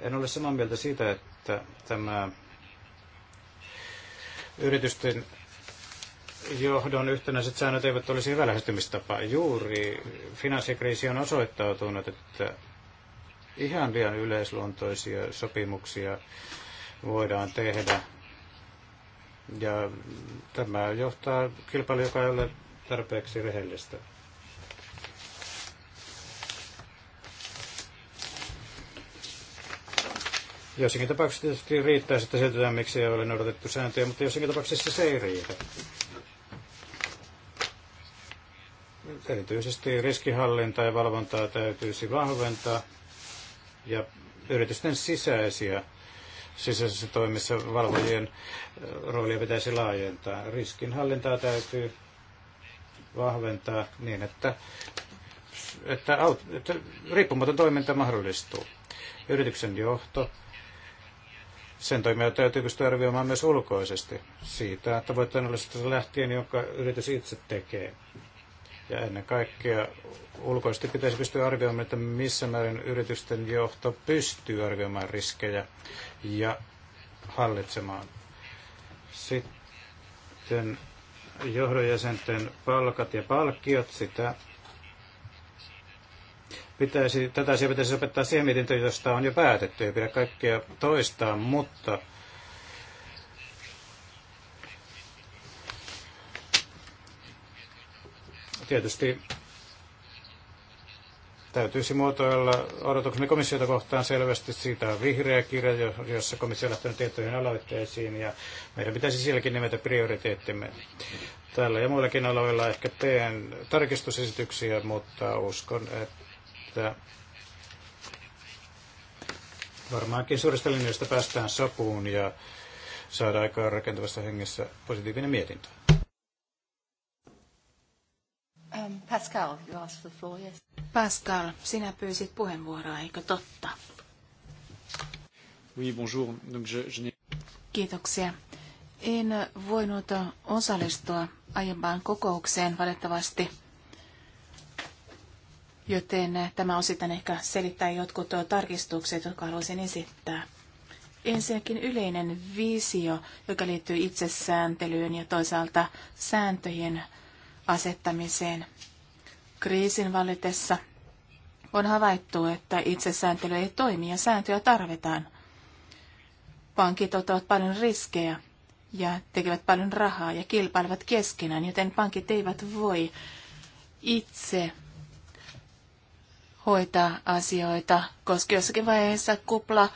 En ole samaa mieltä siitä, että tämä yritysten johdon yhtenäiset säännöt eivät olisi hyvä lähestymistapa. Juuri finanssikriisi on osoittautunut, että ihan liian yleisluontoisia sopimuksia voidaan tehdä ja tämä johtaa kilpailu, joka ei ole tarpeeksi rehellistä. Joissakin tapauksissa tietysti riittää, että selitetään, miksi ei ole noudatettu sääntöjä, mutta joissakin tapauksissa se ei riitä. Erityisesti riskihallinta ja valvontaa täytyisi vahventaa ja yritysten sisäisiä sisäisessä toimissa valvojien äh, roolia pitäisi laajentaa. Riskinhallintaa täytyy vahventaa niin, että, että, aut, että riippumaton toiminta mahdollistuu. Yrityksen johto, sen toimia täytyy pystyä arvioimaan myös ulkoisesti siitä tavoitteen lähtien, jonka yritys itse tekee. Ja ennen kaikkea ulkoisesti pitäisi pystyä arvioimaan, että missä määrin yritysten johto pystyy arvioimaan riskejä ja hallitsemaan. Sitten johdonjäsenten palkat ja palkkiot, sitä pitäisi, tätä asiaa pitäisi opettaa siihen mietintöön, josta on jo päätetty. Ei pidä kaikkea toistaa, mutta Tietysti täytyisi muotoilla odotuksemme komissiota kohtaan selvästi. Siitä on vihreä kirja, jossa komissio on lähtenyt tiettyihin aloitteisiin ja meidän pitäisi sielläkin nimetä prioriteettimme. Tällä ja muillakin aloilla ehkä teen tarkistusesityksiä, mutta uskon, että varmaankin suurista linjoista päästään sopuun ja saada aikaan rakentavassa hengessä positiivinen mietintö. Um, Pascal, you asked for the floor, yes. Pascal, sinä pyysit puheenvuoroa, eikö totta? Oui, bonjour. Donc je, je Kiitoksia. En voinut osallistua aiempaan kokoukseen valitettavasti, joten tämä osittain ehkä selittää jotkut tarkistukset, jotka haluaisin esittää. Ensinnäkin yleinen visio, joka liittyy itsesääntelyyn ja toisaalta sääntöjen asettamiseen. Kriisin valitessa on havaittu, että itsesääntely ei toimi ja sääntöjä tarvitaan. Pankit ottavat paljon riskejä ja tekevät paljon rahaa ja kilpailevat keskenään, joten pankit eivät voi itse hoitaa asioita, koska jossakin vaiheessa kupla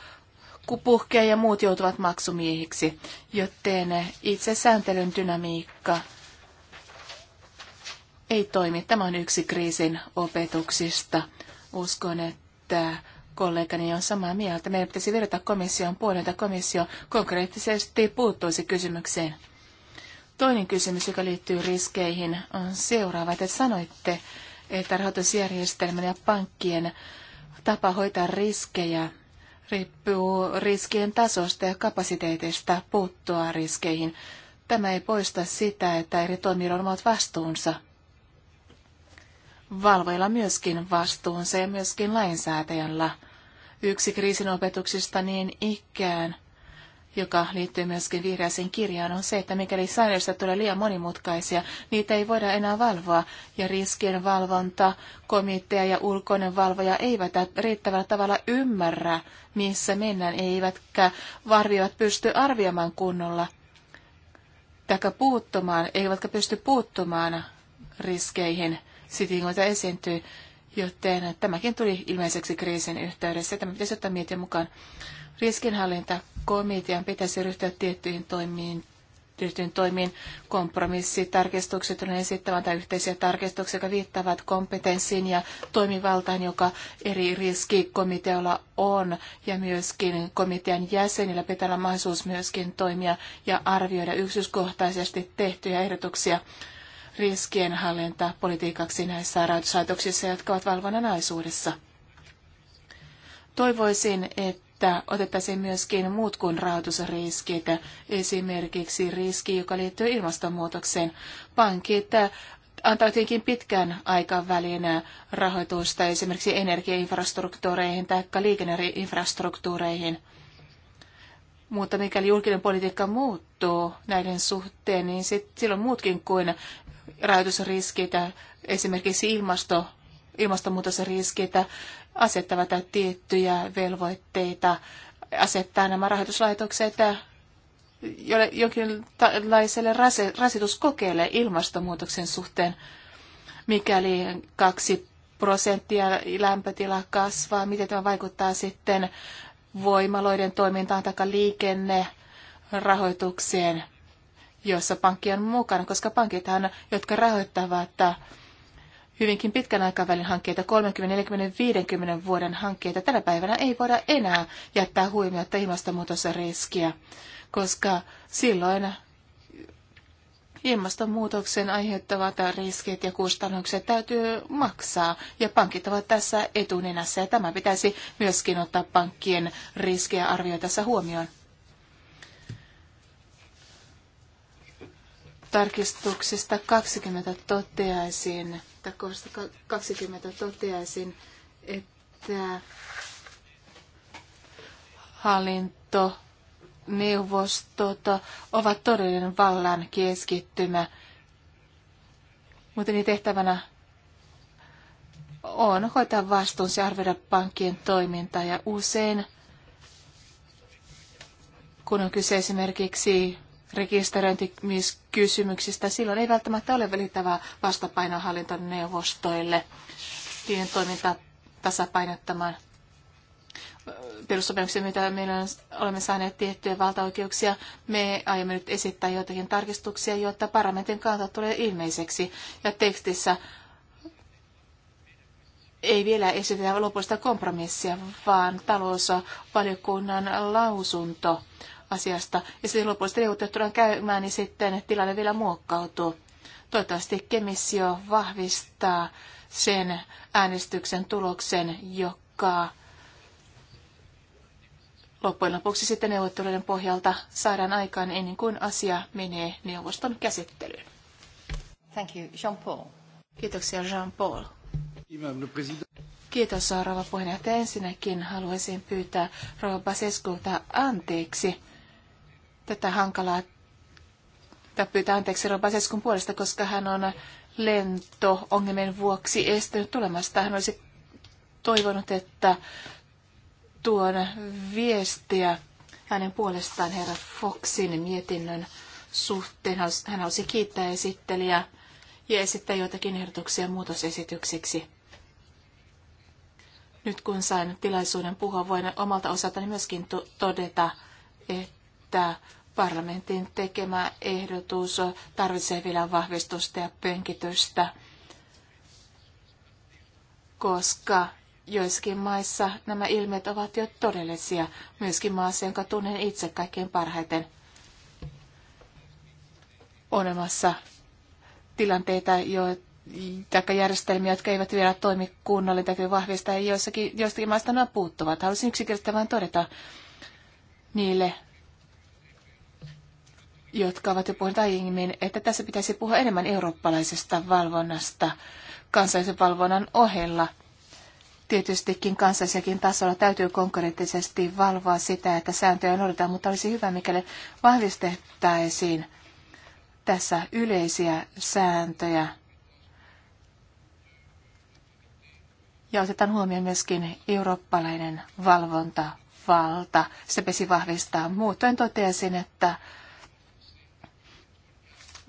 puhkee ja muut joutuvat maksumiehiksi, joten itse sääntelyn dynamiikka ei toimi. Tämä on yksi kriisin opetuksista. Uskon, että kollegani on samaa mieltä. Meidän pitäisi virata komission puolelta. Komissio konkreettisesti puuttuisi kysymykseen. Toinen kysymys, joka liittyy riskeihin, on seuraava. Te sanoitte, että rahoitusjärjestelmän ja pankkien tapa hoitaa riskejä riippuu riskien tasosta ja kapasiteetista puuttua riskeihin. Tämä ei poista sitä, että eri toimijoilla on omat vastuunsa – valvoilla myöskin vastuunsa ja myöskin lainsäätäjällä. Yksi kriisin opetuksista niin ikään, joka liittyy myöskin vihreäseen kirjaan, on se, että mikäli säännöistä tulee liian monimutkaisia, niitä ei voida enää valvoa, ja riskien valvonta, komitea ja ulkoinen valvoja eivät riittävällä tavalla ymmärrä, missä mennään, eivätkä varvivat pysty arvioimaan kunnolla, tai puuttumaan, eivätkä pysty puuttumaan riskeihin – sitingoita esiintyy, joten tämäkin tuli ilmeiseksi kriisin yhteydessä. Tämä pitäisi ottaa mietin mukaan. Riskinhallintakomitean pitäisi ryhtyä tiettyihin toimiin ryhtyin toimiin kompromissitarkistukset on esittävän tai yhteisiä tarkistuksia, jotka viittavat kompetenssiin ja toimivaltaan, joka eri riskikomiteolla on. Ja myöskin komitean jäsenillä pitää olla mahdollisuus myöskin toimia ja arvioida yksityiskohtaisesti tehtyjä ehdotuksia politiikaksi näissä rahoituslaitoksissa, jotka ovat valvonnan alaisuudessa. Toivoisin, että otettaisiin myöskin muut kuin rahoitusriskit, esimerkiksi riski, joka liittyy ilmastonmuutokseen. Pankit antavat tietenkin pitkän aikavälin rahoitusta esimerkiksi energiainfrastruktuureihin tai liikenneinfrastruktuureihin. Mutta mikäli julkinen politiikka muuttuu näiden suhteen, niin sit silloin muutkin kuin rajoitusriskit, esimerkiksi ilmasto, ilmastonmuutosriskit asettavat tiettyjä velvoitteita, asettaa nämä rahoituslaitokset jonkinlaiselle rasituskokeelle ilmastonmuutoksen suhteen, mikäli kaksi prosenttia lämpötila kasvaa, miten tämä vaikuttaa sitten voimaloiden toimintaan tai liikenne rahoitukseen jossa pankki on mukana, koska pankithan, jotka rahoittavat äh, hyvinkin pitkän aikavälin hankkeita, 30, 40, 50 vuoden hankkeita, tänä päivänä ei voida enää jättää huomiotta ilmastonmuutosriskiä, koska silloin ilmastonmuutoksen aiheuttavat riskit ja kustannukset täytyy maksaa, ja pankit ovat tässä etunenässä, ja tämä pitäisi myöskin ottaa pankkien riskejä arvioitaessa huomioon. tarkistuksista 20 toteaisin, tai 20 toteaisin, että hallinto, neuvostot ovat todellinen vallan keskittymä, mutta niin tehtävänä on hoitaa vastuunsa ja arvioida pankkien toimintaa ja usein kun on kyse esimerkiksi rekisteröintikysymyksistä. Silloin ei välttämättä ole välittävää vastapainohallintoneuvostoille niiden toiminta tasapainottamaan. Perussopimuksen, mitä meillä olemme saaneet tiettyjä valtaoikeuksia, me aiomme nyt esittää joitakin tarkistuksia, jotta parlamentin kanta tulee ilmeiseksi. Ja tekstissä ei vielä esitetä lopullista kompromissia, vaan talousvaliokunnan lausunto asiasta. Ja sitten lopuksi neuvottelut tullaan käymään, niin sitten tilanne vielä muokkautuu. Toivottavasti komissio vahvistaa sen äänestyksen tuloksen, joka loppujen lopuksi sitten neuvotteluiden pohjalta saadaan aikaan ennen kuin asia menee neuvoston käsittelyyn. Thank you, Jean-Paul. Kiitoksia, Jean-Paul. Kiitos, rouva puheenjohtaja. Ensinnäkin haluaisin pyytää rouva Baseskulta anteeksi tätä hankalaa pyytää anteeksi Robaseskun puolesta, koska hän on lentoongelmien vuoksi estynyt tulemasta. Hän olisi toivonut, että tuon viestiä hänen puolestaan herra Foxin mietinnön suhteen. Hän halusi kiittää esittelijä ja esittää joitakin ehdotuksia muutosesityksiksi. Nyt kun sain tilaisuuden puhua, voin omalta osaltani myöskin todeta, että parlamentin tekemä ehdotus tarvitsee vielä vahvistusta ja pönkitystä, koska joissakin maissa nämä ilmiöt ovat jo todellisia, myöskin maassa, jonka tunnen itse kaikkein parhaiten. On olemassa tilanteita, joita taikka järjestelmiä, jotka eivät vielä toimi kunnolla, täytyy vahvistaa, ja joissakin, joistakin maista nämä puuttuvat. Haluaisin yksinkertaisesti vain todeta niille jotka ovat jo puhuneet aiemmin, että tässä pitäisi puhua enemmän eurooppalaisesta valvonnasta kansallisen valvonnan ohella. Tietystikin kansallisellakin tasolla täytyy konkreettisesti valvoa sitä, että sääntöjä noudatetaan, mutta olisi hyvä, mikäli vahvistettaisiin tässä yleisiä sääntöjä. Ja otetaan huomioon myöskin eurooppalainen valvontavalta. Se pesi vahvistaa. Muutoin toteaisin, että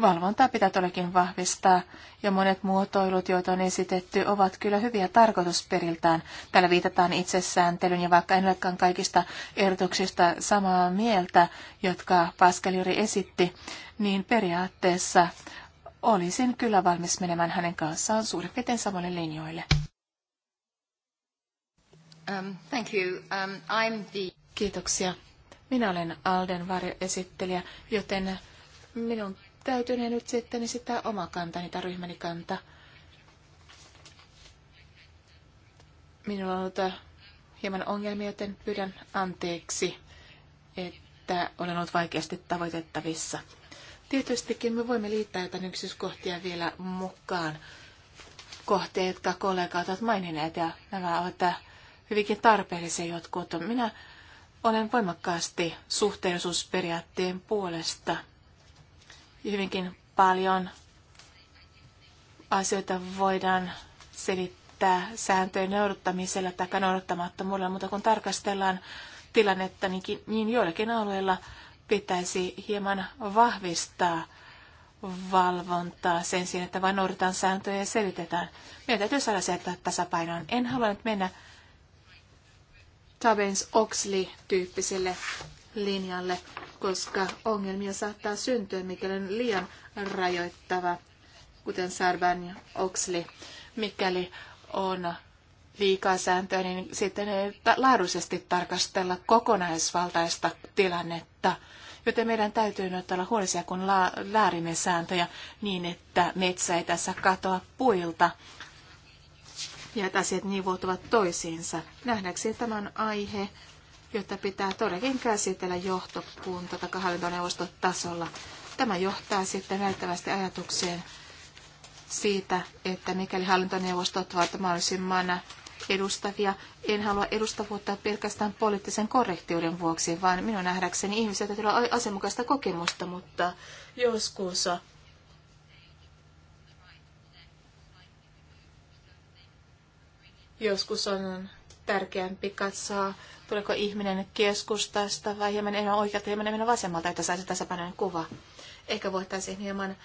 Valvontaa pitää todellakin vahvistaa, ja monet muotoilut, joita on esitetty, ovat kyllä hyviä tarkoitusperiltään. Täällä viitataan itsesääntelyyn, ja vaikka en olekaan kaikista ehdotuksista samaa mieltä, jotka Pascal juuri esitti, niin periaatteessa olisin kyllä valmis menemään hänen kanssaan suurin piirtein samalle linjoille. Um, thank you. Um, I'm the... Kiitoksia. Minä olen Alden varjoesittelijä, joten minun täytynee nyt sitten esittää oma kantani tai ryhmäni kanta. Minulla on ollut äh, hieman ongelmia, joten pyydän anteeksi, että olen ollut vaikeasti tavoitettavissa. Tietystikin me voimme liittää jotain yksityiskohtia vielä mukaan. Kohteet, jotka kollegat ovat maininneet, ja nämä ovat äh, hyvinkin tarpeellisia jotkut. Minä olen voimakkaasti suhteellisuusperiaatteen puolesta – hyvinkin paljon asioita voidaan selittää sääntöjen noudattamisella tai noudattamattomuudella, mutta kun tarkastellaan tilannetta, niin, niin joillakin alueilla pitäisi hieman vahvistaa valvontaa sen sijaan, että vain noudataan sääntöjä ja selitetään. Meidän täytyy saada sieltä tasapainoon. En halua nyt mennä Tabens Oxley-tyyppiselle linjalle, koska ongelmia saattaa syntyä, mikäli on liian rajoittava, kuten Sarban ja Oxley. Mikäli on liikaa sääntöä, niin sitten ei laadullisesti tarkastella kokonaisvaltaista tilannetta. Joten meidän täytyy nyt olla huolisia, kun la- laadimme sääntöjä niin, että metsä ei tässä katoa puilta ja että asiat nivoutuvat toisiinsa. Nähdäkseni tämän aihe jota pitää todellakin käsitellä johtokunta- tai tasolla. Tämä johtaa sitten välttävästi ajatukseen siitä, että mikäli hallintoneuvostot ovat mahdollisimman edustavia, en halua edustavuutta pelkästään poliittisen korrektiuden vuoksi, vaan minun nähdäkseni ihmiset täytyy olla asianmukaista kokemusta, mutta joskus joskus on tärkeämpi katsoa, tuleeko ihminen keskustasta vai hieman enemmän oikealta, hieman enemmän vasemmalta, että saisi tasapainoinen kuva. Ehkä voitaisiin hieman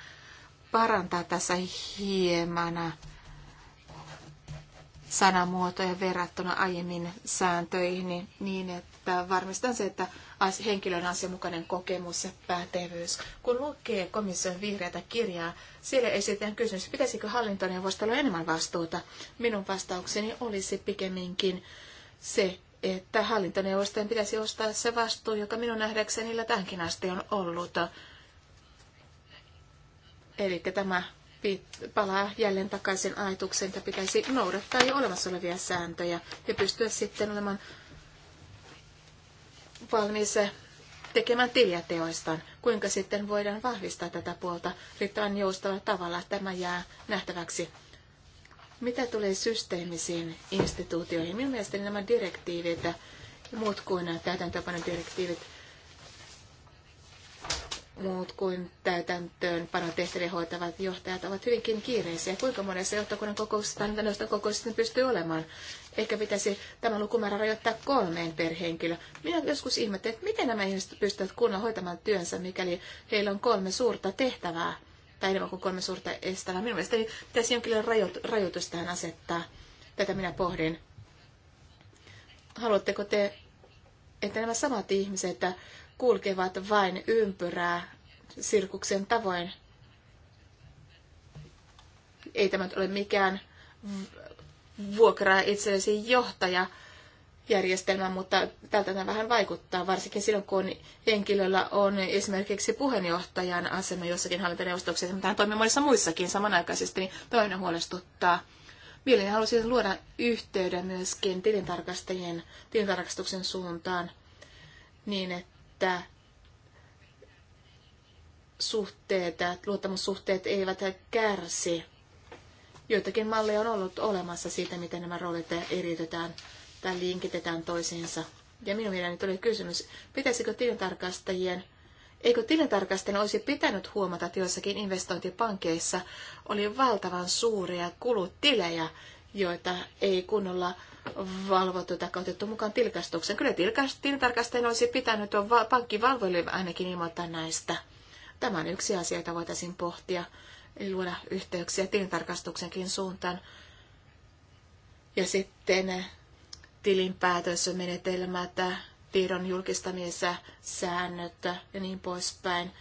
parantaa tässä hieman sanamuotoja verrattuna aiemmin sääntöihin niin, että varmistan se, että henkilön asianmukainen kokemus ja pätevyys. Kun lukee komission vihreätä kirjaa, siellä esitetään kysymys, pitäisikö olla enemmän vastuuta. Minun vastaukseni olisi pikemminkin se, että hallintoneuvostojen pitäisi ostaa se vastuu, joka minun nähdäkseni niillä tämänkin asti on ollut. Eli tämä palaa jälleen takaisin ajatukseen, että pitäisi noudattaa jo olemassa olevia sääntöjä ja pystyä sitten olemaan valmis tekemään tiliä teoistaan. Kuinka sitten voidaan vahvistaa tätä puolta riittävän joustavalla tavalla, tämä jää nähtäväksi. Mitä tulee systeemisiin instituutioihin? Minun mielestäni nämä direktiivit ja muut kuin täytäntöpanodirektiivit direktiivit – muut kuin täytäntöön panotehtäviä hoitavat johtajat ovat hyvinkin kiireisiä. Kuinka monessa johtokunnan kokouksessa tai noista kokouksista ne pystyy olemaan? Ehkä pitäisi tämä lukumäärä rajoittaa kolmeen per henkilö. Minä joskus ihmettelen, että miten nämä ihmiset pystyvät kunnan hoitamaan työnsä, mikäli heillä on kolme suurta tehtävää tai enemmän kuin kolme suurta estävää. Minun mielestäni pitäisi jonkinlainen rajoitus tähän asettaa. Tätä minä pohdin. Haluatteko te, että nämä samat ihmiset että kulkevat vain ympyrää sirkuksen tavoin. Ei tämä ole mikään vuokraa itsellesi johtaja järjestelmä, mutta tältä tämä vähän vaikuttaa, varsinkin silloin, kun henkilöllä on esimerkiksi puheenjohtajan asema jossakin hallintoneuvostoksessa, mutta hän toimii monissa muissakin samanaikaisesti, niin toinen huolestuttaa. Mielelläni halusi luoda yhteyden myöskin tilintarkastajien tilintarkastuksen suuntaan niin, että että suhteet, luottamussuhteet eivät kärsi. Joitakin malleja on ollut olemassa siitä, miten nämä roolit eriytetään tai linkitetään toisiinsa. Ja minun mielestäni tuli kysymys, pitäisikö tilintarkastajien Eikö tilintarkastajien olisi pitänyt huomata, että joissakin investointipankeissa oli valtavan suuria kulutilejä, joita ei kunnolla valvottu tai otettu mukaan tilkastuksen. Kyllä tilintarkastajan olisi pitänyt tuon pankkivalvoille ainakin ilmoittaa näistä. Tämä on yksi asia, jota voitaisiin pohtia, eli luoda yhteyksiä tilintarkastuksenkin suuntaan. Ja sitten eh, tilinpäätösmenetelmät, tiedon julkistamisen säännöt ja niin poispäin.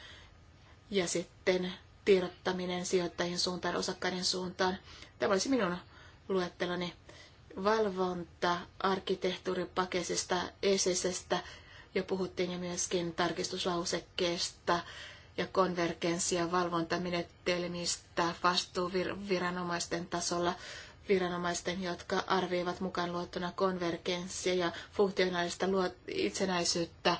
Ja sitten tiedottaminen sijoittajien suuntaan, osakkaiden suuntaan. Tämä olisi minun luetteloni valvonta arkkitehtuuripakesista, esisestä jo puhuttiin ja myöskin tarkistuslausekkeesta ja konvergenssia valvontamenetelmistä vastuuviranomaisten tasolla viranomaisten, jotka arvioivat mukaan luottuna konvergenssia ja funktionaalista itsenäisyyttä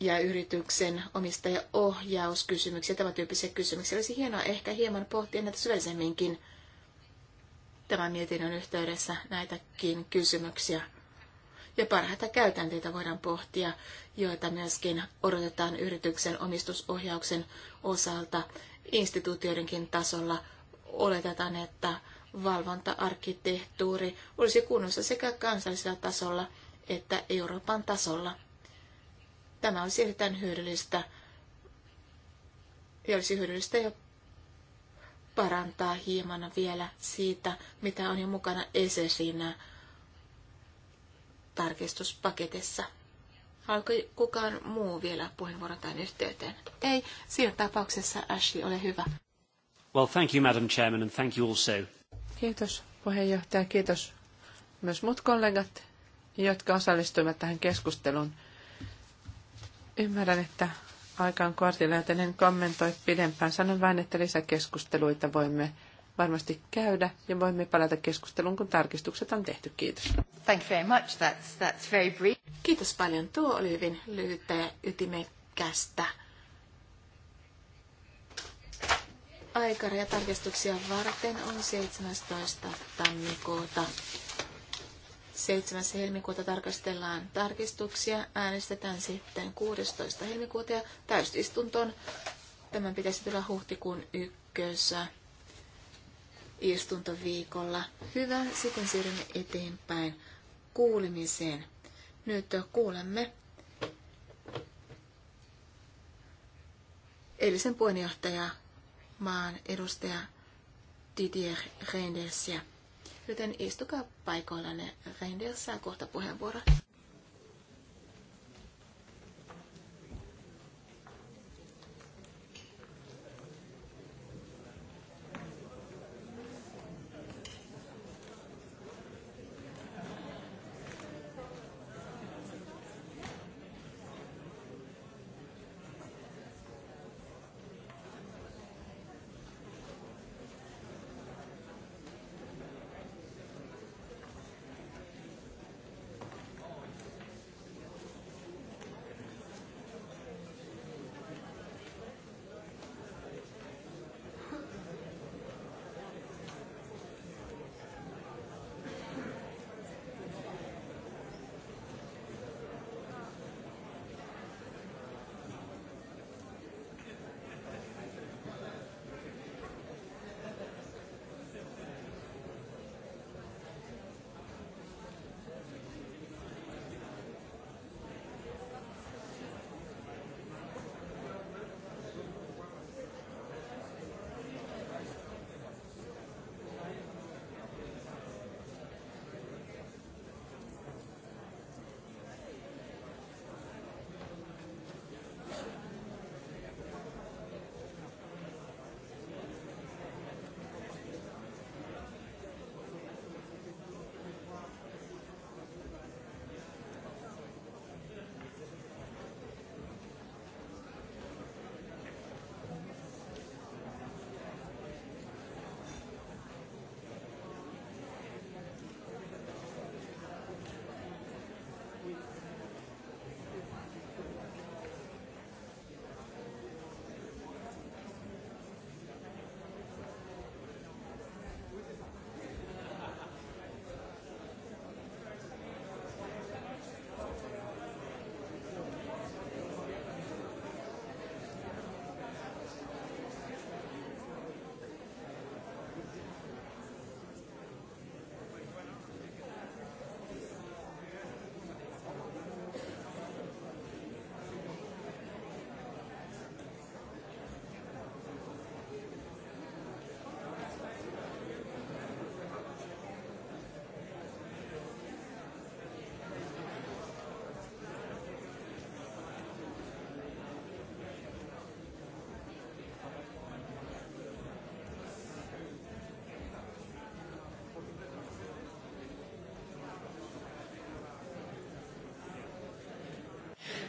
ja yrityksen omistajaohjauskysymyksiä, tämän tyyppisiä kysymyksiä. Olisi hienoa ehkä hieman pohtia näitä syvällisemminkin tämän mietinnön yhteydessä näitäkin kysymyksiä. Ja parhaita käytänteitä voidaan pohtia, joita myöskin odotetaan yrityksen omistusohjauksen osalta instituutioidenkin tasolla. Oletetaan, että valvonta-arkkitehtuuri olisi kunnossa sekä kansallisella tasolla että Euroopan tasolla. Tämä olisi erittäin hyödyllistä ja olisi hyödyllistä jo parantaa hieman vielä siitä, mitä on jo mukana esesinä tarkistuspaketissa. Haluatko kukaan muu vielä puheenvuoron tämän yhteyteen? Ei. Siinä tapauksessa Ashley, ole hyvä. Well, thank you, Madam Chairman, and thank you also. Kiitos puheenjohtaja, kiitos myös muut kollegat, jotka osallistuivat tähän keskusteluun. Ymmärrän, että aikaan kortilla, joten en kommentoi pidempään. Sanon vain, että lisäkeskusteluita voimme varmasti käydä ja voimme palata keskusteluun, kun tarkistukset on tehty. Kiitos. Thank you very much. That's, that's very brief. Kiitos paljon. Tuo oli hyvin lyhyttä ja ytimekkästä. Aikaraja tarkistuksia varten on 17. tammikuuta 7. helmikuuta tarkastellaan tarkistuksia, äänestetään sitten 16. helmikuuta ja täysistuntoon tämän pitäisi tulla huhtikuun ykkössä istuntoviikolla. Hyvä, sitten siirrymme eteenpäin kuulemiseen. Nyt kuulemme eilisen puheenjohtaja maan edustaja Didier Reindersiä joten istukaa paikoillanne. Reindeer saa kohta puheenvuoron.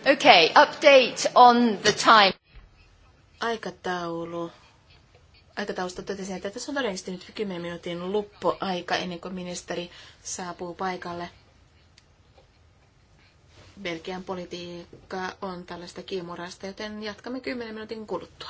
Okay, update on the time. Aikataulu. Aikataulusta totesin, että tässä on todennäköisesti nyt 10 minuutin luppoaika ennen kuin ministeri saapuu paikalle. Belgian politiikka on tällaista kiimurasta, joten jatkamme 10 minuutin kuluttua.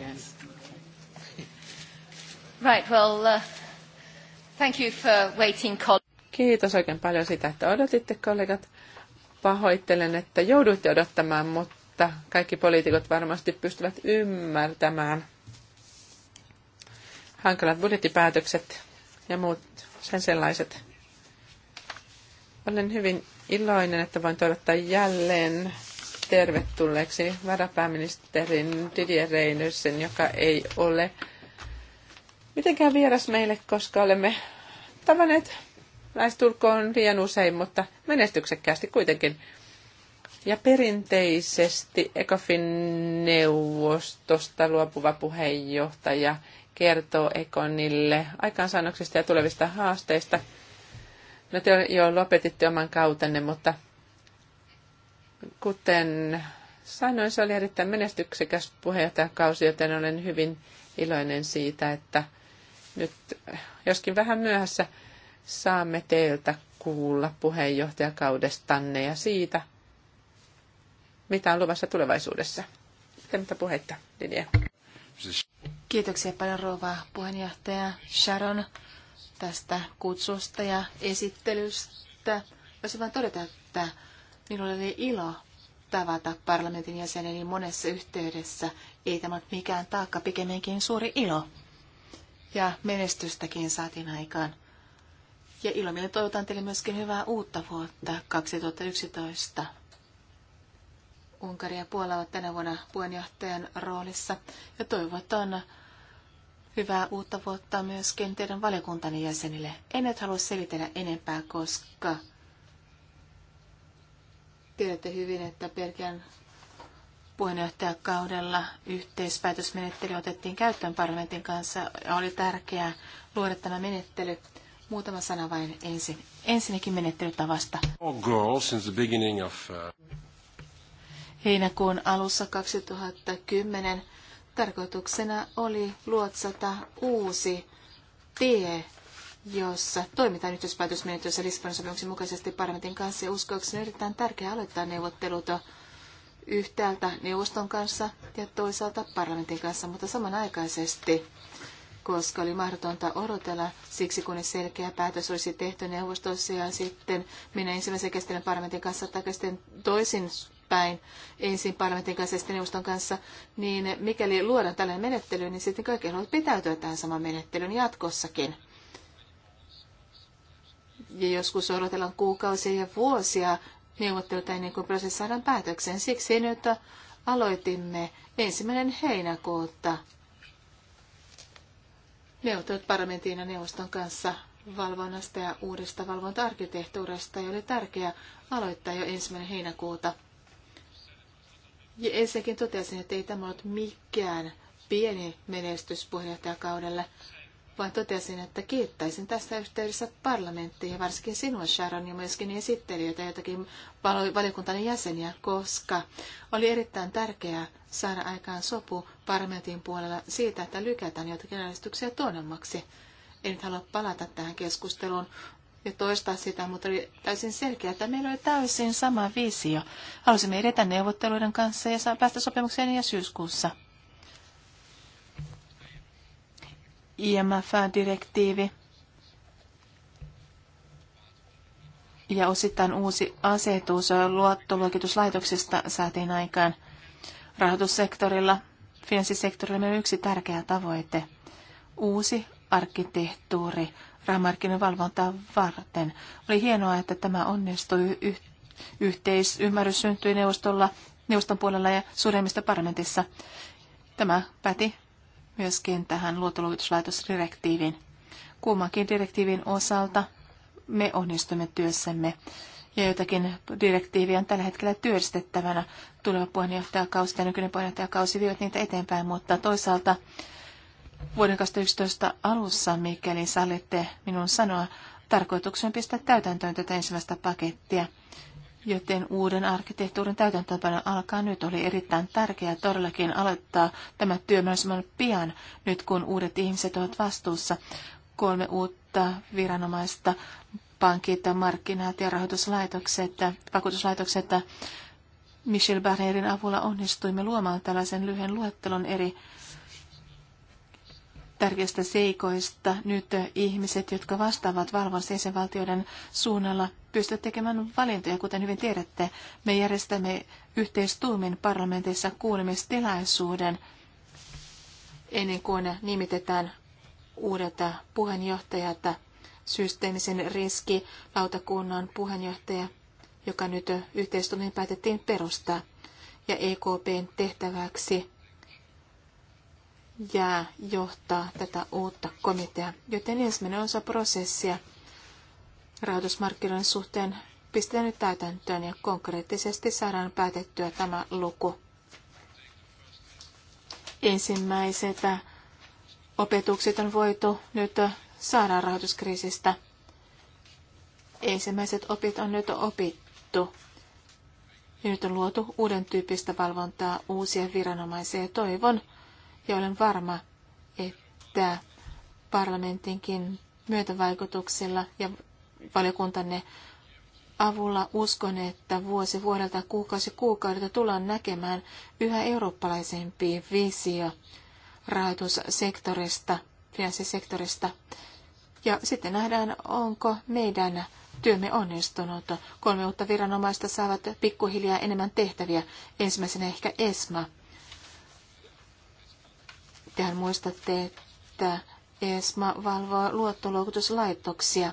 Yes. Right, well, uh, thank you for waiting, Kiitos oikein paljon sitä, että odotitte, kollegat. Pahoittelen, että jouduitte odottamaan, mutta kaikki poliitikot varmasti pystyvät ymmärtämään hankalat budjettipäätökset ja muut sen sellaiset. Olen hyvin iloinen, että voin toivottaa jälleen tervetulleeksi varapääministerin Didier Reynersen, joka ei ole mitenkään vieras meille, koska olemme tavanneet lähestulkoon liian usein, mutta menestyksekkäästi kuitenkin. Ja perinteisesti ECOFIN neuvostosta luopuva puheenjohtaja kertoo Ekonille aikaansaannoksista ja tulevista haasteista. No te jo lopetitte oman kautenne, mutta – Kuten sanoin, se oli erittäin menestyksekäs puheenjohtajakausi, joten olen hyvin iloinen siitä, että nyt joskin vähän myöhässä saamme teiltä kuulla puheenjohtajakaudestanne ja siitä, mitä on luvassa tulevaisuudessa. Mitä puhetta, Didier? Kiitoksia paljon rouva puheenjohtaja Sharon tästä kutsusta ja esittelystä. Voisin vain todeta, että Minulla oli ilo tavata parlamentin jäseneni niin monessa yhteydessä. Ei tämä ole mikään taakka, pikemminkin suuri ilo. Ja menestystäkin saatiin aikaan. Ja ilomielin toivotan teille myöskin hyvää uutta vuotta 2011. Unkari ja Puola ovat tänä vuonna puheenjohtajan roolissa ja toivotan hyvää uutta vuotta myöskin teidän valiokuntani jäsenille. En nyt halua selitellä enempää, koska Tiedätte hyvin, että Belgian puheenjohtajakaudella yhteispäätösmenettely otettiin käyttöön parlamentin kanssa ja oli tärkeää luoda tämä menettely. Muutama sana vain ensin. Ensinnäkin menettelytavasta. Uh, Heinäkuun alussa 2010 tarkoituksena oli luotsata uusi tie jossa toimitaan yhteispäätösmenettelyssä Lissabonin sopimuksen mukaisesti parlamentin kanssa. Ja uskoakseni on erittäin tärkeää aloittaa neuvottelut yhtäältä neuvoston kanssa ja toisaalta parlamentin kanssa, mutta samanaikaisesti koska oli mahdotonta odotella siksi, kunnes selkeä päätös olisi tehty neuvostossa ja sitten minä ensimmäisen käsittelen parlamentin kanssa takaisin toisin päin ensin parlamentin kanssa ja sitten neuvoston kanssa, niin mikäli luodaan tällainen menettely, niin sitten kaikki haluavat pitäytyä tähän samaan menettelyyn jatkossakin ja joskus odotellaan kuukausia ja vuosia neuvotteluita ennen kuin prosessi saadaan päätökseen. Siksi nyt aloitimme ensimmäinen heinäkuuta neuvottelut parlamentin ja neuvoston kanssa valvonnasta ja uudesta valvonta-arkkitehtuurista, ja oli tärkeää aloittaa jo ensimmäinen heinäkuuta. Ja ensinnäkin totesin, että ei tämä ollut mikään pieni menestys puheenjohtajakaudelle vaan totesin, että kiittäisin tässä yhteydessä parlamenttia, varsinkin sinua Sharon ja myöskin esittelijöitä ja jotakin valiokuntan jäseniä, koska oli erittäin tärkeää saada aikaan sopu parlamentin puolella siitä, että lykätään jotakin äänestyksiä tuonemmaksi. En nyt halua palata tähän keskusteluun ja toistaa sitä, mutta oli täysin selkeää, että meillä oli täysin sama visio. Halusimme edetä neuvotteluiden kanssa ja päästä sopimukseen ja syyskuussa. IMF-direktiivi ja osittain uusi asetus luottoluokituslaitoksista saatiin aikaan. Rahoitussektorilla, finanssisektorilla on yksi tärkeä tavoite. Uusi arkkitehtuuri rahamarkkinoiden valvontaa varten. Oli hienoa, että tämä onnistui yhteisymmärrys syntyi neuvostolla, neuvoston puolella ja suuremmista parlamentissa. Tämä päti myöskin tähän luottoluokituslaitosdirektiivin. Kummankin direktiivin osalta me onnistumme työssämme ja jotakin direktiiviä on tällä hetkellä työstettävänä. Tuleva puheenjohtajakausi ja nykyinen puheenjohtajakausi vievät niitä eteenpäin, mutta toisaalta vuoden 2011 alussa, mikäli sallitte minun sanoa, tarkoituksena pistää täytäntöön tätä ensimmäistä pakettia joten uuden arkkitehtuurin täytäntöönpano alkaa nyt. Oli erittäin tärkeää todellakin aloittaa tämä työ mahdollisimman pian, nyt kun uudet ihmiset ovat vastuussa. Kolme uutta viranomaista, pankit, markkinat ja rahoituslaitokset, vakuutuslaitokset. Michel Barnierin avulla onnistuimme luomaan tällaisen lyhyen luettelon eri tärkeistä seikoista nyt ihmiset, jotka vastaavat valvonsa jäsenvaltioiden suunnalla, pystyvät tekemään valintoja. Kuten hyvin tiedätte, me järjestämme yhteistuumin parlamentissa kuulemistilaisuuden ennen kuin nimitetään uudet puheenjohtajat, systeemisen riski, lautakunnan puheenjohtaja, joka nyt yhteistuumin päätettiin perustaa, ja EKPn tehtäväksi jää johtaa tätä uutta komiteaa. Joten ensimmäinen osa prosessia rahoitusmarkkinoiden suhteen pistetään nyt täytäntöön ja konkreettisesti saadaan päätettyä tämä luku. Ensimmäiset opetukset on voitu nyt saada rahoituskriisistä. Ensimmäiset opit on nyt opittu. Ja nyt on luotu uuden tyyppistä valvontaa, uusia viranomaisia. Toivon, ja olen varma, että parlamentinkin myötävaikutuksilla ja valiokuntanne avulla uskon, että vuosi vuodelta kuukausi kuukaudelta tullaan näkemään yhä eurooppalaisempi visio rahoitussektorista, finanssisektorista. Ja sitten nähdään, onko meidän työmme onnistunut. Kolme uutta viranomaista saavat pikkuhiljaa enemmän tehtäviä. Ensimmäisenä ehkä ESMA – Tehän muistatte, että ESMA valvoo luottoluokituslaitoksia.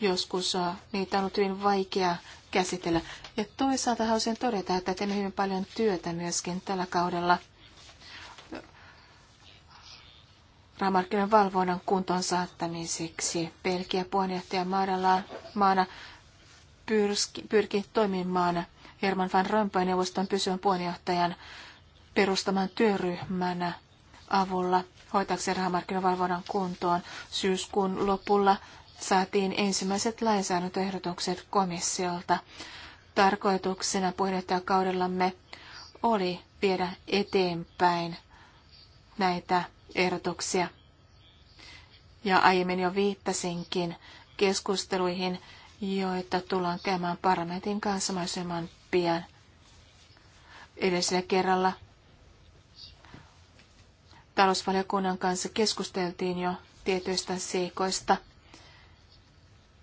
Joskus niitä on ollut hyvin vaikea käsitellä. Ja toisaalta haluaisin todeta, että teemme hyvin paljon työtä myöskin tällä kaudella rahamarkkinoiden valvonnan kuntoon saattamiseksi. Pelkiä puheenjohtaja maana, maana pyrki, toimimaan Herman van Rompuy neuvoston pysyvän puheenjohtajan perustaman työryhmänä avulla hoitaakseen rahamarkkinavalvonnan kuntoon. Syyskuun lopulla saatiin ensimmäiset lainsäädäntöehdotukset komissiolta. Tarkoituksena puheenjohtajakaudellamme oli viedä eteenpäin näitä ehdotuksia. Ja aiemmin jo viittasinkin keskusteluihin, joita tullaan käymään parlamentin kanssa mahdollisimman pian. Edellisellä kerralla talousvaliokunnan kanssa keskusteltiin jo tietyistä seikoista.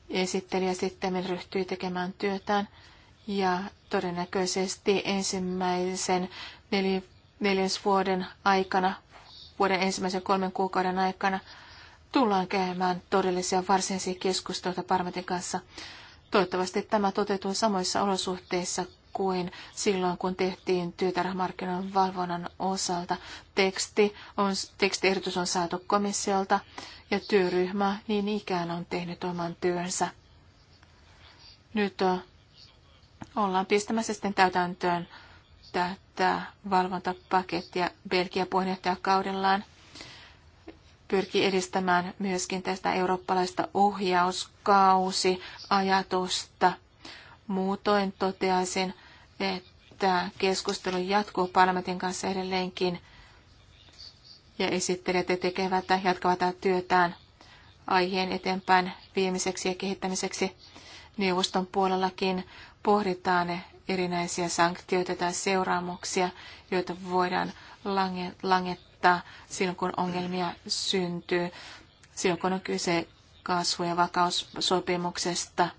Esittelijä sitten ryhtyi tekemään työtään ja todennäköisesti ensimmäisen neli, neljäs vuoden aikana, vuoden ensimmäisen kolmen kuukauden aikana, tullaan käymään todellisia varsinaisia keskusteluita Parmetin kanssa. Toivottavasti tämä toteutuu samoissa olosuhteissa kuin silloin, kun tehtiin työtarhamarkkinoiden valvonnan osalta. Teksti on, tekstiehdotus on saatu komissiolta ja työryhmä niin ikään on tehnyt oman työnsä. Nyt ollaan pistämässä sitten täytäntöön tätä valvontapakettia Belgia puheenjohtajakaudellaan pyrkii edistämään myöskin tästä eurooppalaista ohjauskausi-ajatusta – Muutoin toteaisin, että keskustelu jatkuu parlamentin kanssa edelleenkin ja esittelijät tekevät jatkavat työtään aiheen eteenpäin viemiseksi ja kehittämiseksi. Neuvoston puolellakin pohditaan erinäisiä sanktioita tai seuraamuksia, joita voidaan langettaa silloin, kun ongelmia syntyy, silloin, kun on kyse kasvu- ja vakaussopimuksesta –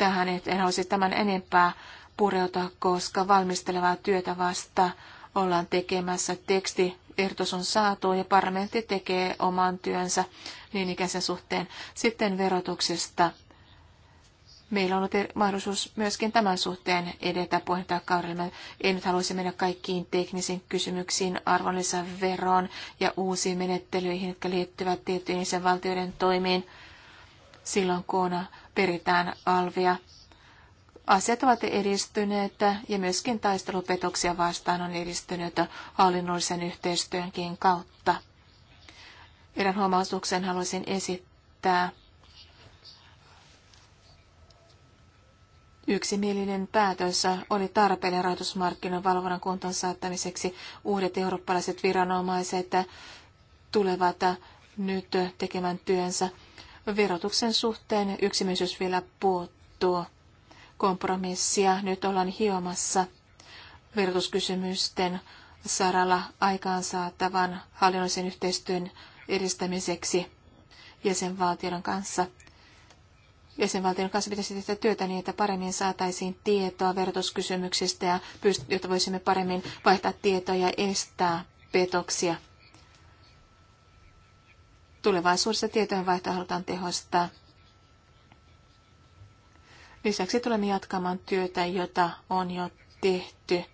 tähän, en halusi tämän enempää pureuta, koska valmistelevaa työtä vasta ollaan tekemässä. Teksti ehdotus on saatu ja parlamentti tekee oman työnsä niin ikäisen suhteen. Sitten verotuksesta. Meillä on ollut e- mahdollisuus myöskin tämän suhteen edetä puheenjohtajakaudella. Mä en nyt haluaisi mennä kaikkiin teknisiin kysymyksiin, arvonlisäveroon ja uusiin menettelyihin, jotka liittyvät tiettyihin valtioiden toimiin silloin, kun peritään alvia. Asiat ovat edistyneet ja myöskin taistelupetoksia vastaan on edistynyt hallinnollisen yhteistyönkin kautta. Erään huomautuksen haluaisin esittää. Yksimielinen päätös oli tarpeellinen rahoitusmarkkinoiden valvonnan kuntoon saattamiseksi. Uudet eurooppalaiset viranomaiset tulevat nyt tekemään työnsä verotuksen suhteen yksimielisyys vielä puuttuu. Kompromissia nyt ollaan hiomassa verotuskysymysten saralla aikaansaatavan hallinnollisen yhteistyön edistämiseksi jäsenvaltioiden kanssa. Jäsenvaltioiden kanssa pitäisi tehdä työtä niin, että paremmin saataisiin tietoa verotuskysymyksistä ja jotta voisimme paremmin vaihtaa tietoja ja estää petoksia. Tulevaisuudessa tietojenvaihtoa halutaan tehostaa. Lisäksi tulemme jatkamaan työtä, jota on jo tehty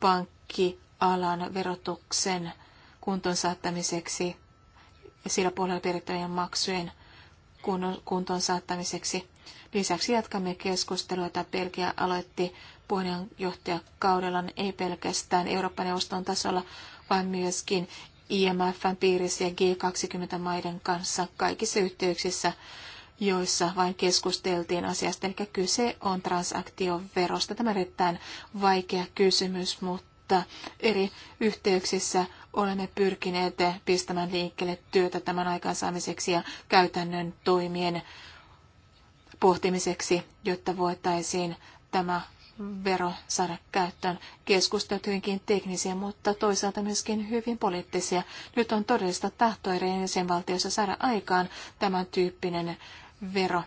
pankkialan verotuksen kuntoon saattamiseksi ja sillä puolella perittyjen maksujen kuntoon saattamiseksi. Lisäksi jatkamme keskustelua, jota Belgia aloitti puheenjohtajakaudellaan ei pelkästään Eurooppa-neuvoston tasolla, vaan myöskin IMFn piirissä ja G20-maiden kanssa kaikissa yhteyksissä, joissa vain keskusteltiin asiasta. Eli kyse on transaktioverosta. Tämä on erittäin vaikea kysymys, mutta eri yhteyksissä olemme pyrkineet pistämään liikkeelle työtä tämän aikaansaamiseksi ja käytännön toimien pohtimiseksi, jotta voitaisiin tämä vero saada käyttöön. Keskustelut hyvinkin teknisiä, mutta toisaalta myöskin hyvin poliittisia. Nyt on todellista tahtoa eri valtiossa saada aikaan tämän tyyppinen vero.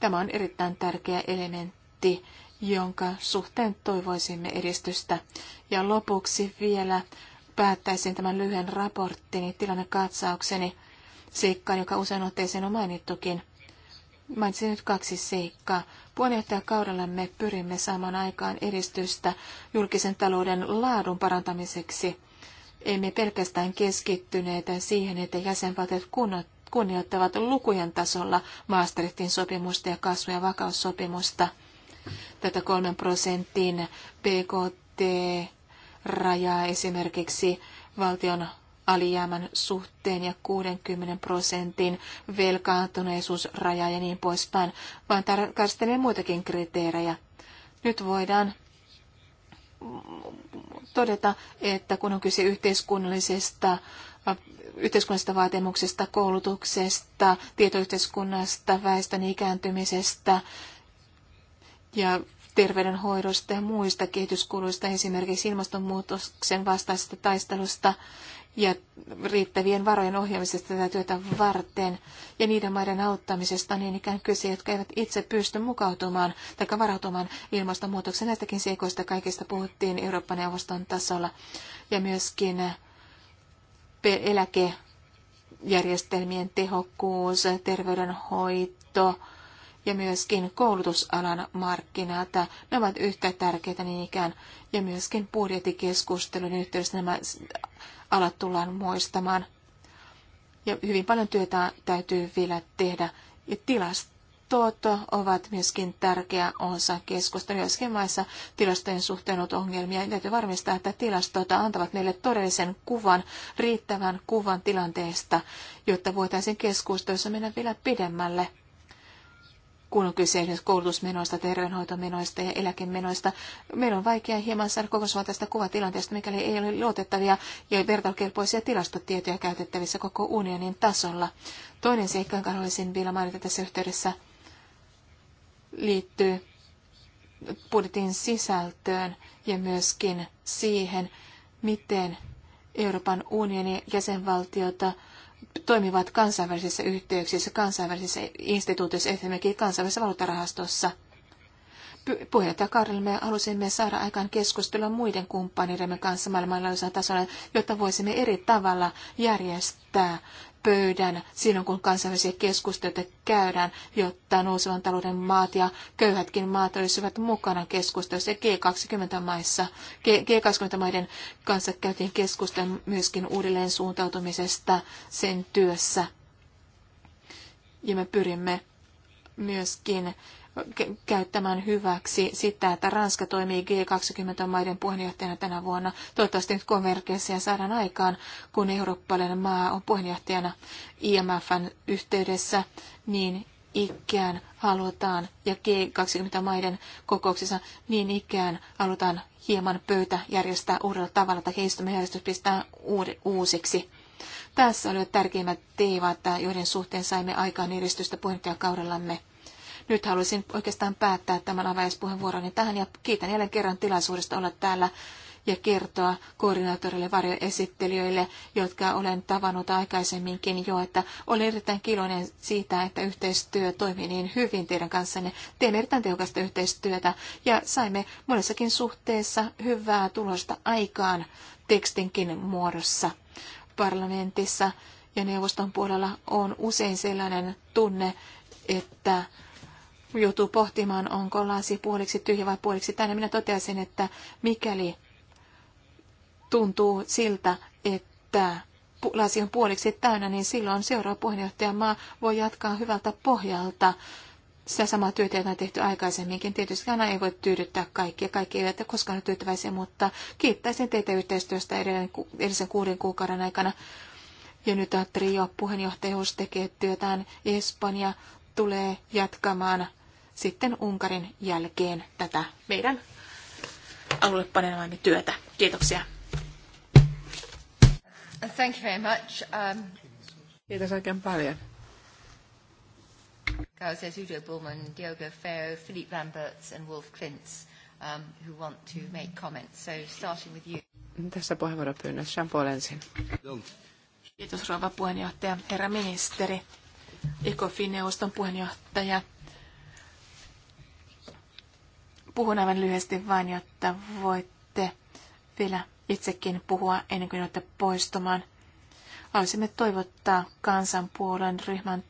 Tämä on erittäin tärkeä elementti, jonka suhteen toivoisimme edistystä. Ja lopuksi vielä päättäisin tämän lyhyen raporttini, tilannekatsaukseni, seikkaan, joka usein otteeseen on mainittukin. Mainitsin nyt kaksi seikkaa me pyrimme saamaan aikaan edistystä julkisen talouden laadun parantamiseksi. Emme pelkästään keskittyneet siihen, että jäsenvaltiot kunnioittavat lukujen tasolla Maastrichtin sopimusta ja kasvu- ja vakaussopimusta. Tätä kolmen prosentin PKT-rajaa esimerkiksi valtion alijäämän suhteen ja 60 prosentin velkaantuneisuusraja ja niin poispäin, vaan tarkastelee muitakin kriteerejä. Nyt voidaan todeta, että kun on kyse yhteiskunnallisesta yhteiskunnallisesta vaatimuksesta, koulutuksesta, tietoyhteiskunnasta, väestön ikääntymisestä ja terveydenhoidosta ja muista kehityskuluista, esimerkiksi ilmastonmuutoksen vastaisesta taistelusta ja riittävien varojen ohjaamisesta tätä työtä varten ja niiden maiden auttamisesta niin ikään kyse, jotka eivät itse pysty mukautumaan tai varautumaan ilmastonmuutokseen. Näistäkin seikoista kaikista puhuttiin Euroopan neuvoston tasolla ja myöskin eläkejärjestelmien tehokkuus, terveydenhoito ja myöskin koulutusalan markkinat. Ne ovat yhtä tärkeitä niin ikään ja myöskin budjettikeskustelun yhteydessä nämä alat tullaan muistamaan. Ja hyvin paljon työtä täytyy vielä tehdä. Ja tilastot ovat myöskin tärkeä osa keskustelua. Joskin maissa tilastojen suhteen on ongelmia. Ja täytyy varmistaa, että tilastot antavat meille todellisen kuvan, riittävän kuvan tilanteesta, jotta voitaisiin keskustelussa mennä vielä pidemmälle – kun on kyse esimerkiksi koulutusmenoista, terveydenhoitomenoista ja eläkemenoista. Meillä on vaikea hieman saada koko ajan tästä kuvatilanteesta, mikäli ei ole luotettavia ja vertailukelpoisia tilastotietoja käytettävissä koko unionin tasolla. Toinen seikka, jonka haluaisin vielä mainita tässä yhteydessä, liittyy budjetin sisältöön ja myöskin siihen, miten Euroopan unionin jäsenvaltiota toimivat kansainvälisissä yhteyksissä, kansainvälisissä instituutioissa, esimerkiksi kansainvälisessä valuuttarahastossa. Karel, me halusimme saada aikaan keskustelua muiden kumppaneidemme kanssa maailmanlaajuisella tasolla, jotta voisimme eri tavalla järjestää pöydän silloin, kun kansainvälisiä keskusteluita käydään, jotta nousevan talouden maat ja köyhätkin maat olisivat mukana keskustelussa. G20-maissa, G20-maiden kanssa käytiin keskustelua myöskin uudelleen suuntautumisesta sen työssä. Ja me pyrimme myöskin käyttämään hyväksi sitä, että Ranska toimii G20-maiden puheenjohtajana tänä vuonna. Toivottavasti nyt konvergenssia saadaan aikaan, kun eurooppalainen maa on puheenjohtajana IMFn yhteydessä, niin ikään halutaan, ja G20-maiden kokouksissa niin ikään halutaan hieman pöytä järjestää uudella tavalla, tai heistömäjärjestys pistää uusiksi. Tässä oli tärkeimmät teemat, joiden suhteen saimme aikaan edistystä puheenjohtajakaudellamme. Nyt haluaisin oikeastaan päättää tämän avajaispuheenvuoroni niin tähän ja kiitän jälleen kerran tilaisuudesta olla täällä ja kertoa koordinaattorille varjoesittelijöille, jotka olen tavannut aikaisemminkin jo, että olen erittäin kiloinen siitä, että yhteistyö toimii niin hyvin teidän kanssanne. Teen erittäin tehokasta yhteistyötä ja saimme monessakin suhteessa hyvää tulosta aikaan tekstinkin muodossa parlamentissa ja neuvoston puolella on usein sellainen tunne, että joutuu pohtimaan, onko lasi puoliksi tyhjä vai puoliksi täynnä. Minä toteaisin, että mikäli tuntuu siltä, että lasi on puoliksi täynnä, niin silloin seuraava puheenjohtajamaa voi jatkaa hyvältä pohjalta sitä samaa työtä, jota on tehty aikaisemminkin. Tietysti aina ei voi tyydyttää kaikkia, kaikki eivät koskaan ole tyytyväisiä, mutta kiittäisin teitä yhteistyöstä edellisen, ku, edellisen kuuden kuukauden aikana. Ja nyt Trio puheenjohtajuus tekee työtään. Espanja tulee jatkamaan sitten Unkarin jälkeen tätä meidän alulle panelemamme työtä. Kiitoksia. Thank you very much. Um... Kiitos oikein paljon. Gauzes, Udo Bullman, Diogo Feo, Philippe Lamberts and Wolf Klintz, um, who want to make comments. So starting with you. Tässä puheenvuoropyynnössä Jean-Paul ensin. Kiitos rouva puheenjohtaja, herra ministeri, ECOFIN-neuvoston puheenjohtaja, Puhun aivan lyhyesti vain, jotta voitte vielä itsekin puhua ennen kuin olette poistumaan. Haluaisimme toivottaa kansanpuolen ryhmän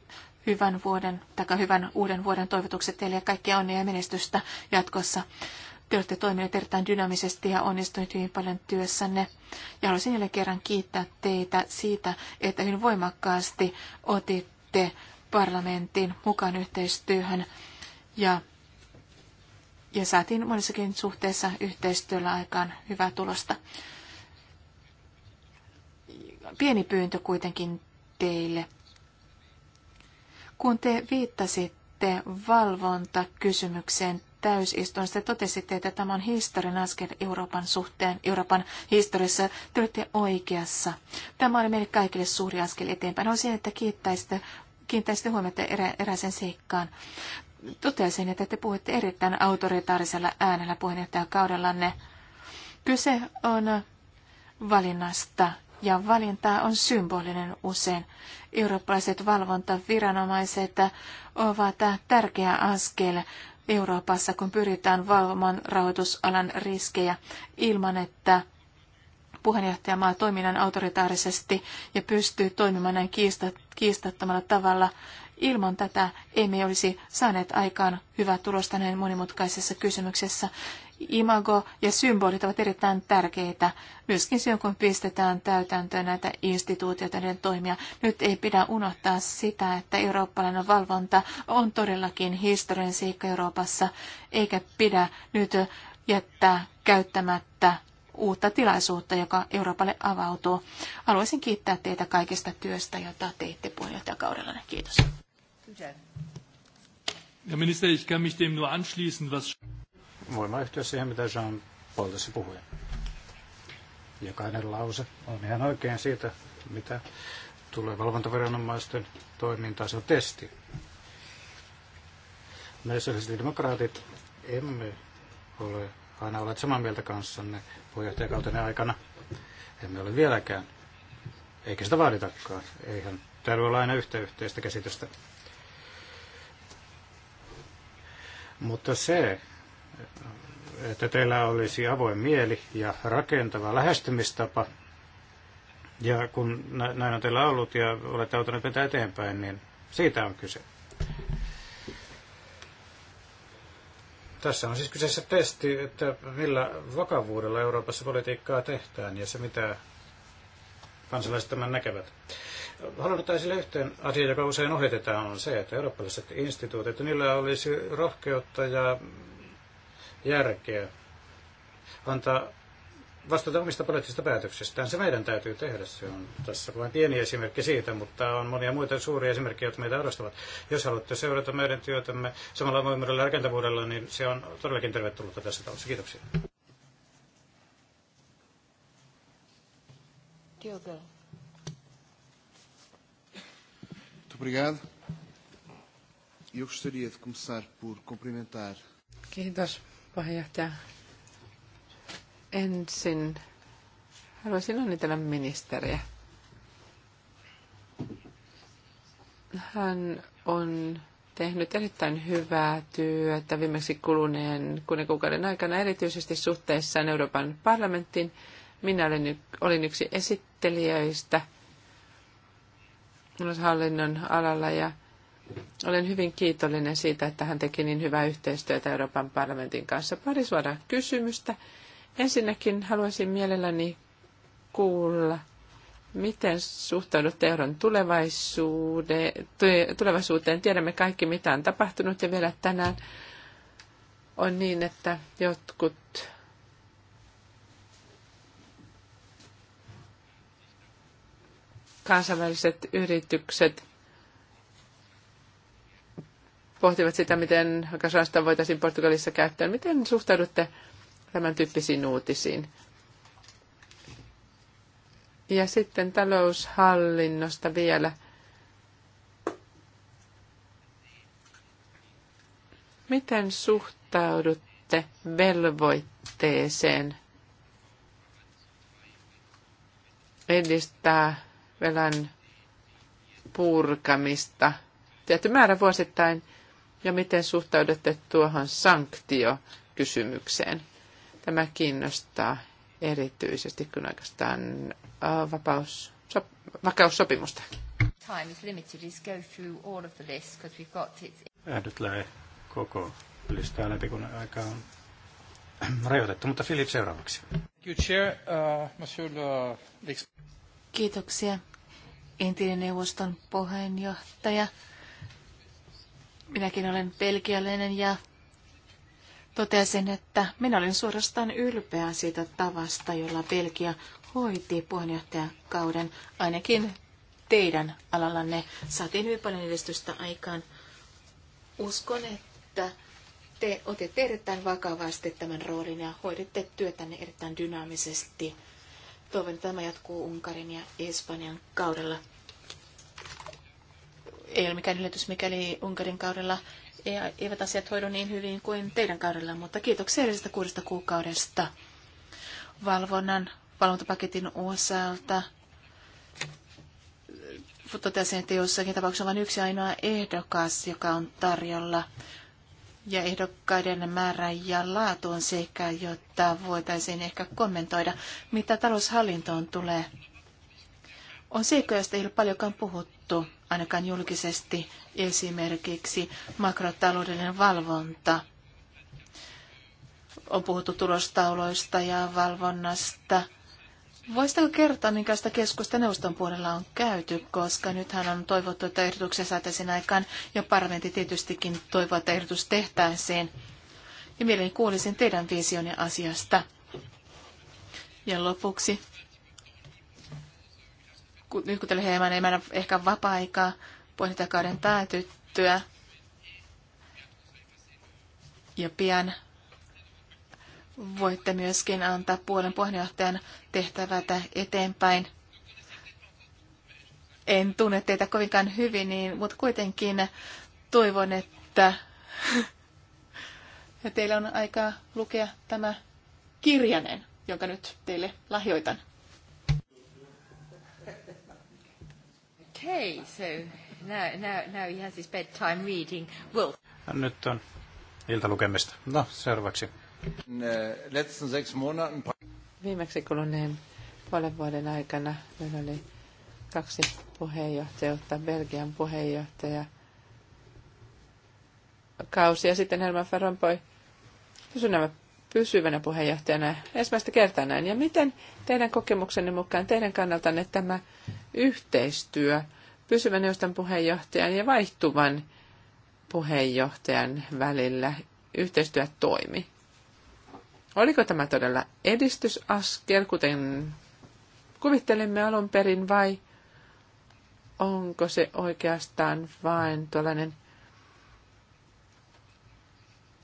hyvän vuoden, tai hyvän uuden vuoden toivotukset teille ja kaikkia onnea ja menestystä jatkossa. Te olette toimineet erittäin dynaamisesti ja onnistuneet hyvin paljon työssänne. Ja haluaisin jälleen kerran kiittää teitä siitä, että hyvin voimakkaasti otitte parlamentin mukaan yhteistyöhön ja ja saatiin monissakin suhteessa yhteistyöllä aikaan hyvää tulosta. Pieni pyyntö kuitenkin teille. Kun te viittasitte valvontakysymykseen täysistunnossa, te totesitte, että tämä on historian askel Euroopan suhteen, Euroopan historiassa. Te olette oikeassa. Tämä oli meille kaikille suuri askel eteenpäin. On siinä, että kiittäisitte kiittäisitte huomiota erä, eräisen seikkaan toteaisin, että te puhutte erittäin autoritaarisella äänellä puheenjohtajakaudellanne. Kyse on valinnasta ja valinta on symbolinen usein. Eurooppalaiset valvontaviranomaiset ovat tärkeä askel Euroopassa, kun pyritään valvomaan rahoitusalan riskejä ilman, että puheenjohtajamaa toiminnan autoritaarisesti ja pystyy toimimaan näin kiistattomalla tavalla Ilman tätä emme olisi saaneet aikaan hyvää tulosta näin monimutkaisessa kysymyksessä. Imago ja symbolit ovat erittäin tärkeitä, myöskin silloin kun pistetään täytäntöön näitä instituutioita ja toimia. Nyt ei pidä unohtaa sitä, että eurooppalainen valvonta on todellakin historian seikka Euroopassa, eikä pidä nyt jättää käyttämättä uutta tilaisuutta, joka Euroopalle avautuu. Haluaisin kiittää teitä kaikesta työstä, jota teitte puheenjohtajakaudellanne. Kiitos. Herr Minister, ich kann mich dem nur anschließen, was... Voimme yhtyä mitä Jean puhui. Jokainen lause on ihan oikein siitä, mitä tulee valvontaviranomaisten toimintaan. Se on testi. Me sosiaalidemokraatit emme ole aina olleet samaa mieltä kanssanne puheenjohtajakautenne aikana. Emme ole vieläkään. Eikä sitä vaaditakaan. Eihän täällä ole aina yhtä yhteistä käsitystä Mutta se, että teillä olisi avoin mieli ja rakentava lähestymistapa, ja kun näin on teillä ollut ja olette auttaneet vetää eteenpäin, niin siitä on kyse. Tässä on siis kyseessä testi, että millä vakavuudella Euroopassa politiikkaa tehdään ja se mitä kansalaiset tämän näkevät. Haluan esille yhteen asian, joka usein ohitetaan, on se, että eurooppalaiset instituutit, niillä olisi rohkeutta ja järkeä antaa vastata omista poliittisista päätöksistään. Se meidän täytyy tehdä. Se on tässä vain pieni esimerkki siitä, mutta on monia muita suuria esimerkkejä, jotka meitä arvostavat. Jos haluatte seurata meidän työtämme samalla voimalla ja rakentavuudella, niin se on todellakin tervetullutta tässä talossa. Kiitoksia. Kiitos. obrigado. Eu gostaria de começar por cumprimentar. Kiitos, puheenjohtaja. Ensin haluaisin onnitella ministeriä. Hän on tehnyt erittäin hyvää työtä viimeksi kuluneen kuuden kuukauden aikana, erityisesti suhteessaan Euroopan parlamenttiin. Minä olin, olin yksi esittelijöistä – myös hallinnon alalla ja olen hyvin kiitollinen siitä, että hän teki niin hyvää yhteistyötä Euroopan parlamentin kanssa. Pari suoraa kysymystä. Ensinnäkin haluaisin mielelläni kuulla, miten suhtaudut euron tulevaisuuteen. Tiedämme kaikki, mitä on tapahtunut ja vielä tänään on niin, että jotkut kansainväliset yritykset pohtivat sitä, miten kasvasta voitaisiin Portugalissa käyttää. Miten suhtaudutte tämän tyyppisiin uutisiin? Ja sitten taloushallinnosta vielä. Miten suhtaudutte velvoitteeseen edistää velan purkamista tietty määrä vuosittain ja miten suhtaudutte tuohon sanktiokysymykseen? Tämä kiinnostaa erityisesti, kun oikeastaan äh, vapaus, sop, vakaussopimusta. Time is limited. Just go through all of the list because we've got it. lähe koko listaa läpi, kun aika on rajoitettu. Mutta Philip seuraavaksi. Chair, uh, Kiitoksia entinen neuvoston puheenjohtaja. Minäkin olen pelkialainen ja totesin, että minä olin suorastaan ylpeä siitä tavasta, jolla Belgia hoiti puheenjohtajakauden. Ainakin teidän alallanne saatiin hyvin paljon edistystä aikaan. Uskon, että te otitte erittäin vakavasti tämän roolin ja hoiditte työtänne erittäin dynaamisesti – Toivon, että tämä jatkuu Unkarin ja Espanjan kaudella. Ei ole mikään yllätys, mikäli Unkarin kaudella eivät asiat hoidu niin hyvin kuin teidän kaudella, mutta kiitoksia edellisestä kuudesta kuukaudesta valvonnan, valvontapaketin osalta. Totesin, että jossakin tapauksessa on vain yksi ainoa ehdokas, joka on tarjolla ja ehdokkaiden määrä ja laatu on seikka, jotta voitaisiin ehkä kommentoida, mitä taloushallintoon tulee. On seikka, josta ei ole paljonkaan puhuttu, ainakaan julkisesti, esimerkiksi makrotaloudellinen valvonta. On puhuttu tulostauloista ja valvonnasta – Voisitko kertoa, minkälaista keskusta neuvoston puolella on käyty, koska nythän on toivottu, että ehdotuksia saataisiin aikaan, ja parlamentti tietystikin toivoo, että ehdotus tehtäisiin. Ja mielelläni kuulisin teidän visionne asiasta. Ja lopuksi, kun, nyt kun teillä ei mennä ehkä vapaa-aikaa puheenjohtajakauden päätyttyä, ja pian Voitte myöskin antaa puolen puheenjohtajan tehtävätä eteenpäin. En tunne teitä kovinkaan hyvin, niin, mutta kuitenkin toivon, että ja teillä on aika lukea tämä kirjanen, jonka nyt teille lahjoitan. Okay, so now, now, now he has his bedtime reading. Well. Nyt on iltalukemista. No, seuraavaksi Äh, Viimeksi kuluneen puolen vuoden aikana meillä oli kaksi puheenjohtajuutta, Belgian puheenjohtaja kausi ja sitten Helman Ferrompoi pysyvänä, pysyvänä puheenjohtajana ensimmäistä kertaa näin. Ja miten teidän kokemuksenne mukaan, teidän kannaltanne tämä yhteistyö pysyvän neuvoston puheenjohtajan ja vaihtuvan puheenjohtajan välillä yhteistyö toimi? Oliko tämä todella edistysaskel, kuten kuvittelimme alun perin, vai onko se oikeastaan vain tuollainen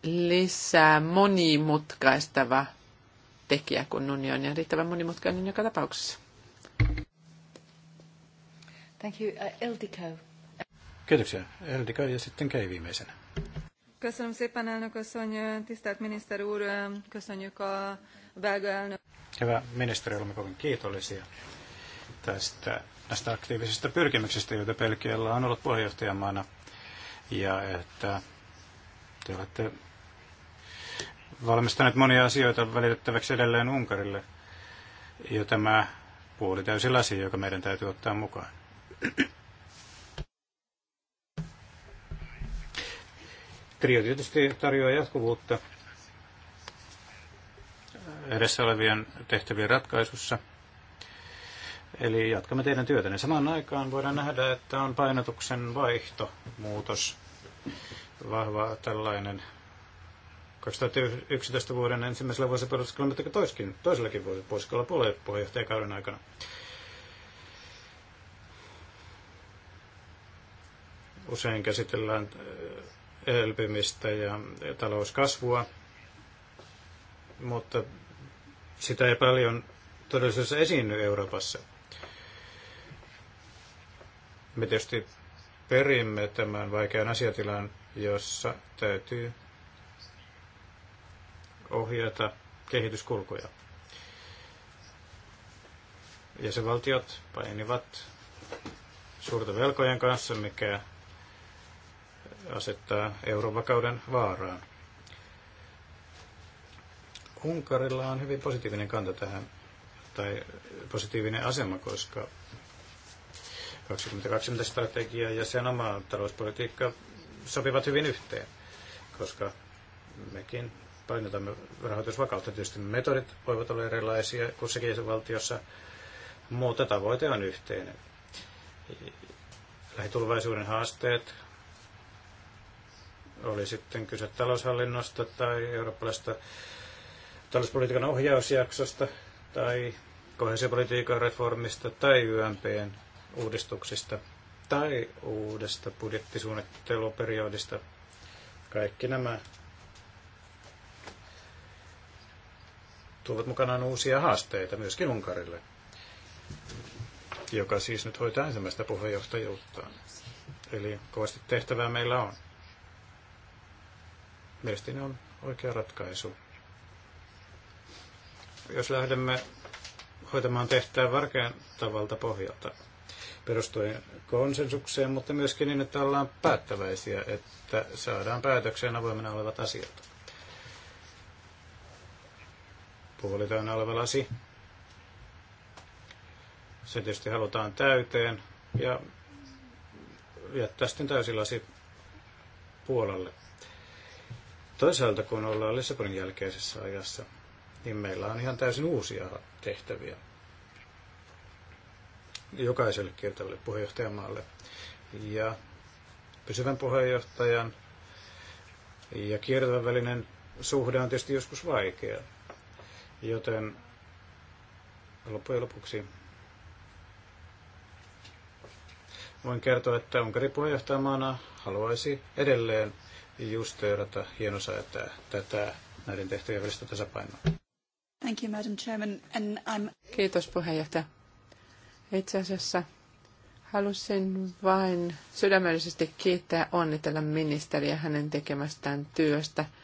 lisää monimutkaistava tekijä, kun unioni on riittävän monimutkainen joka tapauksessa? Thank you. Uh, Eldiko. Kiitoksia. Eldiko ja sitten Kei viimeisenä. Hyvä ministeri, olemme kovin kiitollisia tästä, näistä aktiivisista pyrkimyksistä, joita Belgialla on ollut puheenjohtajamaana. Ja että te olette valmistaneet monia asioita välitettäväksi edelleen Unkarille. Jo tämä puoli täysin joka meidän täytyy ottaa mukaan. Trio tietysti tarjoaa jatkuvuutta edessä olevien tehtävien ratkaisussa. Eli jatkamme teidän työtänne. Samaan aikaan voidaan nähdä, että on painotuksen vaihto, muutos, vahva tällainen 2011 vuoden ensimmäisellä vuosipuoliskolla, mutta toiskin, toisellakin vuosipuoliskolla puolueen puheenjohtajakauden aikana. Usein käsitellään elpymistä ja talouskasvua, mutta sitä ei paljon todellisuudessa esiinny Euroopassa. Me tietysti perimme tämän vaikean asiatilan, jossa täytyy ohjata kehityskulkuja. Jäsenvaltiot painivat suurta velkojen kanssa, mikä asettaa eurovakauden vaaraan. Unkarilla on hyvin positiivinen kanta tähän, tai positiivinen asema, koska 2020 strategia ja sen oma talouspolitiikka sopivat hyvin yhteen, koska mekin painotamme rahoitusvakautta. Tietysti metodit voivat olla erilaisia kussakin jäsenvaltiossa, mutta tavoite on yhteinen. Lähitulvaisuuden haasteet oli sitten kyse taloushallinnosta tai eurooppalaisesta talouspolitiikan ohjausjaksosta tai kohesiopolitiikan reformista tai YMPn uudistuksista tai uudesta budjettisuunnitteluperiodista. Kaikki nämä tuovat mukanaan uusia haasteita myöskin Unkarille, joka siis nyt hoitaa ensimmäistä puheenjohtajuuttaan. Eli kovasti tehtävää meillä on mielestäni on oikea ratkaisu. Jos lähdemme hoitamaan varkean varkentavalta pohjalta perustuen konsensukseen, mutta myöskin niin, että ollaan päättäväisiä, että saadaan päätökseen avoimena olevat asiat. Puoli oleva lasi. Se tietysti halutaan täyteen ja jättää sitten lasi puolelle. Toisaalta kun ollaan Lissabonin jälkeisessä ajassa, niin meillä on ihan täysin uusia tehtäviä jokaiselle kiertävälle puheenjohtajamaalle. Ja pysyvän puheenjohtajan ja kiertävän välinen suhde on tietysti joskus vaikea. Joten loppujen lopuksi voin kertoa, että Unkarin puheenjohtajamaana haluaisi edelleen justeerata, hienosäätää tätä näiden tehtävien välistä tasapainoa. Thank you, Madam Chairman, and I'm... Kiitos puheenjohtaja. Itse asiassa halusin vain sydämellisesti kiittää ja onnitella ministeriä hänen tekemästään työstä –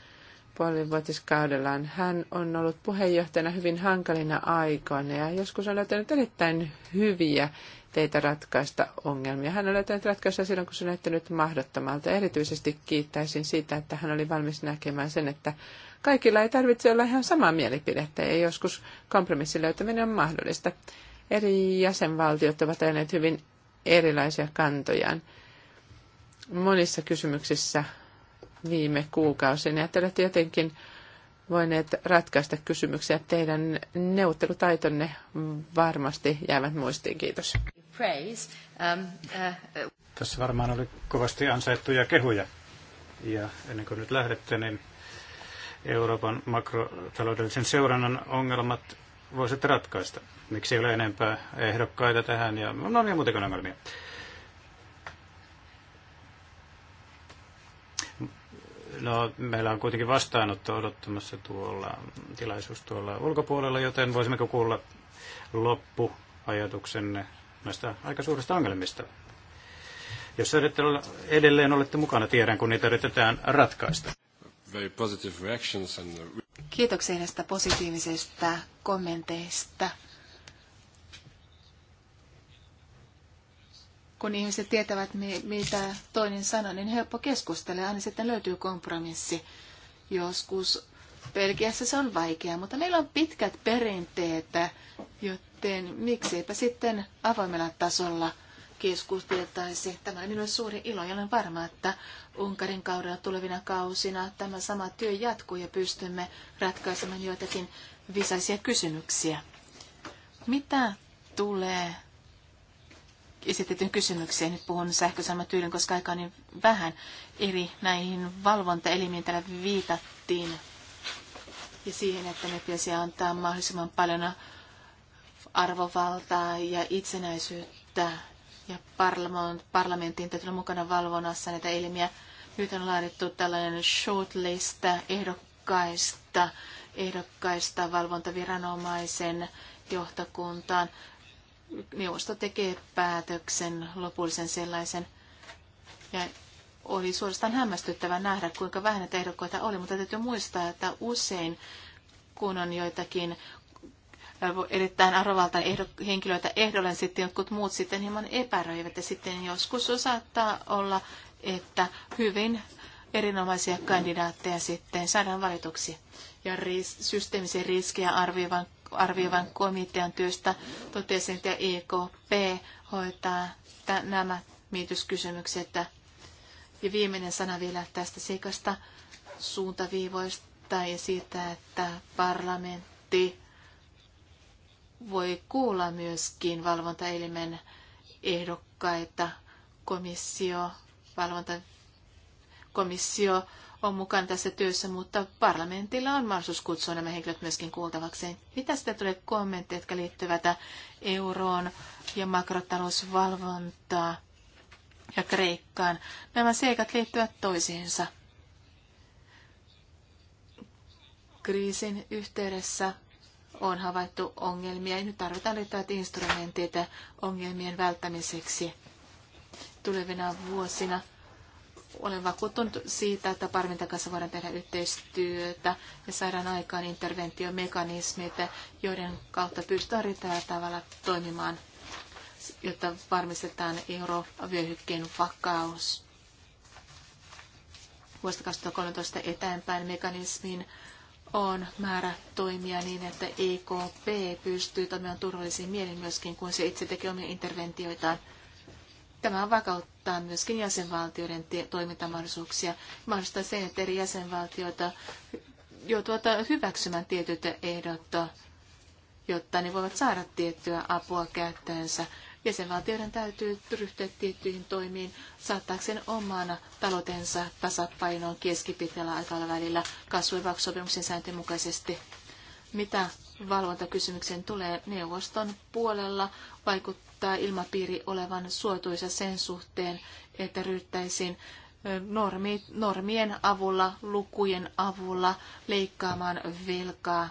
puolivuotiskaudellaan. Hän on ollut puheenjohtajana hyvin hankalina aikoina ja joskus on löytänyt erittäin hyviä teitä ratkaista ongelmia. Hän on löytänyt ratkaisuja silloin, kun se on näyttänyt mahdottomalta. Erityisesti kiittäisin siitä, että hän oli valmis näkemään sen, että kaikilla ei tarvitse olla ihan samaa mielipidettä ja joskus kompromissin löytäminen on mahdollista. Eri jäsenvaltiot ovat ajaneet hyvin erilaisia kantojaan. Monissa kysymyksissä viime kuukausina. Ja te olette jotenkin voineet ratkaista kysymyksiä. Teidän neuvottelutaitonne varmasti jäävät muistiin. Kiitos. Um, uh, uh, Tässä varmaan oli kovasti ansaittuja kehuja. Ja ennen kuin nyt lähdette, niin Euroopan makrotaloudellisen seurannan ongelmat voisit ratkaista. Miksi ei ole enempää ehdokkaita tähän ja no niin, muutenkin ongelmia. No, meillä on kuitenkin vastaanotto odottamassa tuolla tilaisuus tuolla ulkopuolella, joten voisimmeko kuulla loppuajatuksenne näistä aika suurista ongelmista? Jos edette, edelleen olette mukana, tiedän, kun niitä yritetään ratkaista. Kiitoksia näistä positiivisista kommenteista kun ihmiset tietävät, mitä toinen sanoo, niin helppo keskustella aina sitten löytyy kompromissi. Joskus Pelkiässä se on vaikeaa, mutta meillä on pitkät perinteet, joten mikseipä sitten avoimella tasolla keskusteltaisi. Tämä on minulle suuri ilo ja olen varma, että Unkarin kaudella tulevina kausina tämä sama työ jatkuu ja pystymme ratkaisemaan joitakin visaisia kysymyksiä. Mitä tulee esitetyn kysymykseen. Nyt puhun sähkösaman tyylin, koska aika on niin vähän eri näihin valvontaelimiin täällä viitattiin. Ja siihen, että ne pitäisi antaa mahdollisimman paljon arvovaltaa ja itsenäisyyttä. Ja parlamentin täytyy olla mukana valvonnassa näitä elimiä. Nyt on laadittu tällainen shortlist ehdokkaista, ehdokkaista valvontaviranomaisen johtokuntaan neuvosto tekee päätöksen, lopullisen sellaisen. Ja oli suorastaan hämmästyttävä nähdä, kuinka vähän näitä ehdokkaita oli, mutta täytyy muistaa, että usein kun on joitakin erittäin arvovalta henkilöitä ehdolle, sitten jotkut muut sitten hieman epäröivät. Ja sitten joskus saattaa olla, että hyvin erinomaisia kandidaatteja sitten saadaan valituksi. Ja ris- systeemisen riskejä arvioivan arvioivan komitean työstä totesin, että EKP hoitaa nämä mietityskysymykset. Ja viimeinen sana vielä tästä seikasta suuntaviivoista ja siitä, että parlamentti voi kuulla myöskin valvontaelimen ehdokkaita. Komissio, valvonta, komissio on mukana tässä työssä, mutta parlamentilla on mahdollisuus kutsua nämä henkilöt myöskin kuultavakseen. Mitä sitten tulee kommentteja, jotka liittyvät euroon ja makrotalousvalvontaa ja Kreikkaan? Nämä seikat liittyvät toisiinsa. Kriisin yhteydessä on havaittu ongelmia ja nyt tarvitaan riittävät instrumentit ongelmien välttämiseksi tulevina vuosina olen vakuuttunut siitä, että parvinta kanssa voidaan tehdä yhteistyötä ja saadaan aikaan interventiomekanismit, joiden kautta pystytään riittävällä tavalla toimimaan, jotta varmistetaan eurovyöhykkeen vakaus. Vuosta 2013 eteenpäin mekanismin on määrä toimia niin, että EKP pystyy toimimaan turvallisiin mielin myöskin, kun se itse tekee omia interventioitaan. Tämä on vakautta rajoittaa myöskin jäsenvaltioiden toimintamahdollisuuksia, mahdollistaa sen, että eri jäsenvaltioita joutuvat hyväksymään tietyt ehdot, jotta ne voivat saada tiettyä apua käyttäensä. Jäsenvaltioiden täytyy ryhtyä tiettyihin toimiin saattaakseen oman taloutensa tasapainoon keskipitkällä aikavälillä kasvu- ja sopimuksen sääntöjen mukaisesti. Mitä valvontakysymykseen tulee neuvoston puolella, vaikuttaa näyttää ilmapiiri olevan suotuisa sen suhteen, että ryhtäisin normi, normien avulla, lukujen avulla leikkaamaan velkaa,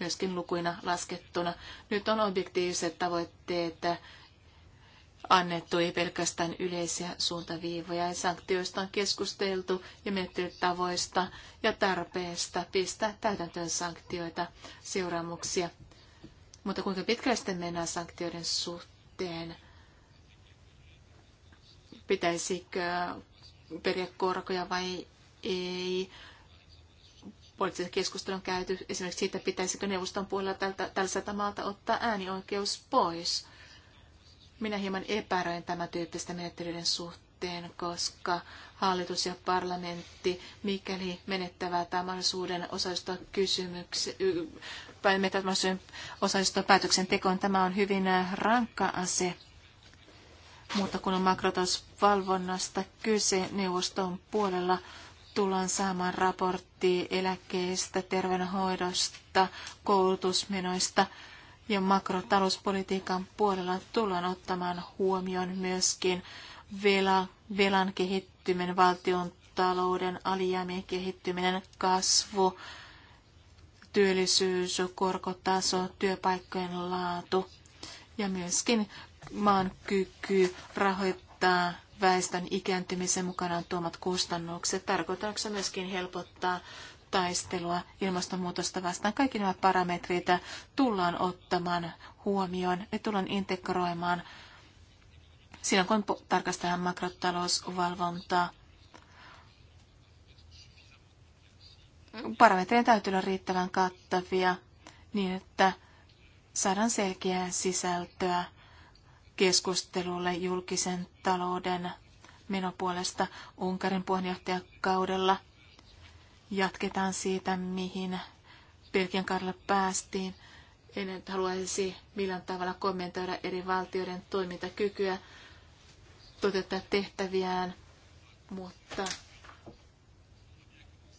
myöskin lukuina laskettuna. Nyt on objektiiviset tavoitteet annettu, ei pelkästään yleisiä suuntaviivoja. Ja sanktioista on keskusteltu ja menettelytavoista ja tarpeesta pistää täytäntöön sanktioita, seuraamuksia. Mutta kuinka pitkälle sitten mennään sanktioiden suhteen? sitten Pitäisikö periä korkoja vai ei? Poliittisen keskustelun on käyty esimerkiksi siitä, pitäisikö neuvoston puolella tältä, tältä maalta ottaa äänioikeus pois. Minä hieman epäröin tämän tyyppistä menettelyiden suhteen, koska hallitus ja parlamentti, mikäli menettävät mahdollisuuden osallistua kysymykseen, metatason osallistua päätöksentekoon. Tämä on hyvin äh, rankka ase. Mutta kun on makrotausvalvonnasta kyse neuvoston puolella, tullaan saamaan raportti eläkkeistä, terveydenhoidosta, koulutusmenoista ja makrotalouspolitiikan puolella tullaan ottamaan huomioon myöskin vela, velan kehittyminen, valtion talouden alijäämien kehittyminen, kasvu, työllisyys, korkotaso, työpaikkojen laatu ja myöskin maan kyky rahoittaa väestön ikääntymisen mukanaan tuomat kustannukset. Tarkoitanko se myöskin helpottaa taistelua ilmastonmuutosta vastaan? Kaikki nämä parametreita tullaan ottamaan huomioon ja tullaan integroimaan silloin, kun tarkastellaan makrotalousvalvontaa parametrien täytyy olla riittävän kattavia niin, että saadaan selkeää sisältöä keskustelulle julkisen talouden menopuolesta Unkarin puheenjohtajakaudella. Jatketaan siitä, mihin pelkien kaudella päästiin. En nyt haluaisi millään tavalla kommentoida eri valtioiden toimintakykyä toteuttaa tehtäviään, mutta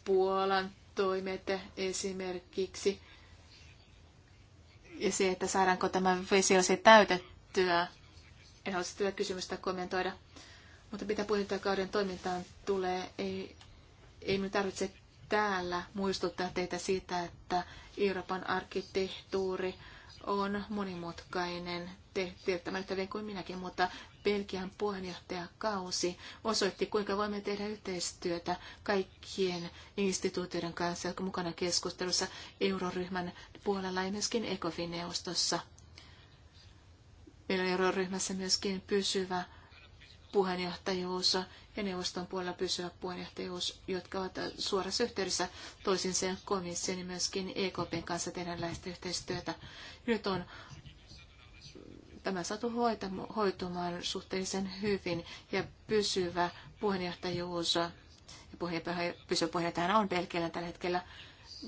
Puolan toimet esimerkiksi ja se, että saadaanko tämä vesiasi täytettyä. En halua sitä kysymystä kommentoida. Mutta mitä puheenjohtajakauden toimintaan tulee, ei, ei minun tarvitse täällä muistuttaa teitä siitä, että Euroopan arkkitehtuuri on monimutkainen. Te tiedätte yhtä kuin minäkin, mutta Belgian puheenjohtajakausi osoitti, kuinka voimme tehdä yhteistyötä kaikkien instituutioiden kanssa, jotka mukana keskustelussa euroryhmän puolella ja myöskin ECOFIN-neuvostossa. Meillä on euroryhmässä myöskin pysyvä puheenjohtajuus ja neuvoston puolella pysyvä puheenjohtajuus, jotka ovat suorassa yhteydessä sen komission ja myöskin EKPn kanssa tehdään läheistä yhteistyötä. Nyt on tämä saatu hoitumaan suhteellisen hyvin ja pysyvä puheenjohtajuus ja pysyvä puheenjohtaja on Belgialla tällä hetkellä,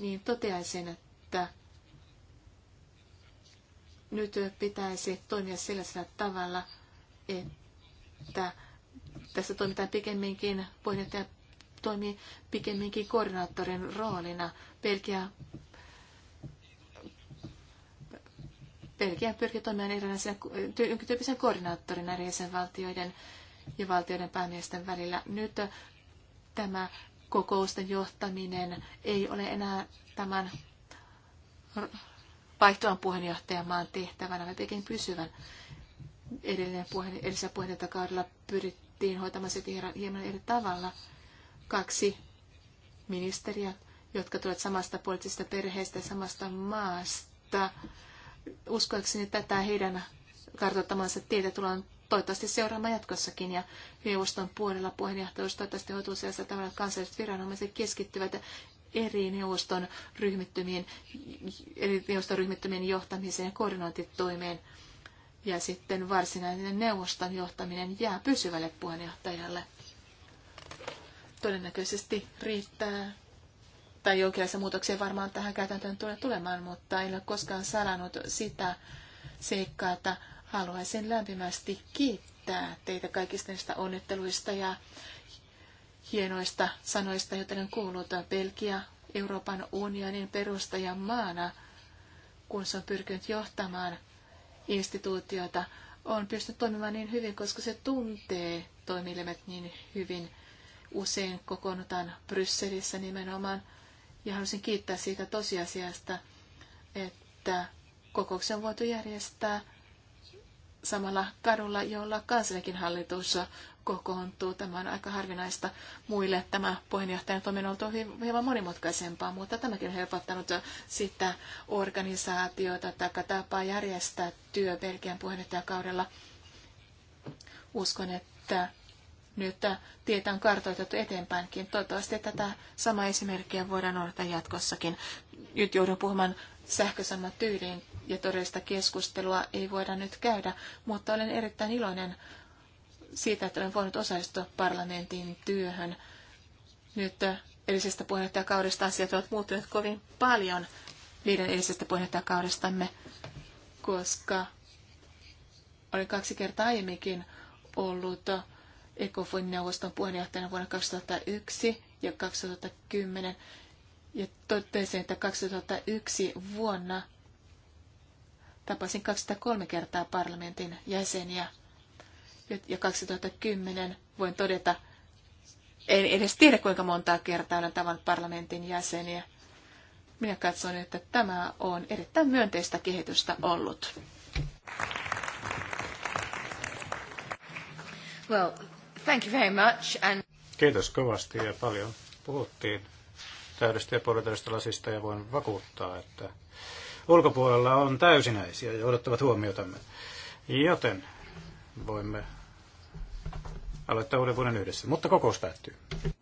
niin toteaisin, että nyt pitäisi toimia sellaisella tavalla, että tässä toimitaan pikemminkin, puheenjohtaja toimii pikemminkin koordinaattorin roolina. Pelkiä Belgia pyrkii toimimaan erilaisena tyyppisen koordinaattorina eri jäsenvaltioiden ja valtioiden päämiesten välillä. Nyt tämä kokousten johtaminen ei ole enää tämän vaihtuvan puheenjohtajamaan tehtävänä, vaan pysyvän. Edellinen puheen, edellisellä puheenjohtajakaudella pyrittiin hoitamaan se hieman eri tavalla. Kaksi ministeriä, jotka tulevat samasta poliittisesta perheestä ja samasta maasta, uskoakseni tätä heidän kartoittamansa tietä tullaan toivottavasti seuraamaan jatkossakin ja neuvoston puolella puheenjohtajuus toivottavasti hoituu sellaisella tavalla, että kansalliset viranomaiset keskittyvät eri neuvoston ryhmittymien, eri neuvoston ryhmittymien johtamiseen ja koordinointitoimeen. Ja sitten varsinainen neuvoston johtaminen jää pysyvälle puheenjohtajalle. Todennäköisesti riittää tai jonkinlaisia muutoksia varmaan tähän käytäntöön tulee tulemaan, mutta en ole koskaan salannut sitä seikkaa, että haluaisin lämpimästi kiittää teitä kaikista niistä onnitteluista ja hienoista sanoista, joita on kuullut Belgia Euroopan unionin perustajan maana, kun se on pyrkinyt johtamaan instituutiota, on pystynyt toimimaan niin hyvin, koska se tuntee toimilemet niin hyvin. Usein kokoonnutaan Brysselissä nimenomaan – ja haluaisin kiittää siitä tosiasiasta, että kokouksen on voitu järjestää samalla kadulla, jolla kansallikin hallitus kokoontuu. Tämä on aika harvinaista muille. Tämä puheenjohtajan toiminnan on ollut hieman monimutkaisempaa, mutta tämäkin on helpottanut sitä organisaatiota tai tapaa järjestää työ Belgian puheenjohtajakaudella. Uskon, että nyt tietä on kartoitettu eteenpäinkin. Toivottavasti tätä samaa esimerkkiä voidaan noudattaa jatkossakin. Nyt joudun puhumaan sähkösanna tyyliin ja todellista keskustelua ei voida nyt käydä, mutta olen erittäin iloinen siitä, että olen voinut osallistua parlamentin työhön. Nyt edellisestä puheenjohtajakaudesta asiat ovat muuttuneet kovin paljon viiden edellisestä puheenjohtajakaudestamme, koska olin kaksi kertaa aiemminkin ollut ECOFOIN neuvoston puheenjohtajana vuonna 2001 ja 2010 ja totesin, että 2001 vuonna tapasin 203 kertaa parlamentin jäseniä ja 2010 voin todeta, en edes tiedä kuinka montaa kertaa olen tavannut parlamentin jäseniä. Minä katson, että tämä on erittäin myönteistä kehitystä ollut. Well, Thank you very much. And... Kiitos kovasti ja paljon puhuttiin täydestä ja puolitoista lasista ja voin vakuuttaa, että ulkopuolella on täysinäisiä ja odottavat huomiotamme. Joten voimme aloittaa uuden vuoden yhdessä, mutta kokous päättyy.